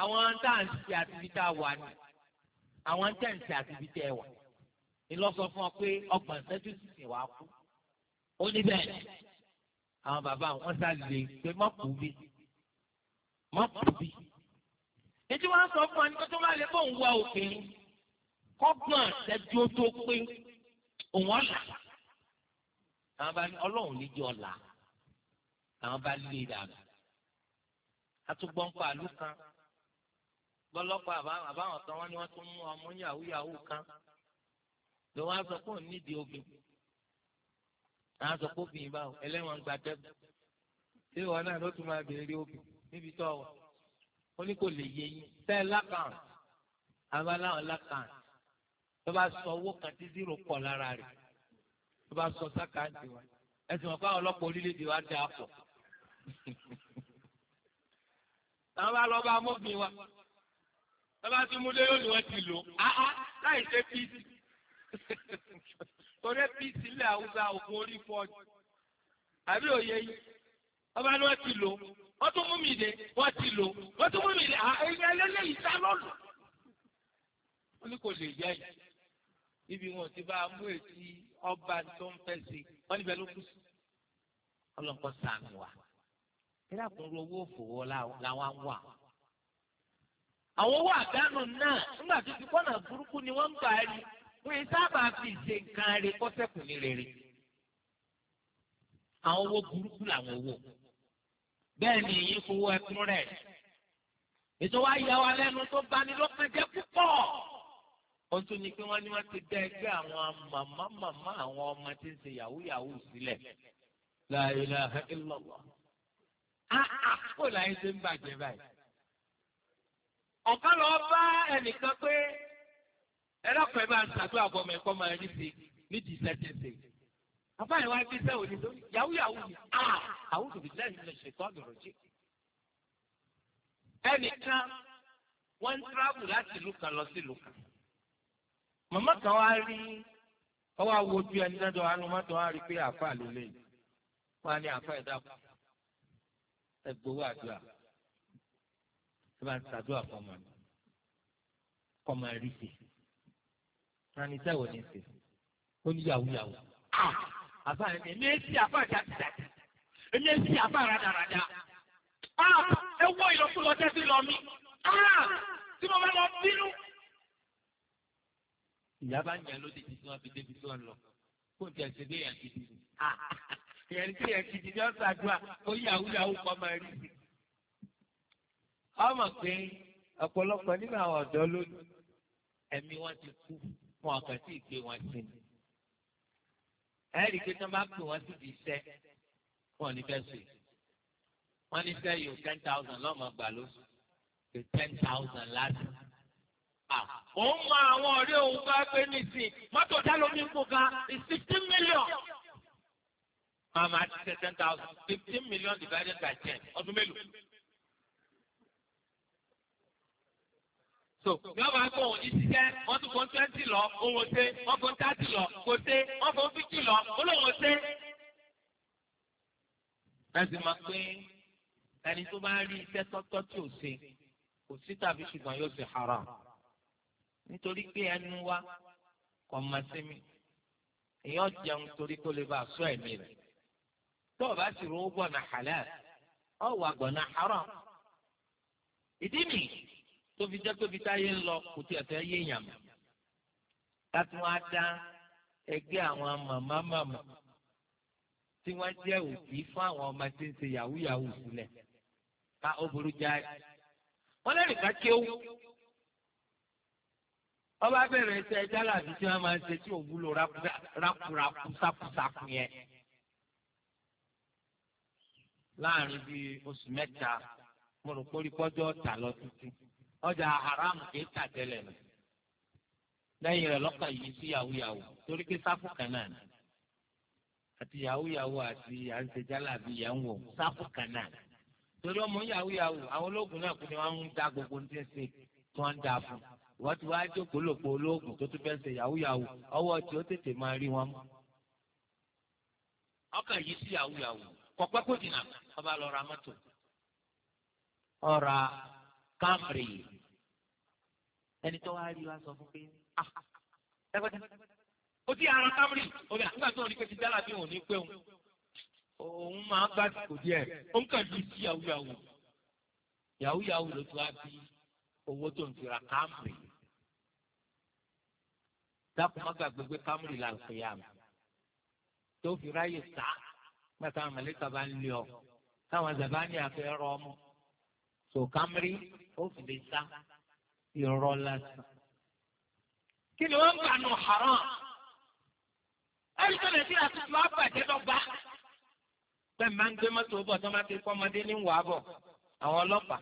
àwọn táǹtì àti ibi tá a wà ní àwọn táǹtì àti ibi tá a wà ní lọ sọ fún ọ pé ọgbọ̀n ìṣẹ́jú sísìn wàá kú ó ní bẹ́ẹ̀ ni àwọn bàbá wọn sá lè pé má kú bí má kú bí. ètò wọn sọ fún wa ní kó tó má lè bọ̀ ń wá òkè kọ́gbọ́n àtẹ́jú tó pé òun ọ̀là àwọn bá ọlọ́run ní jẹ́ ọ̀la àwọn bá lé dànù. atúgbọ́npá àlù kan bọ́lọ́pàá àbáwọn kan wọ́n ní wọ́n tún mú ọmọ yahoo yahoo kan ló wá sọ fún òun nídìí obìnrin àwọn sọ pé obìnrin báwo ẹlẹ́wọ̀n ń gba tẹ́bù ṣé ìwọ náà ló tún máa béèrè obìnrin níbi tó wà ó ní kò lè yé yín tẹ́ lákàn àwọn aláwọ̀ lákàn tó bá sọ owó kan tí zero pọ̀ lára rẹ̀ tó bá sọ sákàǹtì wa ẹ̀sìn wọn káwọn ọlọ́pàá orílẹ̀-èdè wa dá pọ̀ àwọn bá lọ́ọ́ bá mọ́bìn wa tó bá tún mú yóò ní ti lò áá láì ṣe píìsì
torí apc ilẹ̀ haúsá ògùn orí fọ́ọ̀jù àbí
òye yìí
ọba ni wọ́n ti lò wọ́n tún mú mi dé wọ́n ti lò wọ́n tún mú mi dé ẹ̀yìn ẹlẹ́lẹ́yìí sá lọ́nà wọ́n ní kò lè yá yìí níbi wọn ti bá a mú èsì ọba tó ń fẹ́ sí wọ́n níbẹ̀ ló kù sí ọlọ́pàá sànù wa kíláà kún owó òfòwò làwọn wà àwọn owó àdánù náà nígbà tó ti kọ́nà burúkú ni wọ́n ń gbà ẹ́ wọ́n yìí sábà fi ṣe nǹkan rẹ̀ kọ́sẹ̀kù ní rere. àwọn owó burúkú làwọn owó bẹ́ẹ̀ ni èyí fowó ẹkún rẹ̀ ètò wa yà wá lẹ́nu tó bani lọ́kàn jẹ́ púpọ̀ wọ́n tún ní pé wọ́n ní wọ́n ti dá ẹgbẹ́ àwọn màmá màmá àwọn ọmọ tí ń ṣe yahoo yahoo sílẹ̀ la ilaha illallah àkókò ah, ah, láyé ṣe ń bàjẹ́ báyìí ọ̀kan lọ bá ẹnìkan pé ẹlọ́pàá ẹ bá ń sàdúrà bọ̀ mẹ́ kọ́ máa rí sí ní dìísẹ́ tẹ̀sẹ̀. bàbá yẹn wá gbé sẹ́wọ̀n nílò yahoo yahoo ni àwọn òbí lẹ́yìn lè ṣètò àgbọ̀rọ̀ jẹ́. ẹnìkan wọ́n ń tíráàbù láti ìlú kan lọ sí ìlú kan. màmá kan wá rí ọwọ́ àwọn ojú ẹni dandan wà lọ́mọ tó wá rí pé àáfàá ló lè wọ́n ní àáfàá ẹ̀dá ẹgbowó àdúrà ẹ bá ń sàdúrà fọmọ kọmọ ẹ sí i tani sẹ́wọ̀ ní ṣe ó ní yàwó yàwó ah! àbá ẹni èmi èsì àbá jàdìjà
èmi èsì àbá rádaràdà ah! ẹ wọ ìlọkulọ tẹ́sí lọ mí ah! tí mo bá lọ bínú.
ìyá bá ń yàn lóde tí wọ́n fi débi tí wọ́n lọ kó n tẹ ṣe bí èèyàn gidi ni èèyàn tí èèyàn gidi ni wọ́n ṣàdúrà ó yàwó yàwó kọ́ máa rí i. ọmọ pé
ọ̀pọ̀lọpọ̀ nínú àwọn ọ̀dọ́ lónìí
ẹ̀mí wọn ti kú wọn kàn sí ìgbé wọn sí ni
ẹ̀rí pé tí wọ́n bá pè wọ́n sí ti
sẹ́ wọn ní fẹ́ sè wọ́n ní fẹ́ yóò ten thousand lọ́mọ gbà lóṣù pé ten thousand láti. òun mọ àwọn ọ̀rẹ́ òun bá gbé nísìn mọ́tò dálómi kó ga is fifteen million. màmá ti ṣe ten thousand fifteen million divided by ten ọdún mélòó. tó yóò máa kó òun ní síkẹ́ wọ́n tún fún twenty lọ òun ṣe wọ́n fún thirty lọ kò ṣe wọ́n fún fifty lọ olóhùn ṣe. ẹ sì máa pé ẹni tó bá rí iṣẹ́ tọ́tọ́ tí ò ṣe kò sí tàbí ṣùgbọ́n yóò ṣe haram nítorí pé ẹnu wa kò máa ṣe mí èèyàn jẹun torí kó lè bá a sọ ẹ̀mí rẹ̀ tó o bá sì rówó gbọ̀nà halal ọ̀ wà haram ìdí nìyí tó fi jẹ́ pé bí táyé ń lọ kò tiẹ̀ fẹ́ yéèyàn mọ́ láti wọ́n á dá ẹgbẹ́ àwọn màmá màmá tí wọ́n jẹ́ òbí fún àwọn ọmọ tí ń ṣe yahoo yahoo sílẹ̀ ká ó burú jáì wọ́n lẹ́rìí ká kéwú ọba bẹ̀rẹ̀ ẹsẹ̀ jálà bí tí wọ́n máa ń
ṣe tí ò wúlò rákùrákù yẹn
láàrin bíi oṣù mẹ́ta mo rò pé orí pọ́jọ́ ọ̀tà lọ títí ọjà haram kì í tà tẹ́lẹ̀ nù lẹ́yìn rẹ̀ lọ́kàn yìí sí yahoo yahoo torí pé sáfù kan náà ni àti yahoo yahoo àti àǹsẹ̀jálà àbí yẹ̀wò sáfù kan náà ni torí ọmọ yahoo yahoo àwọn ológun náà kú ni wọ́n ń da gbogbo ní ṣe tí wọ́n ń da fún wọ́n ti wá jókòó lòpọ̀ ológun tó tún fẹ́ ṣe yahoo yahoo ọwọ́ tí ó tètè máa rí wọn mú ọkàn yìí sí yahoo yahoo kọ̀pẹ́ kò dìnnà kámrì ẹni tó wá rí wa sọ fún pé ah dákọ́dá ó ti ara kámrì òbí àgbà tó ń rí pé ti dára bí òun ní pé òun òun máa ń gbàsìkò díẹ̀ ó ń kàn ju sí yahoo yahoo yahoo yahoo ló ti wá bí owó tó ń fira kámrì dákun má gbàgbé pé kámrì là ń pè ya mi tó fi ráyè sá gbàtà àmàlẹ́kà bá ń lé ọ táwọn zabani àfẹ́ rọ ọmọ so kámrì ó fi lè sá irọ́ lásán. kí ni wọ́n ń gbà nù haram? ẹ̀ríkọ́ nàìjíríà tuntun á bàjẹ́ lọ́gbà. bẹ́ẹ̀ máa ń gbé mọ́tò bọ̀ tó máa ti kọ́ ọmọdé ní wàá bọ̀ àwọn ọlọ́pàá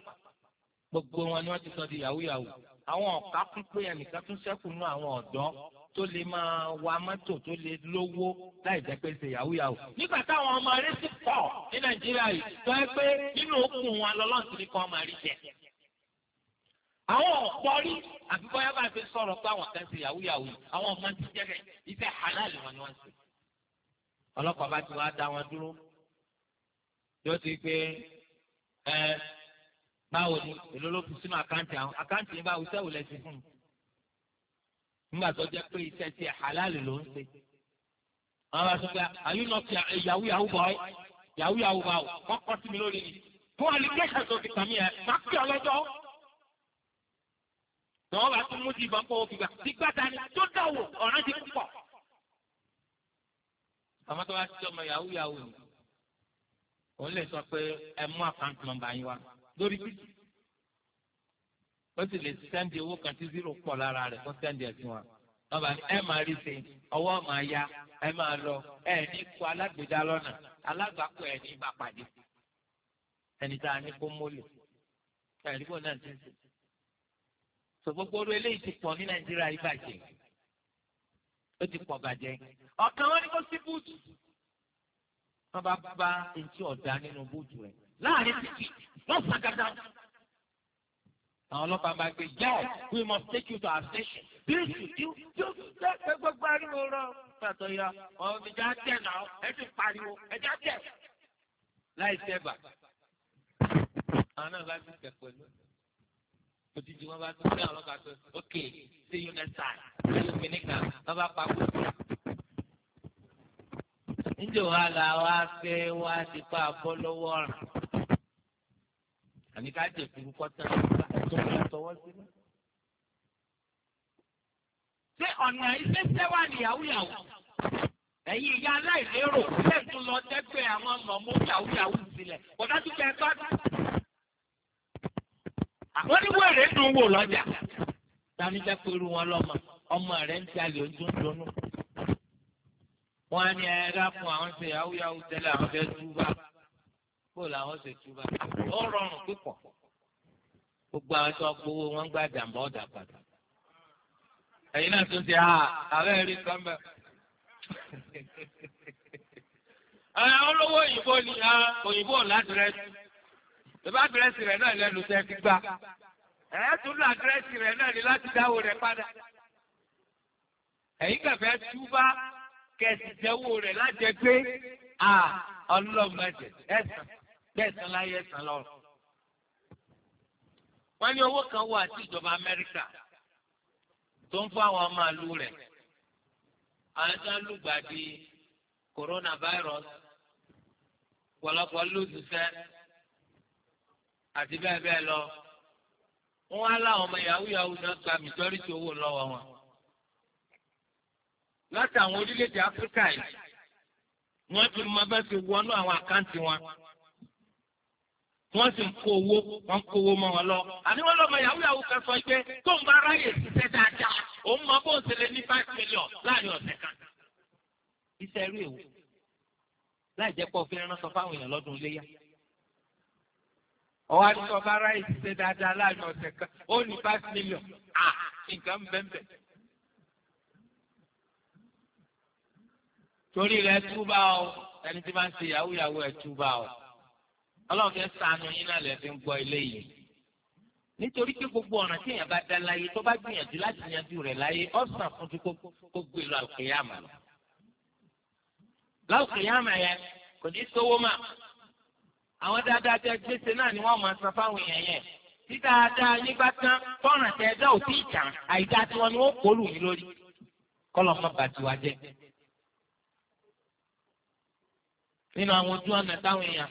gbogbo wọn ni wọ́n ti sọ di yahoo yahoo àwọn ọ̀ká kún pé ẹnìkan tún ṣẹ́kù nú àwọn ọ̀dọ́ tó lè máa wa mọ́tò tó lè lówó láì jẹ́ pé ṣe yahoo yahoo. nígbà táwọn ọmọ rẹ̀ pọ̀ ní nàìjíríà yìí tó ẹ pé nínú òkun wọn lọ́lọ́sìn ní kan máa rí jẹ àwọn ọ̀pọ̀ rí àfi bọ́yá bá fi sọ̀rọ̀ pé àwọn kan ṣe yahoo yahoo àwọn ọmọ ti jẹ́ bẹ́ẹ̀ iṣẹ́ halal wọn ni wọ́n ṣe. ọlọ́pàá bá ti wá dá wọn dúró yóò ti pé ẹ báwo ni èló ló fi sínú àkáǹtì àwọn àkáǹtì yìí báwo iṣẹ́ wò lẹ ti fún un. nígbà tó jẹ́ pé iṣẹ́ ti halal ló ń ṣe. àwọn bá sọ pé are you not yahoo yahoo boy yahoo yahoo boy kọ́kọ́ sí mi lórí ni. fún àlùkò ìṣàtò ti wọ́n bá tún mú ti ìbọn kó o fi gbà sígbà ta ni tó dọ̀wọ̀ ọ̀ràn ti pọ̀. àmọ́ tó bá ti jọmọ yahoo yahoo ni òun lè sọ pé ẹ mú àkáǹtì nọ́mbà yín wá lórí títì ó sì lè sẹ́ndì owó kan tí zero pọ̀ lára rẹ̀ kó sẹ́ndì ẹ̀ sí wọn
ọba ẹ máa rí
ṣe ọwọ́ máa ya ẹ máa lọ ẹ ní kó alágbèdá lọ́nà alágbàkọ ẹ ní bàpàdé ẹni tá a ní kó mólè ẹ̀rí bò náà ti sè é sọ gbogbo oru eléyìí ti pọ̀ ní nàìjíríà yìí bàjẹ́ ó ti pọ̀ bàjẹ́
ọ̀kan wọn ni kó sí búùtù
wọn bá bá etí ọ̀dà nínú búùtù rẹ̀ láàrin títì lọ́sàn-án gàdá àwọn ọlọ́pàá bá gbé jẹ́ we must take you to our station please you you you gbogbo ariwo rọ pàtó ya ọ̀hún mi já tẹ̀ náà
ẹ ti pariwo ẹ já tẹ̀
láì sẹ́bà àwọn náà bá ti tẹ̀ pẹ̀lú òjijì wọn bá tún sí àwọn ọlọ́pàá pé ok ṣé yóò nẹ́sà ṣé mìníkà wọn bá pa kú. níjẹ́ wàhálà wa fẹ́ wá ti pa àbọ̀ lọ́wọ́ ọ̀ràn àní ká jẹ́ kúrú kọ́tà tó ń tọwọ́ sílẹ̀. ṣé ọ̀nà ìṣẹ́ṣẹ́ wà ní yahoo
ẹ̀yin ìyá aláìlérò lẹ́ẹ̀tún lọ dẹ́gbẹ̀ẹ́ àwọn mọ̀mọ́ yahoo yahoo sílẹ̀ kọ́tà tó kẹ́ ẹ
wọ́n ní wẹ̀rẹ̀ dùn wò lọ́jà tani jẹ́ pé irú wọn lọ́mọ ọmọ rẹ̀ ń jalè ń dún dunú. wọ́n á ní ẹ̀rá fún àwọn ṣe yahoo tẹ́lẹ̀ àwọn fẹ́ túbà kó làwọn ṣe túbà ó rọrùn pípọ̀ gbogbo àwọn tó gbowó wọn gbà jàǹbá ọ̀dà padà. ẹ̀yin náà tún ti hà àbẹ́ rí kan bẹ́ẹ̀. àwọn olówó òyìnbó ni òyìnbó ládùrẹ́sì tẹ́lẹ̀ àdírẹ́sì rẹ̀ náà lẹ́nu tẹ́ fi gbà ẹ̀ tún ní àdírẹ́sì rẹ̀ náà ní láti dáwọ́ rẹ̀ padà. ẹ̀yin kẹfẹ́ túbá kẹsì jẹ́wọ́ rẹ̀ lájẹ pé à ọlọ́mọdé ẹ̀sán gbẹ̀sán láyé ẹ̀sán lọ́rùn. wọ́n ní owó kan wà sí ìjọba Amẹ́ríkà tó ń fún àwọn ọmọ àlú rẹ̀ àwọn tó ń coronavirus pọ̀lọpọ̀ lóṣù sẹ́ẹ̀ àti bẹ́ẹ̀ bẹ́ẹ̀ lọ wọ́n wá láwọn ọmọ yahoo yahoo náà gba mìtọ́rìtì owó lọ́wọ́ wọn. látàwọn orílẹ̀-èdè áfíríkà yìí wọ́n fi máa bá ti wọnú àwọn àkáǹtì wọn wọ́n sì ń kó owó wọ́n ń kó owó mọ́ wọn lọ. àní wọ́n lọ́mọ yahoo yahoo kan sọ pé tó ń bá ráyè ṣiṣẹ́ dáadáa òun mọ bó ń ṣẹlẹ̀ ní five million láàrin ọ̀sẹ̀ kan. iṣẹ́ rí èwo láì jẹ́ pọ̀ fi ránṣọ fáwọn èèyàn lọ́dún léyà ọwọ́ àti ọba ráìsì ṣe dáadáa láàrin ọ̀sẹ̀ kan ó ní five million ah nǹkan bẹ́ẹ̀
torí rẹ̀ túbà
ọ ẹni tí máa ń ṣe yahoo yahoo ẹ̀ túbà ọ ọlọ́run fẹ́ sànù yín náà lẹ́ fi ń gbọ́ ilé yìí nítorí pé gbogbo ọ̀ràn tí èèyàn bá dá láyé tó bá gbìyànjú láti yanjú rẹ̀ láyé ọ̀sán fún ti kó gbé lọ àlùkìyàmà lọ. láwùkìyàmà yẹn kò ní sówó máa àwọn dáadáa tẹ gbèsè náà ni wọ́n máa san fáwọn èèyàn yẹn tí dáadáa yín bá tán tọ́ràn tẹ ẹjọ́ ò tí ì tàn àìdá tí wọ́n ni wọ́n kó lù mí lórí kọ́lọ̀ mọ́ bàtí wa jẹ́. nínú àwọn ojú ọ̀nà táwọn èèyàn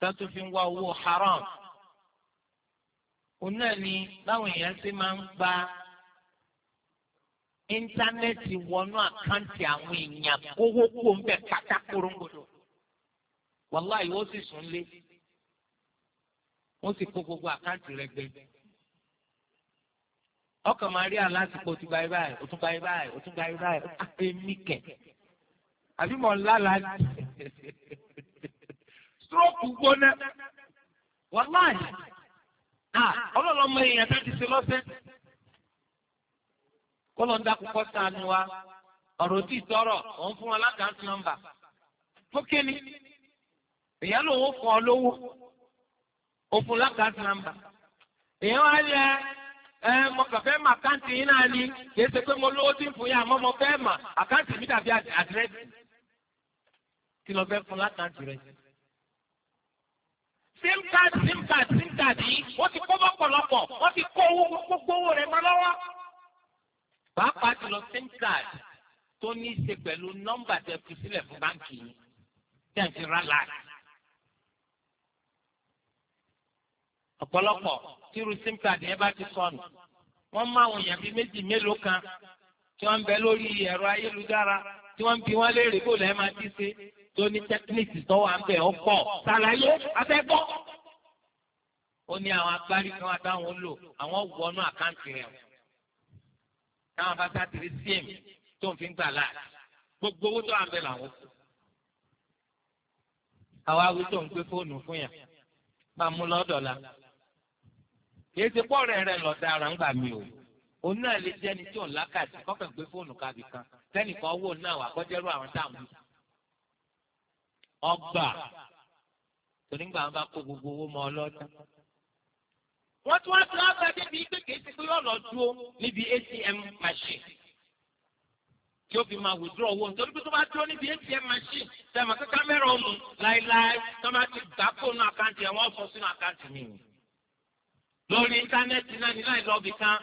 tó tún fi ń wá owó haram òun náà ni báwọn èèyàn ṣe máa ń gba íńtánẹ́ẹ̀tì wọnú àkáǹtì àwọn èèyàn kówó kó ń bẹ̀ pátákó rongodo wàláì wọ́n sì sùn lé wọ́n sì kó gbogbo àkáǹtì rẹ gbẹ. ọkàn máa rí àlásìkò òtún báyìí báyìí òtún báyìí báyìí ah, òtún báyìí báyìí àfẹ́mí kẹ̀ àbí mọ̀ ńlá la stroke gbóná wàláì ah, ọlọ́lọ́mọ èèyàn tá ti ṣe lọ́sẹ̀ kọ́lọ́ ń dákúkọ́ sànù wa ọ̀rọ̀ tí ì tọrọ òun fún wa láti àǹtí nọ́mbà fókéni èèyàn lòun ó fún ọ lówó òfun lákàtà nàmbà èèyàn wá lẹ ẹ mo kàn fẹ́ mọ àkáǹtì yín náà ni kì í ṣe pé mo lówó tí ń fún yín àmọ́ mo fẹ́ mọ àkáǹtì mi dàbí àdírẹ́sì kí lọ fẹ́ fún lákàǹtì rẹ. sim card sim card sim card yìí wọ́n ti kó bọ́pọ̀lọpọ̀ wọ́n ti kó owó gbogbo owó rẹ̀ mọ́ lọ́wọ́. pàápàá jùlọ sim card tó ní í ṣe pẹ̀lú nọ́mbà tẹ fi sílẹ̀ fún báǹkì yìí tẹ̀ ń fi rà
ọ̀pọ̀lọpọ̀ tíru
simcard yẹn bá ti sọnù wọ́n mú àwọn èèyàn bíi méjì mélòó kan tí wọ́n ń bẹ lórí ẹ̀rọ ayélujára tí wọ́n ń bi wọ́n léèrè bó lẹ́ẹ̀ máa ti ṣe tó ní tẹkíníìkì tó wà ń bẹ̀ ọ́ pọ̀ ṣàlàyé afẹ́gbọ́. ó ní àwọn agbárí kan àtàwọn lò àwọn wọnú àkáǹtì rẹ̀ táwọn bá sátìrí cm tó ń fi gbà láàyè gbogbo owó tó wà ń bẹ̀ làwọn kù. àwa wí tó ń gbé fóònù fún yàn máa mú lọ́dọ̀ la. kìí ṣe pọ́ọ̀rẹ́ rẹ lọ dára ńgbà mi o òun náà lè jẹ́ ẹni tí òun lákàtì kọ́kẹ́ gbé fóònù kábì kan tẹ́nìkan owó náà wà kọ́jẹ́rú àwọn táwọn ọgbà tonígbà wọn bá kó gbogbo owó mọ ọlọ́dún. wọ́n tún wá sí pé pé níbi atm machine kí ó fi máa owó nítorí pé tó bá níbi atm machine tẹ̀mọ̀ kí kámẹ́rà ọ̀mù láéláé tó lórí íńtánẹ́ẹ̀tì náà ní láì lọ́ọ̀bì kan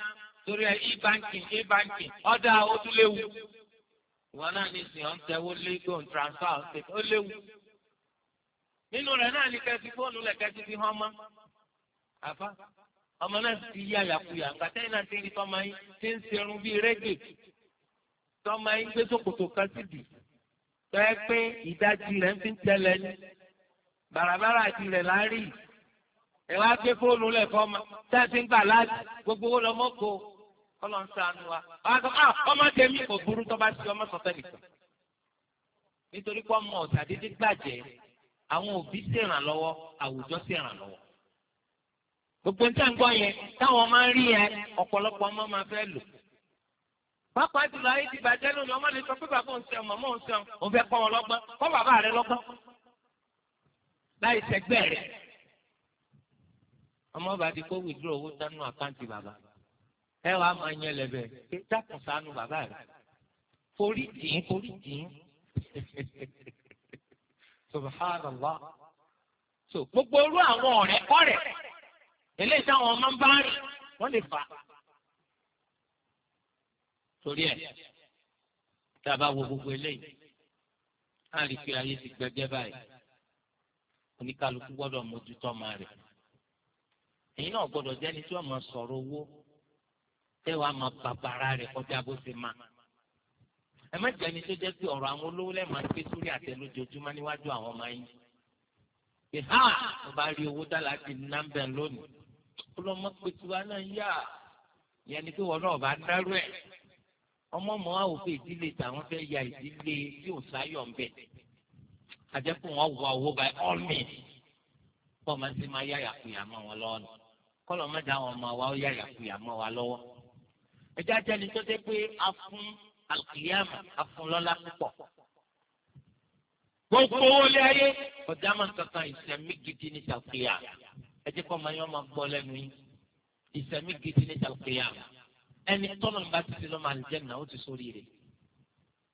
torí ẹ e-banking e-banking ọ̀dà ó tún léwu. ìwọ náà ní sìn ọ́n tẹ́wọ́ lẹ́gbọ̀n transfer ó léwu. nínú rẹ̀ náà ní kẹ́sì fóònù rẹ̀ kẹ́sì fi hàn mọ́. àbá ọmọ náà ti yá yàkuyà gbàtẹ́yìn náà ti rí tọ́mọ yín ti ń serun bíi rẹ́gè tọ́mọ yín gbé sòkòtò kan sí dì tọ́ ẹ pé ìdajì rẹ̀ ń fi ń tẹ́lẹ̀ ní bàràbàrà àti rẹ̀ láárí yìí ẹ wá gbé fóònù lẹ fọmọ tẹsí ń gbà láti gbogbo owó lọmọ kó Ọlọ́run ṣàánú wa ah, ọmọ tèmi kò burú tó bá sí ọmọ sọtẹ nìkan nítorí pé ọmọ ọ̀sà dídí gbàjẹ́ àwọn òbí ṣèrànlọ́wọ́ àwùjọ ṣèrànlọ́wọ́ gbogbo níta ń gbọ́ yẹn táwọn máa ń rí yẹn ọ̀pọ̀lọpọ̀ ọmọ máa fẹ́ lò pápá jùlọ ayé ti
bàjẹ́ lónìí ọmọ lè sọ pé bàbá òun ṣẹun màmá òun ṣẹun òun fẹ́ kọ́ wọn lọ́gbọ́n kọ́ bàbá rẹ lọ́gbọ́n
láì sẹ́gbẹ́ rẹ̀ ọmọ bá ti kó wìdúrò owó sánú àkáǹtì bàbá ẹ wàá máa yan lẹbẹ pé dákun sánú bàbá rẹ forí tìín forí tìín subhanallah so gbogbo irú àwọn ọ̀rẹ́ kọ́rẹ́ eléyìí táwọn ọmọ ń bá rìn wọ́n lè fà torí ẹ̀ tá a bá wo gbogbo eléyìí
á rí i pé ayé ti gbẹgẹ báyìí
oníkálukú gbọ́dọ̀ mójútó ọmọ rẹ̀ èyí náà gbọ́dọ̀ jẹ́ni tí wọ́n máa sọ̀rọ̀ owó tẹ́wàá máa bàbàrà rẹ̀ kọjá bó ṣe máa. ẹ má jẹ́ni tó jẹ́ pé ọ̀rọ̀ àwọn olówó lẹ́ẹ̀ máa ń gbé sórí àtẹ lójoojúmọ́ níwájú àwọn ọmọ yín. pé ha mo bá rí owó dá láti nàmbẹ̀ lónìí. ó lọ mọ́ pé tiwa náà yá ìyẹn ni pé wọn náà bá dárú ẹ̀. ọmọ ọmọ wa ò fẹ́ ìdílé tàwọn fẹ́ ya ìdílé tí ò sáyọ̀ ń bẹ̀. àjẹkù wọn wọ owó báyìí ọ́ọ̀mì. bọ́ọ̀ máa ń ṣe máa yáyà kùyà mọ́ wọn lọ́nà kọ́lọ̀ mọ́jà àwọn ọmọ wa ó yàyà kuyà mọ́ wa lọ́wọ́. ẹja jẹni tó dé pé a fún alkiyama a fún lọ́lá púpọ̀. gbogbo owó lé ayé ọ̀dà máa kankan ìsẹ̀mí gidi ní sàkúyà ẹ jẹ́ kọ́ máa yọ máa gbọ́ lẹ́nu yín ìsẹ̀mí gidi ní sàkúyà ẹni tọ́nà bá ti ti lọ́mọ àlùjẹ́nà ó ti sórí rẹ̀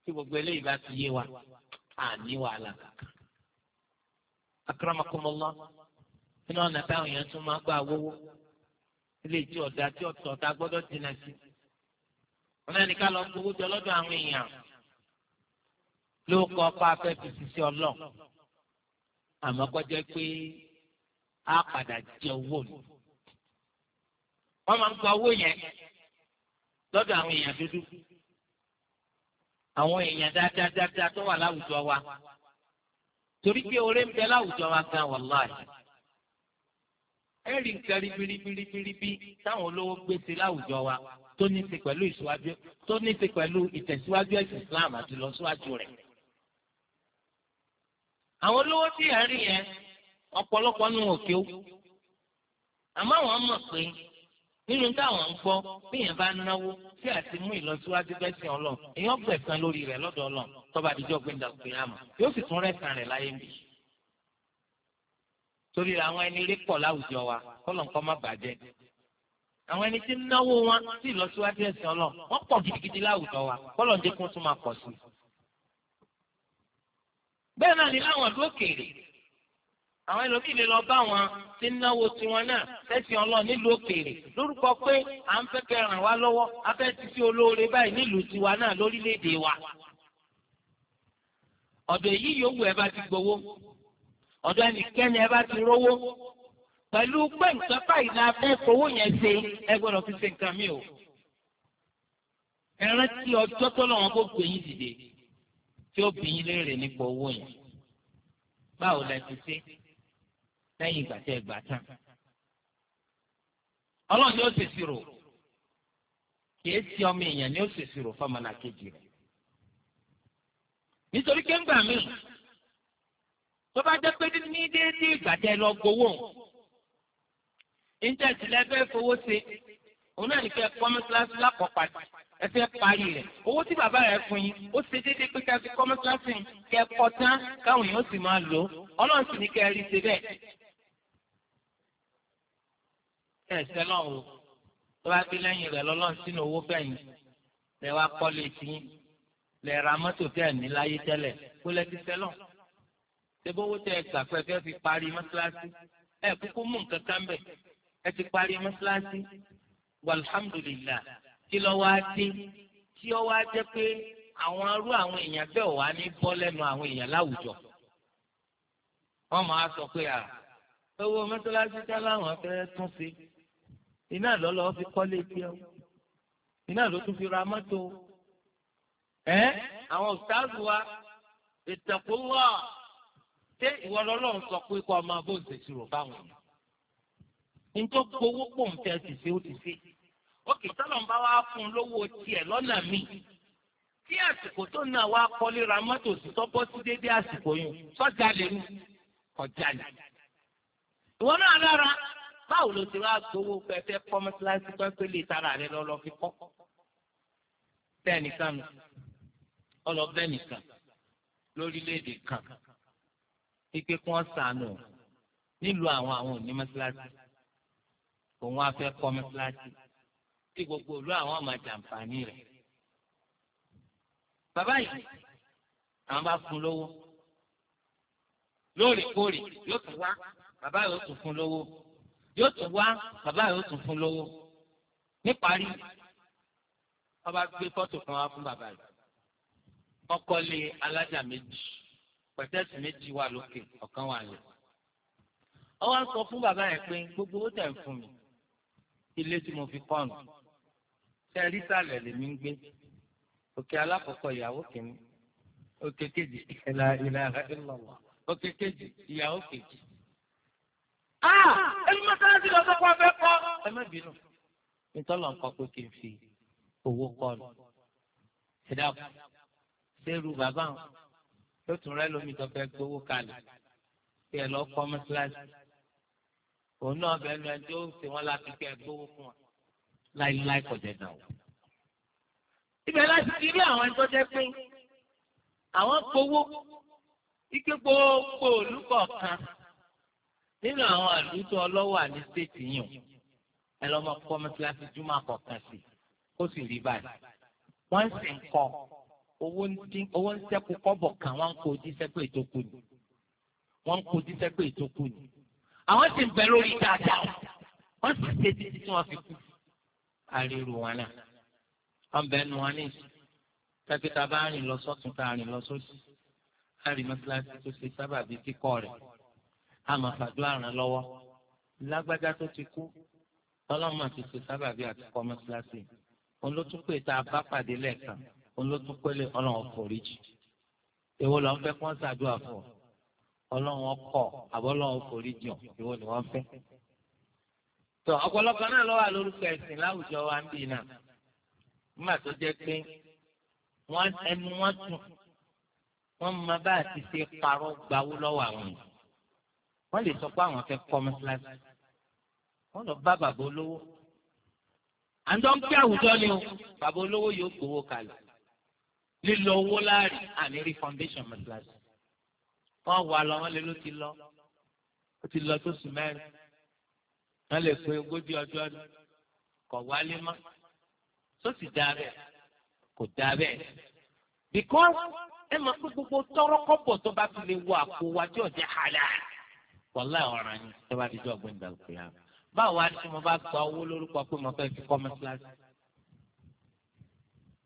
tí gbogbo eléyìí bá ti yé wa àní wàhálà kankan. akramakumullah iná ọ̀nà táwọn èèyàn tún máa gbà wọ́wọ́ ilé tí ọ̀dà tí ọ̀tọ̀ ta gbọ́dọ̀ dínà sí. wọn náà ní ká lọ gbowó jọ lọ́dọ̀ àwọn èèyàn ló kọ́ pa afẹ́ fi ṣiṣẹ́ ọlọ́ àmọ́ kọjá pé á padà jẹ owó ni. wọ́n máa ń gba owó yẹn lọ́dọ̀ àwọn èèyàn dúdú àwọn èèyàn dáadáa tó wà láwùjọ wa torí pé oore ń bẹ láwùjọ wa gan wàláì ẹ rí nǹkan ribiribiribiribi táwọn olówó gbèsè láwùjọ wa tó ní ṣe pẹ̀lú ìṣíwájú tó ní ṣe pẹ̀lú ìtẹ̀síwájú ẹ̀sìn Islam àti ìlọsíwájú rẹ̀. àwọn olówó tí ẹ rí yẹn ọ̀pọ̀lọpọ̀ nù òkè ó àmọ́ àwọn mọ̀ pé nínú táwọn ń gbọ́ bí èèyàn bá náwó tí àti mú ìlọsíwájú bẹ́sìn ọlọ́run èèyàn gbẹ̀san lórí rẹ̀ lọ́dọ̀ ọlọ́run tọ́ba àdìjọ́ gbẹ̀ndà òkè àmọ́ yóò sì tún rẹ̀ sàn rẹ̀ láyé bíi torí àwọn ẹni rí pọ̀ láwùjọ wa kọ́lọ̀ nǹkan má bàjẹ́ àwọn ẹni tí ń náwó wọn sí ìlọsíwájú ẹ̀sìn ọlọ́run wọ́n pọ̀ gidigidi láwùjọ wa kọ́lọ̀ ń dínkù tún máa pọ̀ sí i. bẹ́ẹ̀ náà ni láwọn ìlú òkèèrè àwọn ẹlòmíì lè lọ bá wọn tí ń náwó tiwọn náà sẹ́sìn ọlọ́run nílùú òkèèrè lórúkọ pé à ń fẹ́ kẹ́ ràn wá lọ́wọ́ a fẹ́ ti sí olóore báyìí nílùú tiwa náà lórílẹ̀-èdè wa. ọ̀dọ̀ èyí yòówù ẹ bá ti gbowó Ọdụ ẹnikẹ́ni ẹ bá ti rówó pẹ̀lú pé nǹkan báyìí la fẹ́ fowó yẹn ṣe ẹ gbọ́dọ̀ fi ṣe nǹkan mi o. ẹ rántí ọjọ́ tó lọ́wọ́ kó dìde tí ó bí yín léèrè nípa owó yẹn. báwo la ti ṣe lẹ́yìn ìgbà ẹ gbà tán. ọlọ́run ni ó kìí ṣe ọmọ èèyàn tó bá jẹ́ pé ní déédéé ìgbà tẹ́ lọ gbowó íńtẹ́ẹ̀tì lẹ́fẹ́ fowó ṣe òun náà ní kẹ́ kọ́ mọ́sálásí lápọ̀pàdé ẹ fẹ́ parí rẹ̀ owó tí bàbá rẹ̀ fún yín ó ṣe déédéé pé ká fi kọ́ mọ́sálásí kẹ́ kọ́ tán káwọn èèyàn sì máa lò ọlọ́run sì ní kẹ́ rí ṣe bẹ́ẹ̀. ẹ sẹ́lọ̀ o
tó bá gbé lẹ́yìn rẹ̀ lọ́lọ́run sínú
owó fẹ̀yìn lẹ wá kọ́lé tí lẹ ra mọ́tò tẹ̀ ní láyé tẹ́lẹ̀ kó sẹ́lọ̀ ṣebówó tẹ ẹ gbà pé ẹ fẹ́ fi parí mọ́ṣáláṣí ẹ kúkú mú nǹkan kan bẹ̀ ẹ ti parí mọ́ṣáláṣí walhamdulillah kí ló wá dé tí ó wá jẹ́ pé àwọn arú àwọn èèyàn bẹ́ẹ̀ wá ní bọ́ lẹ́nu àwọn èèyàn láwùjọ wọ́n máa sọ pé à owó mọ́ṣáláṣí tá láwọn fẹ́ tún sí iná lọ́lọ́ fi kọ́lé tiẹ̀ iná ló tún fi ra mọ́tò ẹ́ àwọn òṣìṣẹ́ àgùwà ìtẹ̀kùn wà. ṣé ìwọ lọ́lọ́run sọ pé kó ọmọ abó ìṣèṣirò báwọn ni nítorí gbowó pòǹtẹ́ ti ṣe ó ti ṣe òkè tọ́lọ̀n bá wá fún un lówó tiẹ̀ lọ́nà míì tí àsìkò tó náà wá kọ́lé ra mọ́tò sí tọ́pọ́ sí dédé àsìkò yìí sọ́jà lè mú ọjà lè. ìwọ náà lára báwo ló ti wá gbowó pẹpẹ lè tara rẹ lọlọ fi kọ. bẹ́ẹ̀ nìkan nù bẹ́ẹ̀ nìkan lórílẹ̀‐èdè kan. pípé kí wọ́n sànù nílùú àwọn àwọn òní mọ́sálásí òun á fẹ́ kọ́ mọ́sálásí tí gbogbo òlú àwọn ọmọ jàǹfààní rẹ̀. bàbá yìí àwọn bá fún lówó lóòrèkóòrè yóò tún
wá bàbá yóò tún fún lówó yóò tún wá bàbá yóò tún fún
lówó níparí wọ́n bá gbé fọ́tò kan wá fún bàbá yìí wọ́n kọ́ lé alájà méjì pẹ̀tẹ́sì méjì wà lókè ọ̀kan wà lẹ̀. ó wá ń sọ fún bàbá yẹn pé gbogbo owó tẹ̀ ń fún mi ilé tí mo fi kọ́nù ṣe rí sàlẹ̀ lèmi ń gbé òkè alákọ̀ọ́kọ́ ìyàwó kìíní òkè kejì ìlà ìlà ìlọ̀wọ̀ òkè kejì ìyàwó kejì.
ẹni mọ́sálásí lọ sọ́kọ́ ọ̀fẹ́ kọ́. ẹ má bínú
nítorí ọ̀nkọ́ pé kí n fi owó kọ́nù. ẹ dábọ̀ ṣé irú bàbá wọn yóò tún rẹ lómi tó fẹ́ gbowó kalẹ̀ kí ẹ lọ kọ́ mọ́sálásí òun náà bẹ́ẹ̀ ni ẹjọ́ ṣe wọ́n láti kí ẹ gbowó fún wa láíláí kọjá náà wò. ibẹ̀ láti ti rí àwọn ẹjọ́ jẹ́ pé àwọn gbowó ike gbogbo olùkọ̀ọ̀kan nínú àwọn àdúgbò ọlọ́wọ́ àní stéètì yìí ẹ lọ́ máa kọ́ mọ́sálásí júmọ̀ kọ̀ọ̀kan sí kó sì rí báyìí wọ́n sì ń kọ́ ọ owó ń sẹ́kù kọ́bọ̀ kan wọ́n ń kó jíṣẹ́ pé ètò kù ni wọ́n ń kó jíṣẹ́ pé ètò kù ni àwọn sì ń bẹ lórí dáadáa wọ́n sì ṣe títí tí wọ́n fi kú àríwú wọn náà wọ́n bẹ nu wọn ní tẹ́kítà bá rìn lọ sọ́tún tá a rìn lọ sósì á rí mọ́tíláṣí tó ṣe sábàbí kíkọ́ rẹ̀ á máa fàdúrà ràn lọ́wọ́ lágbájá tó ti kú ọlọ́run máa ti ṣe sábàbí àtikọ́ mọ́tíláṣí olótúpè tá a bá pàdé lẹ́ẹ̀kan olótú pélé ọlọ́run foríjì èwo ló ń fẹ́ kí wọ́n ṣàdúrà fún ọ ọlọ́run ọkọ̀ àbọ̀lọ́run foríjì ọ èwo ni wọ́n fẹ́. tọ ọ̀pọ̀lọpọ̀ náà lọ́wọ́ àlórúkọ ẹ̀sìn láwùjọ wa ń bì náà nígbà tó jẹ́ pé wọ́n ẹnu wọ́n tún wọ́n máa bá àti ṣe parọ́ gbawó lọ́wọ́ àwọn yìí wọ́n lè sọ pé àwọn fẹ́ kọ́ mọ́ṣáláṣí wọ́n lọ bá bàbá olówó àjọ ń pẹ́ àwùjọ ni o bàbá olówó yóò gbowó kalẹ̀ lílọ owó láàrin àní rí foundation mọ́tíláṣí wọ́n wà lọ wọ́n lé ló ti lọ ó ti lọ tó sùn mẹ́rin wọ́n lè pe ogójì ọjọ́ kọ̀ wálé mọ́ tó sì dá bẹ́ẹ̀ kò dá bẹ́ẹ̀ because ẹ máa pé gbogbo tọrọkọ̀bọ̀ tó bá fi lè wọ àpò wa tí ò jẹ́ halal wàlá ọ̀ràn yìí tó bá di jọ́ ọ̀gbìn ìdàgbé yàrá
báwo wá ní tí mo bá gba
owó lórúkọ pé mo fẹ́ fi kọ́ mọ́tíláṣí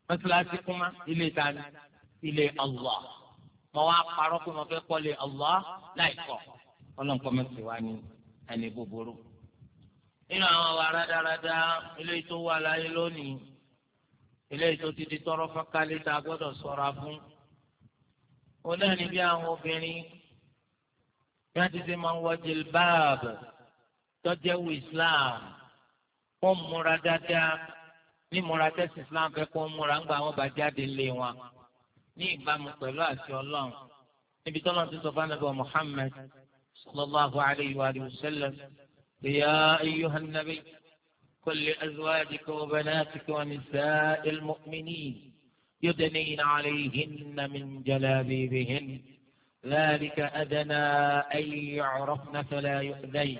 mọ́sálásí kúmá ilé tani ilé Allah mọ wá parọ́ pé mo fẹ́ kọ́lé Allah láìkọ́ ọlọ́nkọ́ mẹ́sì wá ní ẹni búburú. nínú àwọn àwa rádaràda ilé tó wà láyé lónìí ilé tó ti di tọrọ fọ́nkálẹ̀ tá a gbọ́dọ̀ sọ̀ra fún. ó náà ní bí àwọn obìnrin bí wọ́n ti ṣe máa ń wọ jilbab tó jẹ́ wọ Islam múra dáadáa. ní múra tẹ́sí islam fẹ́ kó múra ń gba àwọn jáde lé wọn ní ìbámu pẹ̀lú àti ọlọ́run níbi tọ́lá ti sọ fún anábọ̀ muhammed sallallahu alayhi wa sallam
ya ayyuhan
nabi qul li azwajika wa banatika wa nisa'il mu'minin yudnina alayhinna min jalabibihin ذلك أدنى أن يعرفن فلا يؤذين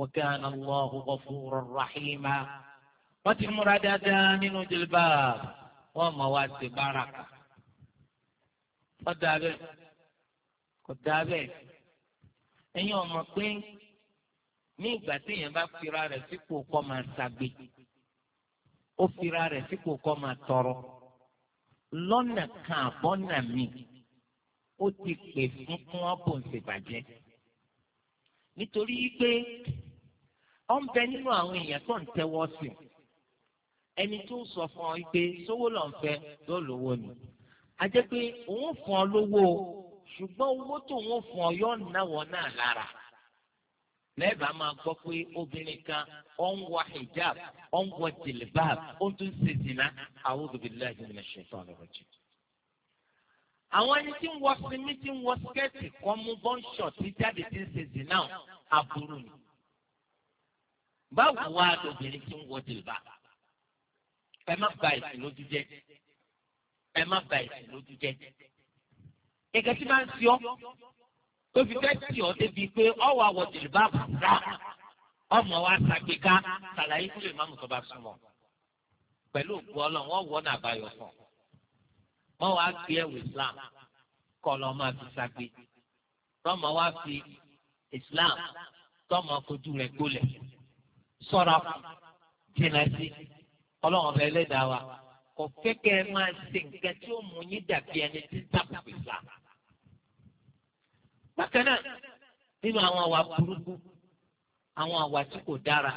وكان الله غفورا رحيما
wọ́n ti múra dáadáa nínú
jilbab wọ́n mọ̀ wá sí báràkà kọ́ da bẹ́ẹ̀ kọ́ da bẹ́ẹ̀
ẹ̀yin ọmọ pé
ní ìgbà téèyàn bá fira rẹ̀ sípò kọ́ máa ṣagbe ó fira rẹ̀ sípò kọ́ máa tọrọ lọ́nà kan àbọ́nà mi ó ti pè fún fún ọ́pọ̀ ìṣèbàjẹ́ nítorí pé ó bẹ nínú àwọn èèyàn tó ń tẹ́wọ́ sí i ẹni tó sọ fún ọ pé sówó lọ ń fẹ́ yóò lówó ni a jẹ́ pé òun fún ọ lówó ṣùgbọ́n owó tó òun fún ọ yóò náwó náà lára lẹ́ẹ̀bà máa gbọ́ pé obìnrin kan ó ń wọ hijab ó ń wọ jilbab ó tún ṣe zina a'udhu billahi minash shaitani rajim.
àwọn ẹni tí ń wọ sinmi
tí ń wọ skẹ́ẹ̀tì kan mú bọ́ńṣọ̀ tí jáde ti ń ṣe zina aburú ni. báwo wá lóbìnrin tí ń wọ jilbab? ẹ má ba ìsìn lójú jẹ́ ẹ má ba ìsìn lójú jẹ́ gẹ́gẹ́ tí máa ń sọ
tó fi fẹ́ tì ọ́
débi pé ọwọ́ àwọ̀ jìlìbá bùrà ọmọ wa ṣàgbéká ṣàlàyé fún ìmáàmù tó bá súnmọ́ òkú ọlọ́run wọ́n náà báyọ̀ fún wọ́n wá gbé ẹ̀wù Islam kọ́ lọ́ máa fi ṣàgbé tọ́mọ wá fi Islam tọ́mọ fojú rẹ̀ gbólẹ̀ sọ́ra fún jìnnà sí ọlọ́run ọba ẹlẹ́dàá wa kò fẹ́ kẹ́ ẹ máa ṣe nǹkan tí ó mú yín dàbí ẹni tí tábùkù ìlà. bákan náà nínú àwọn àwà burúkú àwọn àwà tí kò dára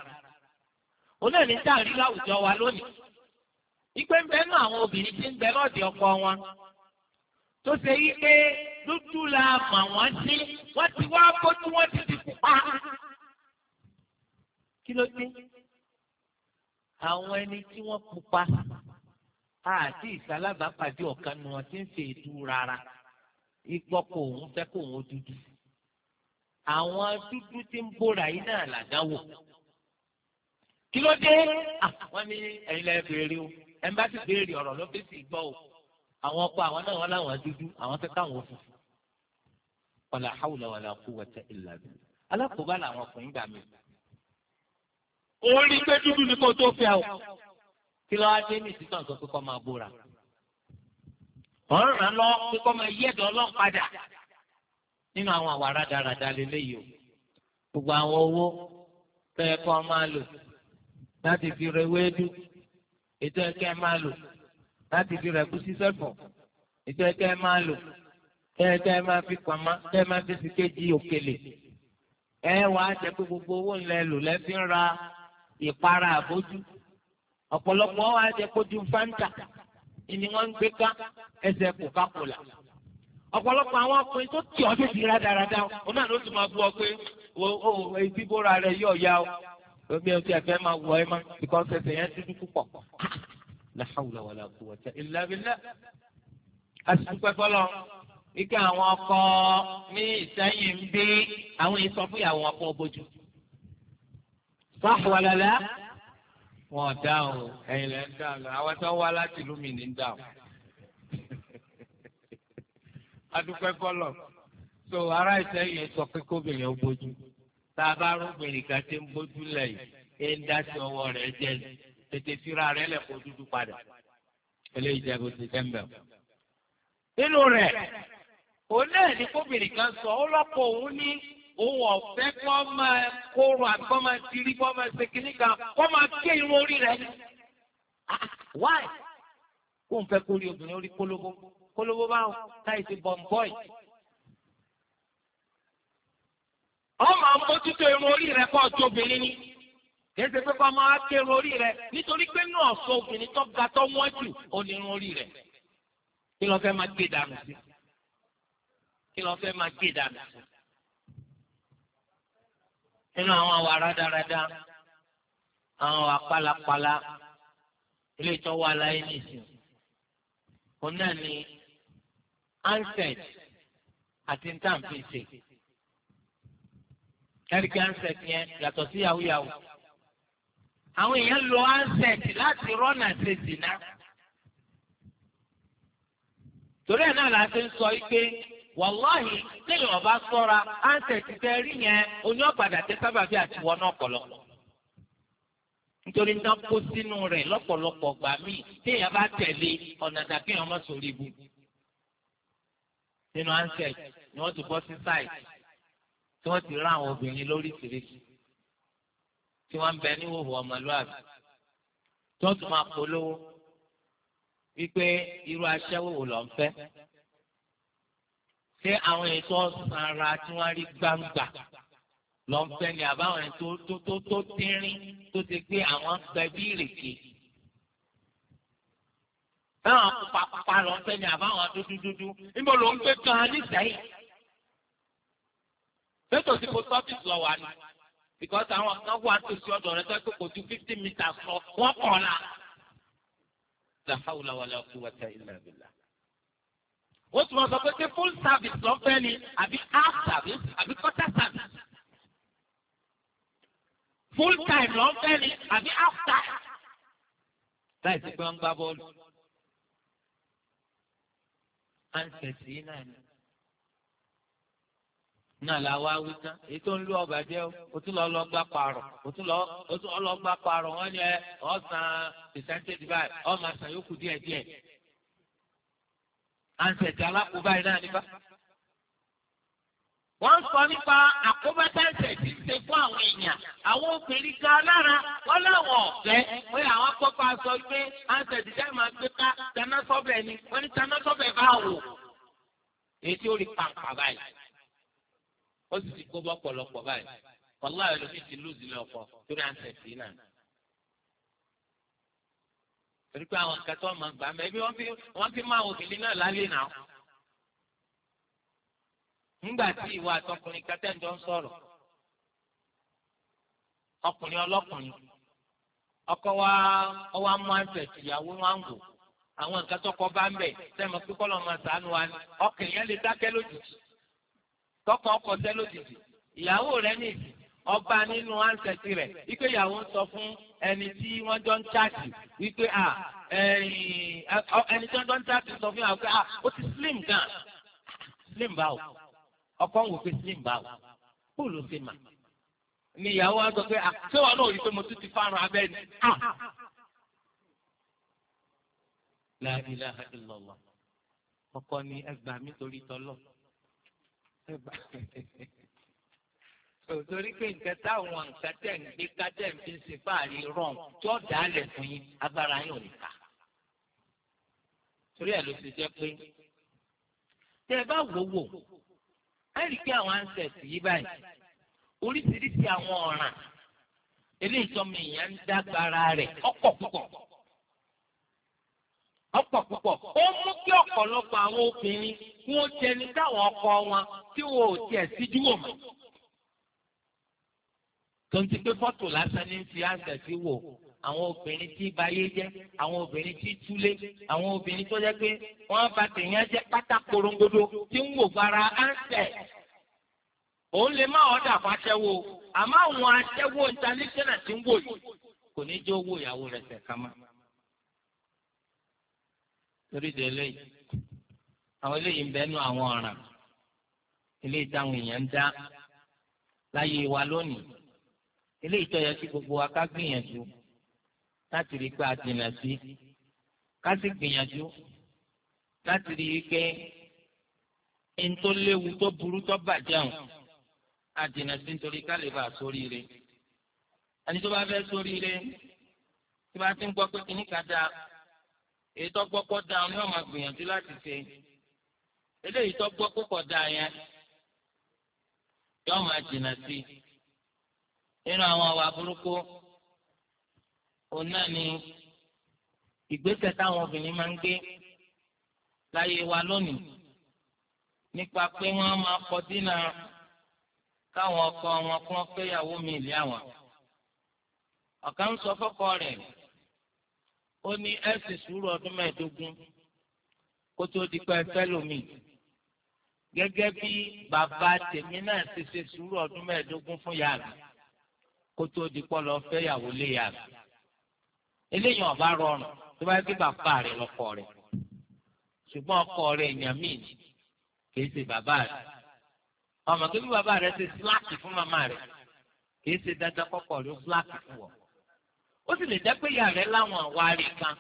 òun náà ní táàrí láwùjọ wa lónìí ìpè ń àwọn obìnrin tí ń bẹ ọkọ wọn tó ṣe yí pé dúdú la mà ti wá bójú àwọn ẹni tí wọ́n pupa àti ìsalábàápàdé ọ̀kan ni wọ́n ti ń fi ètò rárá ìgbọ́kọ̀ òun fẹ́ kó òun dúdú àwọn dúdú tí ń bóra yìí náà làdáwò kí ló dé wọ́n ní ẹ̀yin lẹ béèrè o ẹ bá ti béèrè ọ̀rọ̀ ló fi sì gbọ́ o àwọn ọkọ àwọn náà wọ́n láwọn dúdú àwọn fẹ́ káwọn fún wala hawla wala quwwata illa billah alákòóbá làwọn ọkùnrin gbà mí
òun rí pé dúdú ni kò
tó fẹ́ o kí ló wá dé ní ìsìnkà sọ pé kó máa bóra ọ̀rọ̀ rẹ̀ lọ pé kó máa yí ẹ̀dọ̀ ọlọ́run padà nínú àwọn àwa rádaràda lélẹ́yìí o gbogbo àwọn owó tó yẹ kó máa lò láti fi rẹ wéédú ètò ẹ̀kẹ́ máa lò láti fi rẹ kúsí sẹ́fọ̀ ètò ẹ̀kẹ́ máa lò kẹ́ẹ̀kẹ́ máa fi pamọ́ kẹ́ẹ̀ máa fi sìkéjì òkèlè ẹ wàá jẹ́ pé gbogbo owó ńlẹ lò lẹ́fí ń ra ìpara àbójú ọ̀pọ̀lọpọ̀ wa jẹ́ kójú fanta ìní wọ́n ń gbé ká ẹsẹ̀ kòkákòlà ọ̀pọ̀lọpọ̀ àwọn ọkùnrin tó tì ọ́ tètè rádaràda òun náà ló ti máa bú ọ pé o ìdíbòra rẹ yóò yá o omi ọtí ẹ̀fẹ́ máa wọ ẹ má because ẹsẹ̀ yẹn dúdú púpọ̀ la hawla wala quwwata illa billah asùpẹ́ fọlọ́ wíkẹ́ àwọn ọkọ ní ìsẹ́yìn ń bí àwọn ìsọfúnyàwó ọkọ bójú. Sọ́ọ̀fù ọ̀lẹ́lẹ́ wọn dáhùn ẹ̀yin lẹ́ ń dáhùn àwọn tó wá láti ìlú mi ní ń dáhùn. Adúpẹ́ kọ́lọ̀ so ará ìsẹ́yìn sọ pé kóbìnrin ó bójú tá a bá rúbìnrin kan ti ń bójú lẹ́yìn ẹ̀ ń dá sí ọwọ́ rẹ̀ jẹ́ tètè fira rẹ̀ lẹ̀ kó dúdú padà eléyìí jẹ́ bó ti tẹ́ḿbẹ̀. Nínú rẹ̀ òun náà ni kóbìnrin kan sọ ó lọ́kọ̀ òun ní òun ọ̀fẹ́ kọ́ máa kóró àti kọ́ máa dirí kọ́ máa ṣe kínní kan kọ́ máa gé irun orí rẹ̀ ni. Ah, wáì kó n fẹ́ kó rí obìnrin orí kólóbó kólóbó báwo táyì ti bọ̀m̀bọ̀ì. wọ́n máa mójútó irun orí rẹ̀ kọ́ ọjọ́ obìnrin ni kì í ṣe pé kọ́ máa ké irun orí rẹ̀ nítorí pé náà sọ obìnrin tó ga tó wọ́n jù ó ní irun orí rẹ̀ kí ló fẹ́ máa gé dànù sí kí ló fẹ́ máa gé dànù sí nínú àwọn àwa rádaràda àwọn àwa pálapàla ilé ìtọ́wọ́ aláyé nìsín òun náà ni ansẹt àti ntàǹfẹ̀sẹ̀
kẹ́ríkì ansẹt yẹn yàtọ̀ sí yahoo yahoo
àwọn èèyàn lo ansẹt láti rọ́nà ṣe zìnà torí ẹ̀ náà la ṣe ń sọ yìí pé wàláhì téèyàn bá sọ́ra áńsẹ̀tì tẹ rí yẹn oní ọ̀padà tẹ sábàbí àti wọn náà pọ̀lọpọ̀ nítorí náà kó sínú rẹ̀ lọ́pọ̀lọpọ̀ gbà míì téèyàn bá tẹ̀lé ọ̀nà tàbí ọmọ sórí ibu nínú áńsẹ̀tì ni wọ́n ti bọ́ sí sáìtì tí wọ́n ti rán àwọn obìnrin lóríṣiríṣi tí wọ́n ń bẹ níhòòhò ọmọlúwàbí tí wọ́n tún máa polówó wípé irú aṣẹ́wó wò ṣé àwọn ètò ọ̀sánra tí wọ́n rí gbangba lọ ń fẹ́ ni àbáwọn tó tó tó tó tínrín tó ti gbé àwọn gbẹ bí ìrèké.
báwọn pupa lọ ń fẹ́ ni
àbáwọn dúdú dúdú níbo ló ń gbé kan nísẹ́yìn. lẹ́tọ̀ sí post office lọ wà ní because àwọn kan wà tó sí ọ̀dọ̀ rẹ tó kò ju fifty meters lọ wọ́n kọ̀ la. la hawla wala quwwata illa billah ó tún wọn pé ṣé full service ló fẹ́ ni àbí half service àbí quarter service full time ló fẹ́ ni àbí half time. láì sí pé wọ́n ń gbá bọ́ọ̀lù. àǹtẹ̀sí náà ni náà la wá wí tán èyí tó ń lú ọgbà jẹ́ o tún lọ lọ gbà pààrọ̀ o tún lọ o tún lọ gbà pààrọ̀ wọ́n yẹ ọ̀sán percentage báyìí ọmọ àṣà díẹ̀ díẹ̀ àǹsẹ̀tì alákòóbá yìí náà nípa. wọ́n sọ nípa àkóbá táǹsẹ̀tì ṣe fún àwọn èèyàn àwọn obìnrin kan lára wọ́n láwọn ọ̀fẹ́ pé àwọn kọ́kọ́ sọ pé àǹsẹ̀tì jẹ́ máa gbé ká dáná sọ́bẹ̀ ni wọ́n ní dáná sọ́bẹ̀ bá wò. èyí tí ó rí pàǹpà báyìí ó sì ti kó bọ́ pọ̀lọpọ̀ báyìí kọ́lá ẹ̀rọ mi ti lù torí pé àwọn nǹkan tó ọmọ gbà mẹ ẹbí wọn fi wọn fi máa obìnrin náà lálé náà nígbà tí ìwà àtọkùnrin wa ọwọ amú wọn wò àwọn nǹkan tọkọ bá ń bẹ sẹmọ máa wa ni ọkàn yẹn lè ọkọ lójijì ọba nínú ikú ìyàwó ẹni tí wọ́n jọ ń chaatì wípé à ẹni tí wọ́n jọ ń chaatì sọ fún wa pé à ó ti slim gan slim báwo ọkọ ń wò pé slim báwo kó ló ṣe mà ni ìyàwó wa sọ pé à ṣé wàá náà rí i pé mo tún ti fárun abẹ́ ni à. La ilaha illallah ọkọ ni ẹgbàá mi torí tọlọ ẹgbàá torí pé nǹkan táwọn nǹkan tẹ̀ ń gbé kájẹ́ ń fi ṣe fáàrí rọ̀n tó dálẹ̀ fún yín agbára yín ò ní ká.
torí ẹ̀ ló ti jẹ́ pé
tẹ́ ẹ bá wò wò ẹ rí i pé àwọn ancest yìí báyìí oríṣiríṣi àwọn ọ̀ràn eléyìí tọ́mọ èèyàn ń dágbára rẹ̀ ọ̀pọ̀ púpọ̀ ọ̀pọ̀ púpọ̀ ó mú kí ọ̀pọ̀lọpọ̀ àwọn obìnrin kí wọ́n jẹni táwọn ọkọ wọn tí wọn ò tiẹ̀ síjú wò tó ń ti pé fọ́tò lásán ní fi àǹtẹ̀ sí wò àwọn obìnrin tí bayé jẹ́ àwọn obìnrin tí túlé àwọn obìnrin tó jẹ́ pé wọ́n bá tèèyàn jẹ́ pátá korongodo tí ń wò gbára àǹtẹ̀ òun lè má ọ̀dà fàṣẹwò àmọ́ àwọn aṣẹ́wó ìtàlẹ́sẹ̀nà tí ń wò yìí kò ní jẹ́ owó ìyàwó rẹ̀ sẹ̀ka mọ́. torí de eléyìí àwọn eléyìí ń bẹnu àwọn ọ̀ràn eléyìí táwọn èèyàn ń dá láyé wa lónìí eléyìí tó yẹ kí gbogbo wa ká gbìyànjú láti rí i pé a dìnnà sí ká sì gbìyànjú láti rí i pé ẹni tó léwu tó burú tó bàjẹ́ ọ̀hún a dìnnà sí nítorí ká lè bá a sórí rẹ̀ ẹni tó bá fẹ́ sórí rẹ̀ tí bá ti ń gbọ́ pé kìnnì kan dáa èyí tó gbọ́ pọ̀ dáa ni wọ́n máa gbìyànjú láti ṣe eléyìí tó gbọ́ pọ̀ dáa yẹn yọ́n máa dìnnà sí i nínú àwọn àwà burúkú òun náà ni ìgbésẹ̀ táwọn obìnrin máa ń gbé láyé wa lónìí nípa pé wọ́n máa kọ dínà káwọn ọkọ wọn kí wọ́n fẹ́yàwó mi ìlé àwọn. ọ̀kan ń sọ fọ́kọ rẹ̀ ó ní ẹ̀sìn sùúrù ọdún mẹ́ẹ̀ẹ́dógún kó tó di pé ẹfẹ́ lomi gẹ́gẹ́ bí bàbá tèmi náà ti ṣe sùúrù ọdún mẹ́ẹ̀ẹ́dógún fún yàrá kó tó di pọ́ lọ fẹ́ yàwó lé yà rẹ̀ eléyìí ọba rọrùn tó bá gbé bàbá rẹ̀ lọ́kọ rẹ̀ ṣùgbọ́n ọkọ rẹ̀ èèyàn míì kì í ṣe bàbá rẹ̀ ọmọ kí bí bàbá rẹ̀ ṣe síláàkì fún màmá rẹ̀ kì í ṣe dandan kọ́kọ́ rẹ̀ ó síláàkì fún ọ ó sì lè jẹ́ pé ìyá rẹ̀ láwọn àwárí kan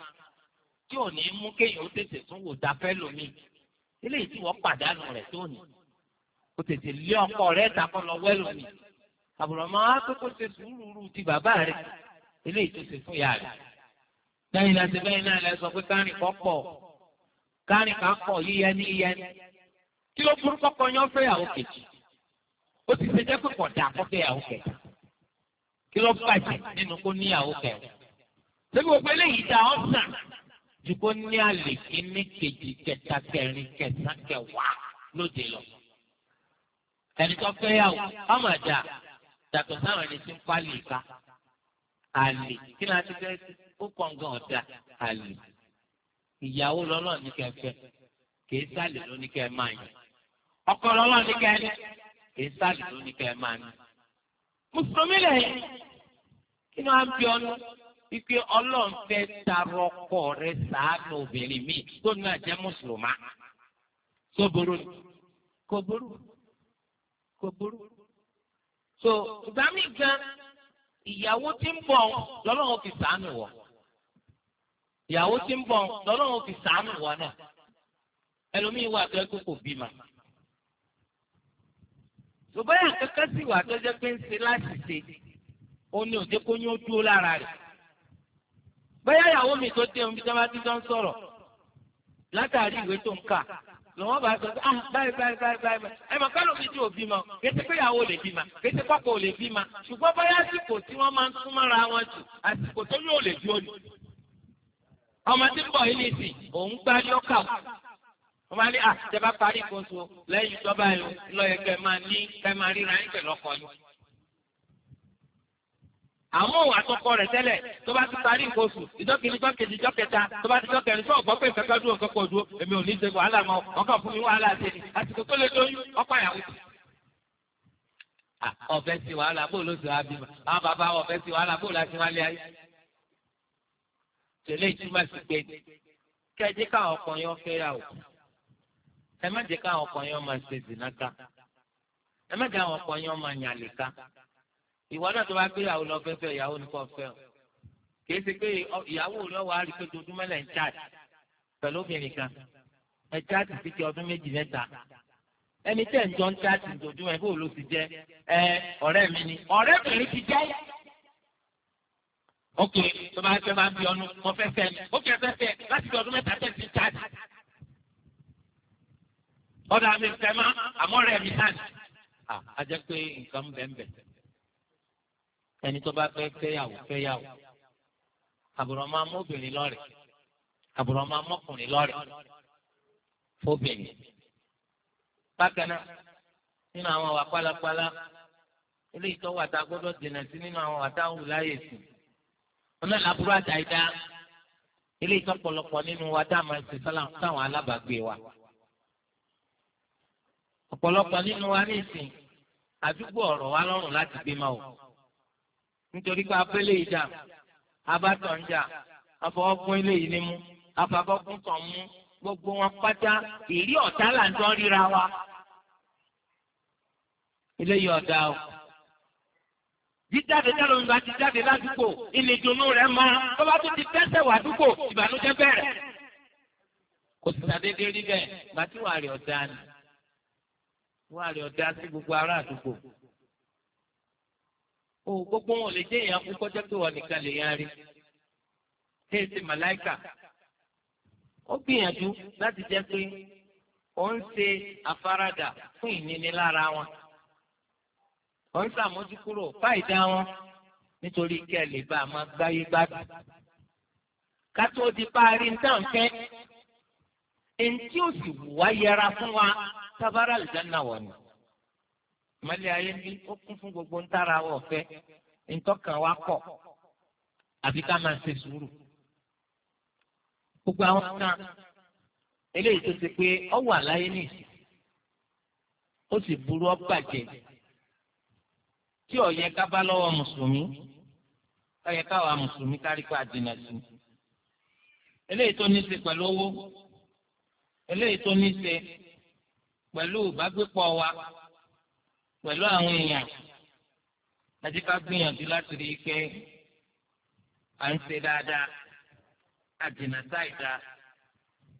tí ò ní mú kéèyàn ó tètè tún wò dá fẹ́ lómi eléyìí tí wọ́n pàdánù rẹ̀ tó ní ó tètè lé ọkọ rẹ̀ dákọ́ lọ wẹ́ lómi àbùrọ̀ máa pé kó ṣe sùúrù ti bàbá rẹ̀ eléyìí tó ṣe fún ìyá rẹ̀.
lẹ́yìn láti bẹ́yìn
náà lẹ sọ pé kárìn kan pọ̀ kárìn kan pọ̀ yíyẹ ní yíyẹ ní. tí ó burú kọ́kọ́ yan fẹ́yàwó kejì ó ti ṣe jẹ́ pé kò dà kọ́ fẹ́yàwó kẹta kí ló bàjẹ́ nínú kó níyàwó kẹta. ṣé gbogbo eléyìí dá ọ́ sàn ju kó ní àlè kíní kejì kẹta kẹrin kẹta kẹwàá lóde lọ. ẹni tó fẹ́yàwó ọmọ ẹ̀dá yàtọ̀ sáwọn ẹni tí ń pálí ìka àlè kí ni a ti fẹ́ ó kọ̀ǹgàn ọ̀dà àlè ìyàwó lọ́lọ́ ní kẹfẹ́ kìí sálè ló ní kẹ máa yàn ọkọ lọ́lọ́ ní kẹ ní kìí sálè ló ní kẹ máa ní. mùsùlùmí lẹ́yìn kí ni wọ́n á bí ọ́nú wípé ọlọ́run fẹ́ tarọ ọkọ rẹ sàánú obìnrin mi tó náà jẹ́ mùsùlùmá. sóboró ni kò ború kò ború so ìgbà míì gan ìyàwó tí ń bọ̀ lọ́lọ́run fi sàánù wọ̀ ìyàwó tí ń bọ̀ lọ́lọ́run fi sàánù wọ̀ náà ẹlòmíì wà tó ẹgbẹ́ kò bímọ. ṣùgbọ́n àkẹ́kẹ́ sì wà tó jẹ́ pé ń ṣe láti ṣe ó ní òde kó ní ó dúró lára rẹ̀. bóyá ìyàwó mi tó dé omi tí bá ti jọ ń sọ̀rọ̀ látàrí ìwé tó ń kà lọ́wọ́ bá sọ pé ah báyìí báyìí báyìí báyìí ẹ mọ̀ kálọ̀ mi tí ò bímọ kété pé ìyàwó lè bímọ kété pọ́pọ́ ò lè bímọ ṣùgbọ́n báyà àsìkò tí wọ́n máa ń tún mọ́ra wọn jù àsìkò tó yóò lè dúró ni. ọmọ tí ń bọ̀ yìí nìsí òun gbá yọ́kà wọ́n máa ní àtẹ̀bá ah, parí kóso lẹ́yìn ìjọba yìí lọ́yẹ̀kẹ́ máa ní kẹ́ máa ríra ẹ̀kẹ́ lọ́kọ̀ọ́ àmọ́ òun àtọkọ rẹ̀ tẹ́lẹ̀ tó bá ti parí nǹkan oṣù ìjọkìnrin jọ kejì jọ kẹta tó bá ti jọ kẹrin fún ọ̀gbọ́n pé nǹkan dúró nǹkan kò dúró èmi ò ní ṣe wàhálà mọ́ ọkàn fún mi wàhálà ṣe ni àsìkò tó lè lóyún ọkọ àyàwó. ọ̀fẹ́ sí wàhálà bó ló ti wá bímọ àwọn bàbá ọ̀fẹ́ sí wàhálà bó la ti wá lé ayé. tẹ̀lé ìtumọ̀ sí pé kẹ́ẹ̀dé káwọn ọkùnrin ọ̀fẹ́yàwó ẹ má jẹ́ káwọn ọkùnrin ọmọ ṣe zìnnáka ẹ má jẹ́ àwọn ọkùnrin ọmọ àyànlẹ̀ka ìwọ náà tó bá gbé ìyàwó lọ fẹ́fẹ́ ìyàwó ní kò fẹ́ o kì í ṣe pé ìyàwó rẹ wà á rí pé ojoojúmọ́ lẹ̀ ń chaàtì pẹ̀lú obìnrin kan ẹ chaàtì sí ti ọdún méjì mẹ́ta ẹni tẹ̀ ń jọ ń chaàtì ojoojúmọ́ ẹ̀fọ́ ló ti jẹ́ ẹ ọ̀rẹ́ mi ni ọ̀rẹ́ bẹ̀rẹ̀ ti jẹ́ ok tó bá fẹ́ máa ń bí ọdún mo fẹ́ fẹ́ ó fẹ́ fẹ́ fẹ́ láti fi ọdún mẹ́ta tẹ̀sí chaàtì ọ̀dà mi fẹ́ má àmọ́ rẹ̀ mi sáà àjẹ́ pé nǹkan bẹ́ẹ̀ bẹ́ẹ̀ ẹni tó bá fẹ́ fẹ́yàwó fẹ́yàwó àbùrọ̀ máa mú obìnrin lọ́rẹ̀ àbùrọ̀ máa mọ́kùnrin lọ́rẹ̀ fóbìnrin. bákan náà nínú àwọn àwà pálapàla ilé ìtọ́wò àti agbọ́dọ̀ dènà sí nínú àwọn àtàwọn láyè sí ọ̀nà làbúrò àtàyídá ilé ìtọ́pọ̀lọpọ̀ nínú wa tá a máa ṣe sálà táwọn alábàágbé wa. ọ̀pọ̀lọpọ̀ nínú wa ní ìsìn àdúgbò ọ̀rọ̀ wa lọ́rùn láti gbé máa wò nítorí pé abẹ́lé ìjà abátọ̀ ń jà afọwọ́gún ilé yìí ni mú afọwọ́gún tọ̀ mú gbogbo wọn pátá ìrí ọ̀tá là ń dán ríra wa. ilé yìí ọ̀dà o jíjáde jáde òun bá ti jáde ládùúgbò ìnìdùnnú rẹ̀ mọ bàbá
tó ti tẹ́sẹ̀ wà dúgbò ìbànújẹ́ bẹ̀rẹ̀
kò sì sàdédé rí bẹ́ẹ̀ bàtí wàá rí ọ̀dà ni wàá rí ọ̀dà sí gbogbo ará àdúgbò o gbogbo wọn lè jẹ èèyàn kú kọjá pé wọn nìkan lè yan rí téèsì màláìkà ó gbìyànjú láti jẹ pé ó ń ṣe àfaradà fún ìnínilára wọn ó ń ṣàmójúkúrò fáìdá wọn nítorí kí ẹ lè bá a máa gbáyé gbádùn ká tó di parí ń tàn fẹ́ èyí tí ó sì wá yẹra fún wa tábàrà àlùjáná wọ̀ ni ìmọ̀lẹ̀ ayé ní ó kún fún gbogbo ń tára wọ̀ fẹ́ ntọ́kàn wa kọ̀ àfi ká máa ṣe sùúrù. gbogbo àwọn kan eléyìí tó ti pé ọ wà láyé nìyí ó sì burú ọ bàjẹ́ tí ó yẹ ká bá lọ́wọ́ mùsùlùmí ó káwa mùsùlùmí kárí pa àdínà sí eléyìí tó ní í ṣe pẹ̀lú owó eléyìí tó ní í ṣe pẹ̀lú ìbágbépọ̀ wa. pẹ̀lú àwọn èèyàn láti ká gbìyànjú láti rí i pé à ń ṣe dáadáa àdènà sáìdá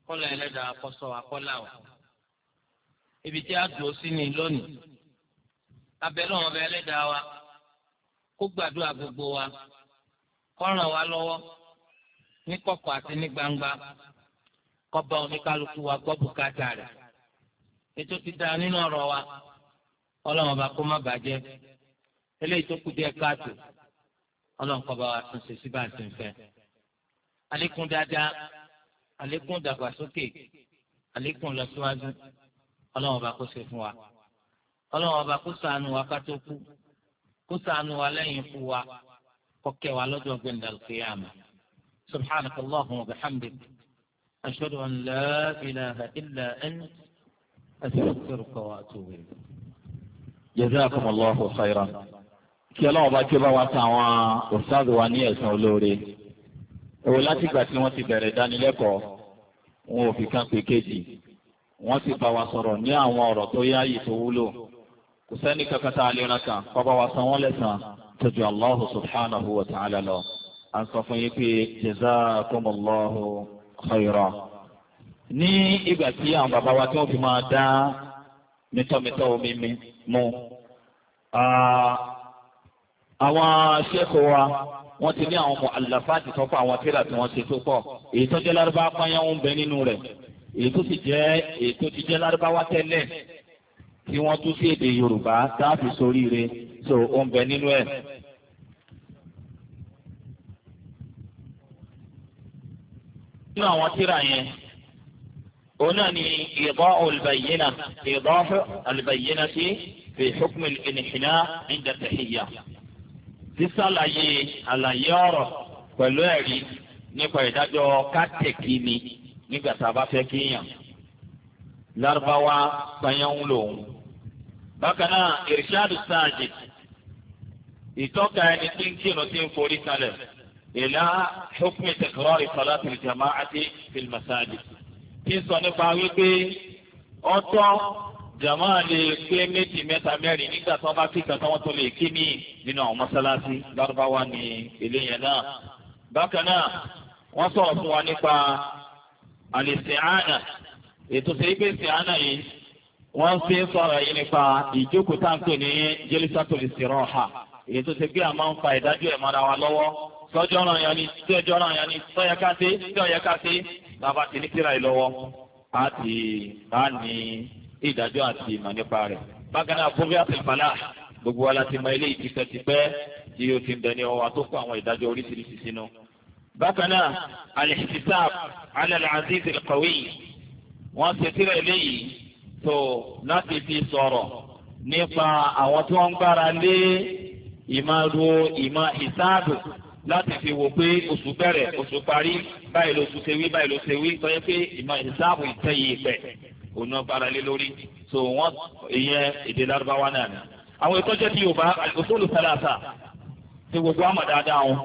kọ́lọ̀ ẹlẹ́dàá akọ́sọ akọ́là ibi tí a dùn ó sí ni lónìí abẹ́lẹ́ wọn bẹ ẹlẹ́dàá wa kó gbàdúrà gbogbo wa kó wa lọ́wọ́ ní kọ̀kọ̀ àti ní gbangba kó oníkálukú wa gbọ́ bùkátà rẹ̀ ètò ti dáa nínú ọ̀rọ̀ wa. ọlọ́run ọba kó má bàjẹ́ eléyìí tó kù díẹ̀ káàtó ọlọ́run kọ́ bá wa tún ṣe síbà sí fẹ́. àlékún dáadáa àlékún dàgbàsókè àlékún lọ́síwájú ọlọ́run ọba kó ṣe fún wa ọlọ́run ọba kó ṣàánú wa ká tó kú kó ṣàánú wa lẹ́yìn fún wa kọ́kẹ́ wa lọ́jọ́ gbẹ̀ndàlù kìyàmù subhanaka allahumma wa bihamdik ashhadu an la ilaha illa ant astaghfiruka wa atubu ilayk jazakumullahu khairan kí ọlọ́run bá kí ó bá wá tán àwọn òṣìṣẹ́ wa ní ẹ̀sán olóore èwo látìgbà tí wọ́n ti bẹ̀rẹ̀ ìdánilẹ́kọ̀ọ́ wọn ò fi kan pé kejì wọ́n sì bá wa sọ̀rọ̀ ní àwọn ọ̀rọ̀ tó yáàyè tó wúlò kò sẹ́ni kankan tá a lè ràn kàn bá wa san wọ́n lẹ́sàn tójú Allahu subhanahu wa ta'ala lọ à ń sọ fún yín pé jazakumullahu khairan ní ìgbà tí àwọn bàbá wa tí wọ́n fi máa dá nítọ́mítọ́ omi mi mu. àwọn ṣẹ́kù wa wọ́n ti ní àwọn ọmọ àlàfáàtì tó fún àwọn tíra tí wọ́n ṣe tó pọ̀ èyí tó jẹ́ lárúbá pányánwó ń bẹ nínú rẹ̀ èyí tó sì jẹ́ èyí tó ti jẹ́ lárúbá wá tẹ́lẹ̀ tí wọ́n tún sí èdè yorùbá dáàbì sóríire tó ó ń bẹ nínú ẹ̀. nínú àwọn tíra yẹn هنا إضاء البينة إضاء البينة في حكم الإنحناء عند التحية تسأل أي على يار فلوري نيكو يدجو كاتكيني نيكو سابافكيني لاربوا سيونلون بكنا إرشاد الساجد يتوقع أن تنكي نتين فوري سالة إلى حكم تكرار صلاة الجماعة في المساجد tí ń sọ nípa wípé ọ̀tọ̀ jàmọ́ lè pé méjì mẹ́ta mẹ́rin nígbà tí wọ́n bá kíkà tí wọ́n tó lè kí ní nínú àwọn mọ́sálásí lárúbáwá ní eléyẹn náà. bákan náà wọ́n sọ̀rọ̀ fún wa nípa àlèsìáànà ètò ṣe pé sìáànà yìí wọ́n fi ń sọ̀rọ̀ yìí nípa ìjókòó táǹkì ní jẹ́lísàtòlì sírọ́ọ̀hà ètò ṣe pé a máa ń fa ìdájọ́ ẹ̀ wa lọ́wọ́ sọ́jọ́ ọ̀ràn yẹn ni tí ọjọ́ ọ̀ràn yẹn ni tọ́yẹ ká ṣe tí tába ti ní kíra yìí lọ́wọ́ á ti á ní ìdájọ́ àti ìmọ̀ nípa rẹ̀. bákan náà fúnfẹ́ àtìpalá gbogbo wa láti mọ ilé ìtìpẹ́tìpẹ́ tí yóò ti ń dẹni ọwọ́ àtúkọ̀ àwọn ìdájọ́ oríṣiríṣi sínú. bákan náà al-ihtisab ala al-aziz al-qawi wọ́n ṣe kíra eléyìí tó láti fi sọ̀rọ̀ nípa àwọn tí wọ́n ń gbára lé ìmọ̀ ro ìmọ̀ ìsáàbù láti fi wò pé oṣù bẹ̀rẹ̀ oṣù parí báyìí ló tún ṣe wí báyìí ló ṣe wí tọ́jú pé ìmọ̀ ìsáàbù ìtẹ́yìí ìfẹ́ òun agbára lé lórí so wọ́n ìyẹn èdè lárúbáwá náà ni. àwọn ìtọ́jú ti yorùbá òṣòlù sálàsà ti gbogbo àmọ̀ dáadáa wọn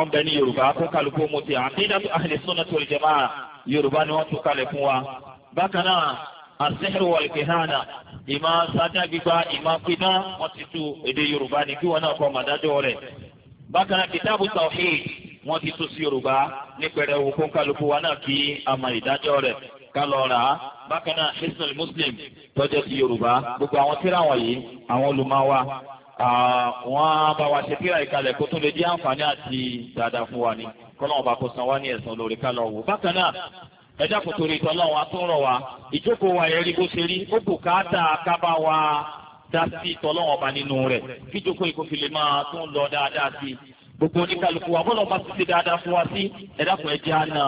ọ̀n bẹ ní yorùbá tó kálukú mo ti àkídàtu ahli sunnati wal jamaa yorùbá ni wọ́n tún kalẹ̀ fún wa. bákan náà as-sihru wal kihana ìmọ̀ sájà gbígbá yorùbá ní wọ́n náà kọ́ màdájọ́ rẹ̀. bákan náà kìtàbù tawhid wọ́n ti tún sí yorùbá ní pẹrẹwu kó kálukú wa náà kí a mọ ìdájọ́ rẹ̀ bákan náà hisnul muslim tọ́jọ́ sí yorùbá gbogbo àwọn tíra wọ̀nyí àwọn olùmọ̀ wa wọ́n bá wa ṣe tíra ìkàlẹ̀ kó tún lè jẹ́ àǹfààní àti dáadáa fún wa ni kọ́nà ọba kó san wá ní ẹ̀sán lórí ká lọ wò bákan náà ẹ̀dá kò torí ìtọ́ náà wa tó rọ̀ wa ìjókòó wa yẹn rí bó ṣe rí ó bùkátà kábà wa dá sí ìtọ́ náà ọba nínú rẹ̀ kíjókòó ìkófìlè máa tún lọ dáadáa sí i gbogbo oníkàlùkù wa bọ́lá ọba títí dáadáa fún wa sí ẹ̀dàkùn ẹ̀jẹ̀ àná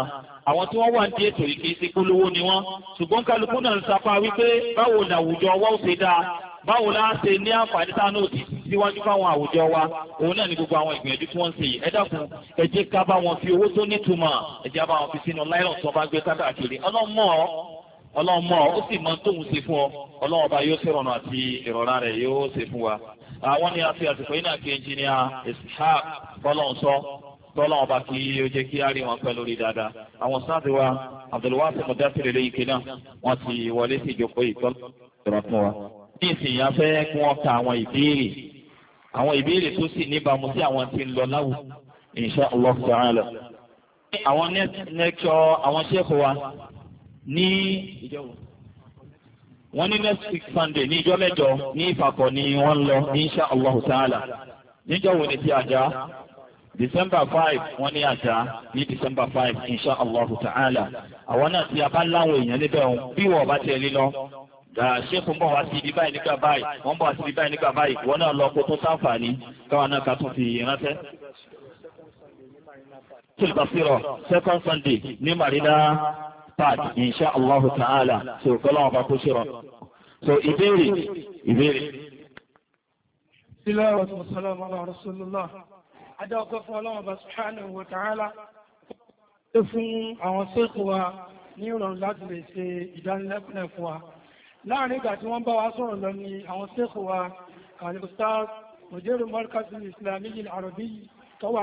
àwọn tí wọ́n wà ní ètò yìí kì í ṣe polówó ni wọ́n ṣùgbọ́n kálukú náà ń sapá wípé báwo ni àwùjọ wa ó ṣe dáa báwo la ṣe ní àǹfààní sáánù òdì síwájú fáwọn àwùjọ wa òun náà ni gbogbo àwọn ìgbìyànjú tí wọ́n ń ṣe yìí ẹ dákun ẹ jẹ́ ká bá wọn fi owó tó nítumọ̀ ẹ bá wọn fi sínú láìlọ́n tó bá gbé kákàkiri ọlọ́mọ ọlọ́mọ ó sì mọ tóun ṣe fún ọ ọlọ́mọba yóò ṣèrànà àti ìrọ̀rá rẹ̀ yóò ṣe fún wa àwọn ni a fi àsìkò yìí náà kí ẹnjìníà Ishaq bọ́lọ̀n sọ tọ́lọ́n ọba kí ó jẹ́ kí á rí wọn pẹ́ lórí dáadáa àwọn sáàtì wa Abdulwasi mudasiri lẹ́yìn kí náà wọ́n ti wọlé sí ìjókòó ìtọ́lọ́ fún wa. ní ìsìnyà fẹ́ kí wọ́n ka àwọn ìbéèrè àwọn ìbéèrè tó sì níbàámu sí àwọn tí ń lọ láwùjọ insha Allah àwọn nẹ́kṣọ́ àwọn ṣẹ́kọ̀ọ́ wa ní ìjọba wọ́n ní next week sunday ní ìjọ mẹ́jọ ní ìfàkọ̀ ni wọ́n ń lọ ní insha allahu ta'ala níjọ́ wo ni ti àjà december five wọ́n ní àjà ní december five insha allahu ta'ala àwọn náà ti abá láwọn èèyàn níbẹ̀ ọ̀hún bí wọ́n bá tiẹ̀ lílọ ṣéèkù ń bọ̀ wá sí ibi báyìí nígbà báyìí wọ́n ń bọ̀ wá sí ibi báyìí nígbà báyìí wọ́n náà lọ kó tó sáǹfààní káwọn náà ká tún fi ránṣẹ́. tilbasiro second sunday ní marina part insha allah ta'ala so kọ́lá wọn bá kó so ibiri
ibiri. sílẹ̀ ọ̀tún sálàmù ala rasulillah adá ọkọ̀ fún ọlọ́wọ́n bá subhanahu wa ta'ala ó fún àwọn sẹ́kù wa ní ìrọ̀rùn láti lè ṣe ìdánilẹ́kùnlẹ̀ fún wa láàrin ìgbà tí wọ́n bá wa sọ̀rọ̀ lọ ni àwọn sẹ́kù wa al-ustaz mudiru markaz al-islami al-arabi tó wà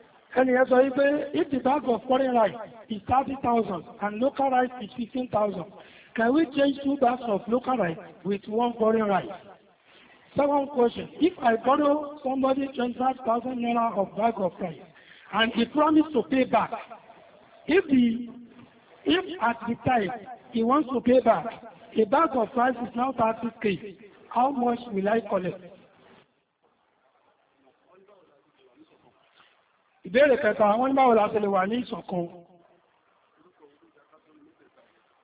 ẹni ẹ sọ wípé if the bag of foreign rice is thirty thousand and local rice is fifteen thousand can we change two bags of local rice with one foreign rice? Second question, if I borrow somebody twenty-five thousand naira of bag of rice and he promised to pay back, if the if at the time he wants to pay back, a bag of rice is now thirty k how much will I collect? ìbéèrè kẹta wọ́n ní báwo wà ní ìṣọ̀kan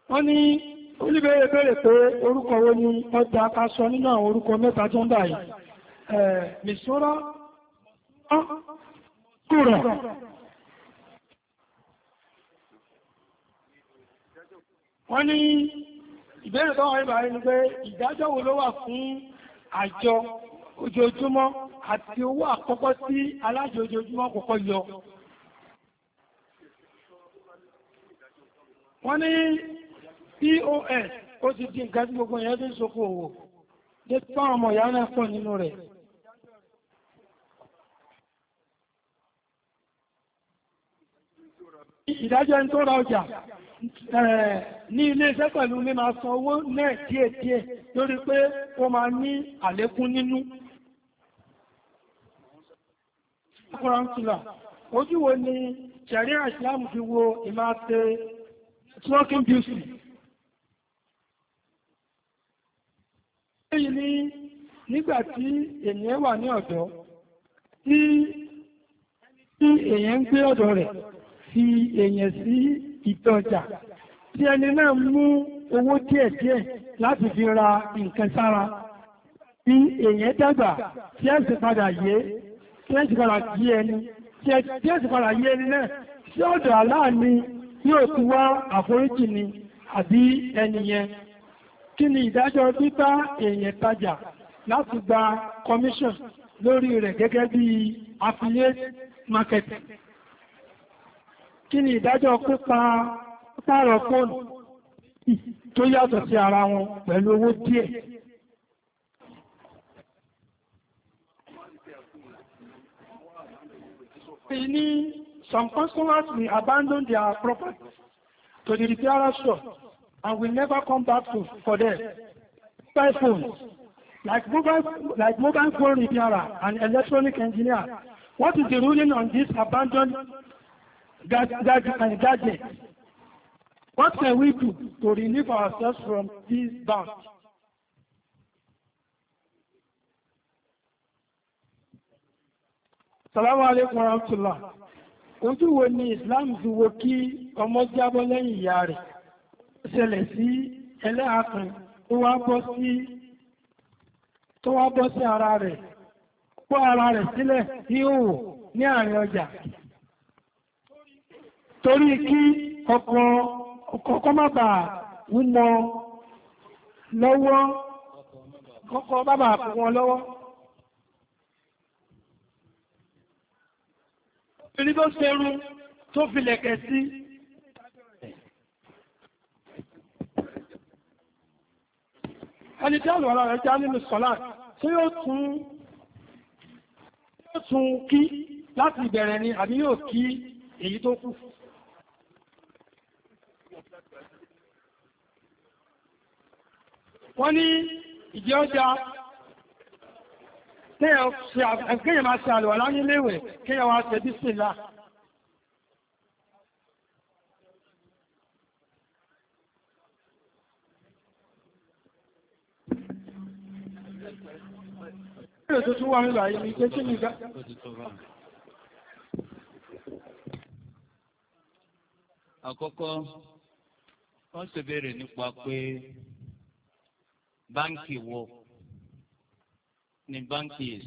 wọ́n ní oníbèrè béèrè pé orúkọ wo ni ọjà ká sọ nínú àwọn orúkọ mẹ́ta tó ń dà yìí mìsúrà kúrọ̀ wọ́n ní ìbéèrè tó wọ́n rí bàá rí ojoojúmọ́ àti owó àkọ́kọ́ tí alájọ ojoojúmọ́ kọ́kọ́ yọ wọ́n ní pos ó ti di nǹkan tí gbogbo ìyẹn tó ń sokò òwò
dé tí wọ́n ọmọ ìyá náà pọ̀ nínú rẹ̀
ìdájọ́ ẹni tó ra ọjà eh, ní ilé iṣẹ́ pẹ̀lú ní máa san owó náà díẹ̀díẹ̀ lórí pé ó máa ní àlékún nínú kọ́rántìlà ojú wo ni sharia islam fi wo ìmáa ṣe smoking beauty ni nígbà ènìyàn wà ní ọ̀dọ́ tí èyàn ń gbé ọ̀dọ̀ rẹ̀ fi èyàn sí ìtọ́jà tí ẹni náà mú owó díẹ̀díẹ̀ láti fi ra nǹkan sára bí èyàn dàgbà tí ẹ̀sìn padà yé tí ẹ ti padà yí ẹni tí ẹ ti padà yí ẹni náà tí ó dà láàní tí wá àforíjì ni àbí ẹni kí ni ìdájọ́ bíbá èèyàn tajà láti gba commission lórí rẹ̀ gẹ́gẹ́ bí affiliate marketing kí ni ìdájọ́ pípa
pààrọ̀ fóònù
tó yàtọ̀ sí ara wọn
pẹ̀lú owó díẹ̀
We need some customers will abandon their property to the repairer shop and will never come back to, for them. Mobile phones, like mobile, like mobile phone repairer and electronic engineer. What is the ruling on this abandoned eh, gadget? What can we do to relieve ourselves from this bound? salamu alaikum rahmatullah ojú wo ni islam ti wo kí ọmọ jábọ́ lẹ́yìn ìyá rẹ̀ ṣẹlẹ̀ sí ẹlẹ́àkan tó wá bọ́ sí tó wá bọ́ sí ara rẹ̀ pọ́ ara rẹ̀ sílẹ̀ ní òwò ní àárín ọjà torí kí ọkọ̀ má bàa wúmọ lọ́wọ́ kọ́kọ́ má wọn lọ́wọ́ torí tó ṣerú tó fi sí ẹni tí àlùwàlá rẹ̀ já nínú sọ́lá tí yóò tún kí láti ìbẹ̀rẹ̀ ni àbí yóò kí èyí tó kù wọ́n ní ìjẹ́ ọjà kéèyàn máa ṣe àlùwàlá níléèwẹ̀ kéèyàn wá ṣe bísìlá
Ìrìn tó tún wà nígbà yìí ni pé
kí ni ìgbà.
Àkọ́kọ́, wọ́n ṣèbéèrè nípa pé báńkì wo ni báńkì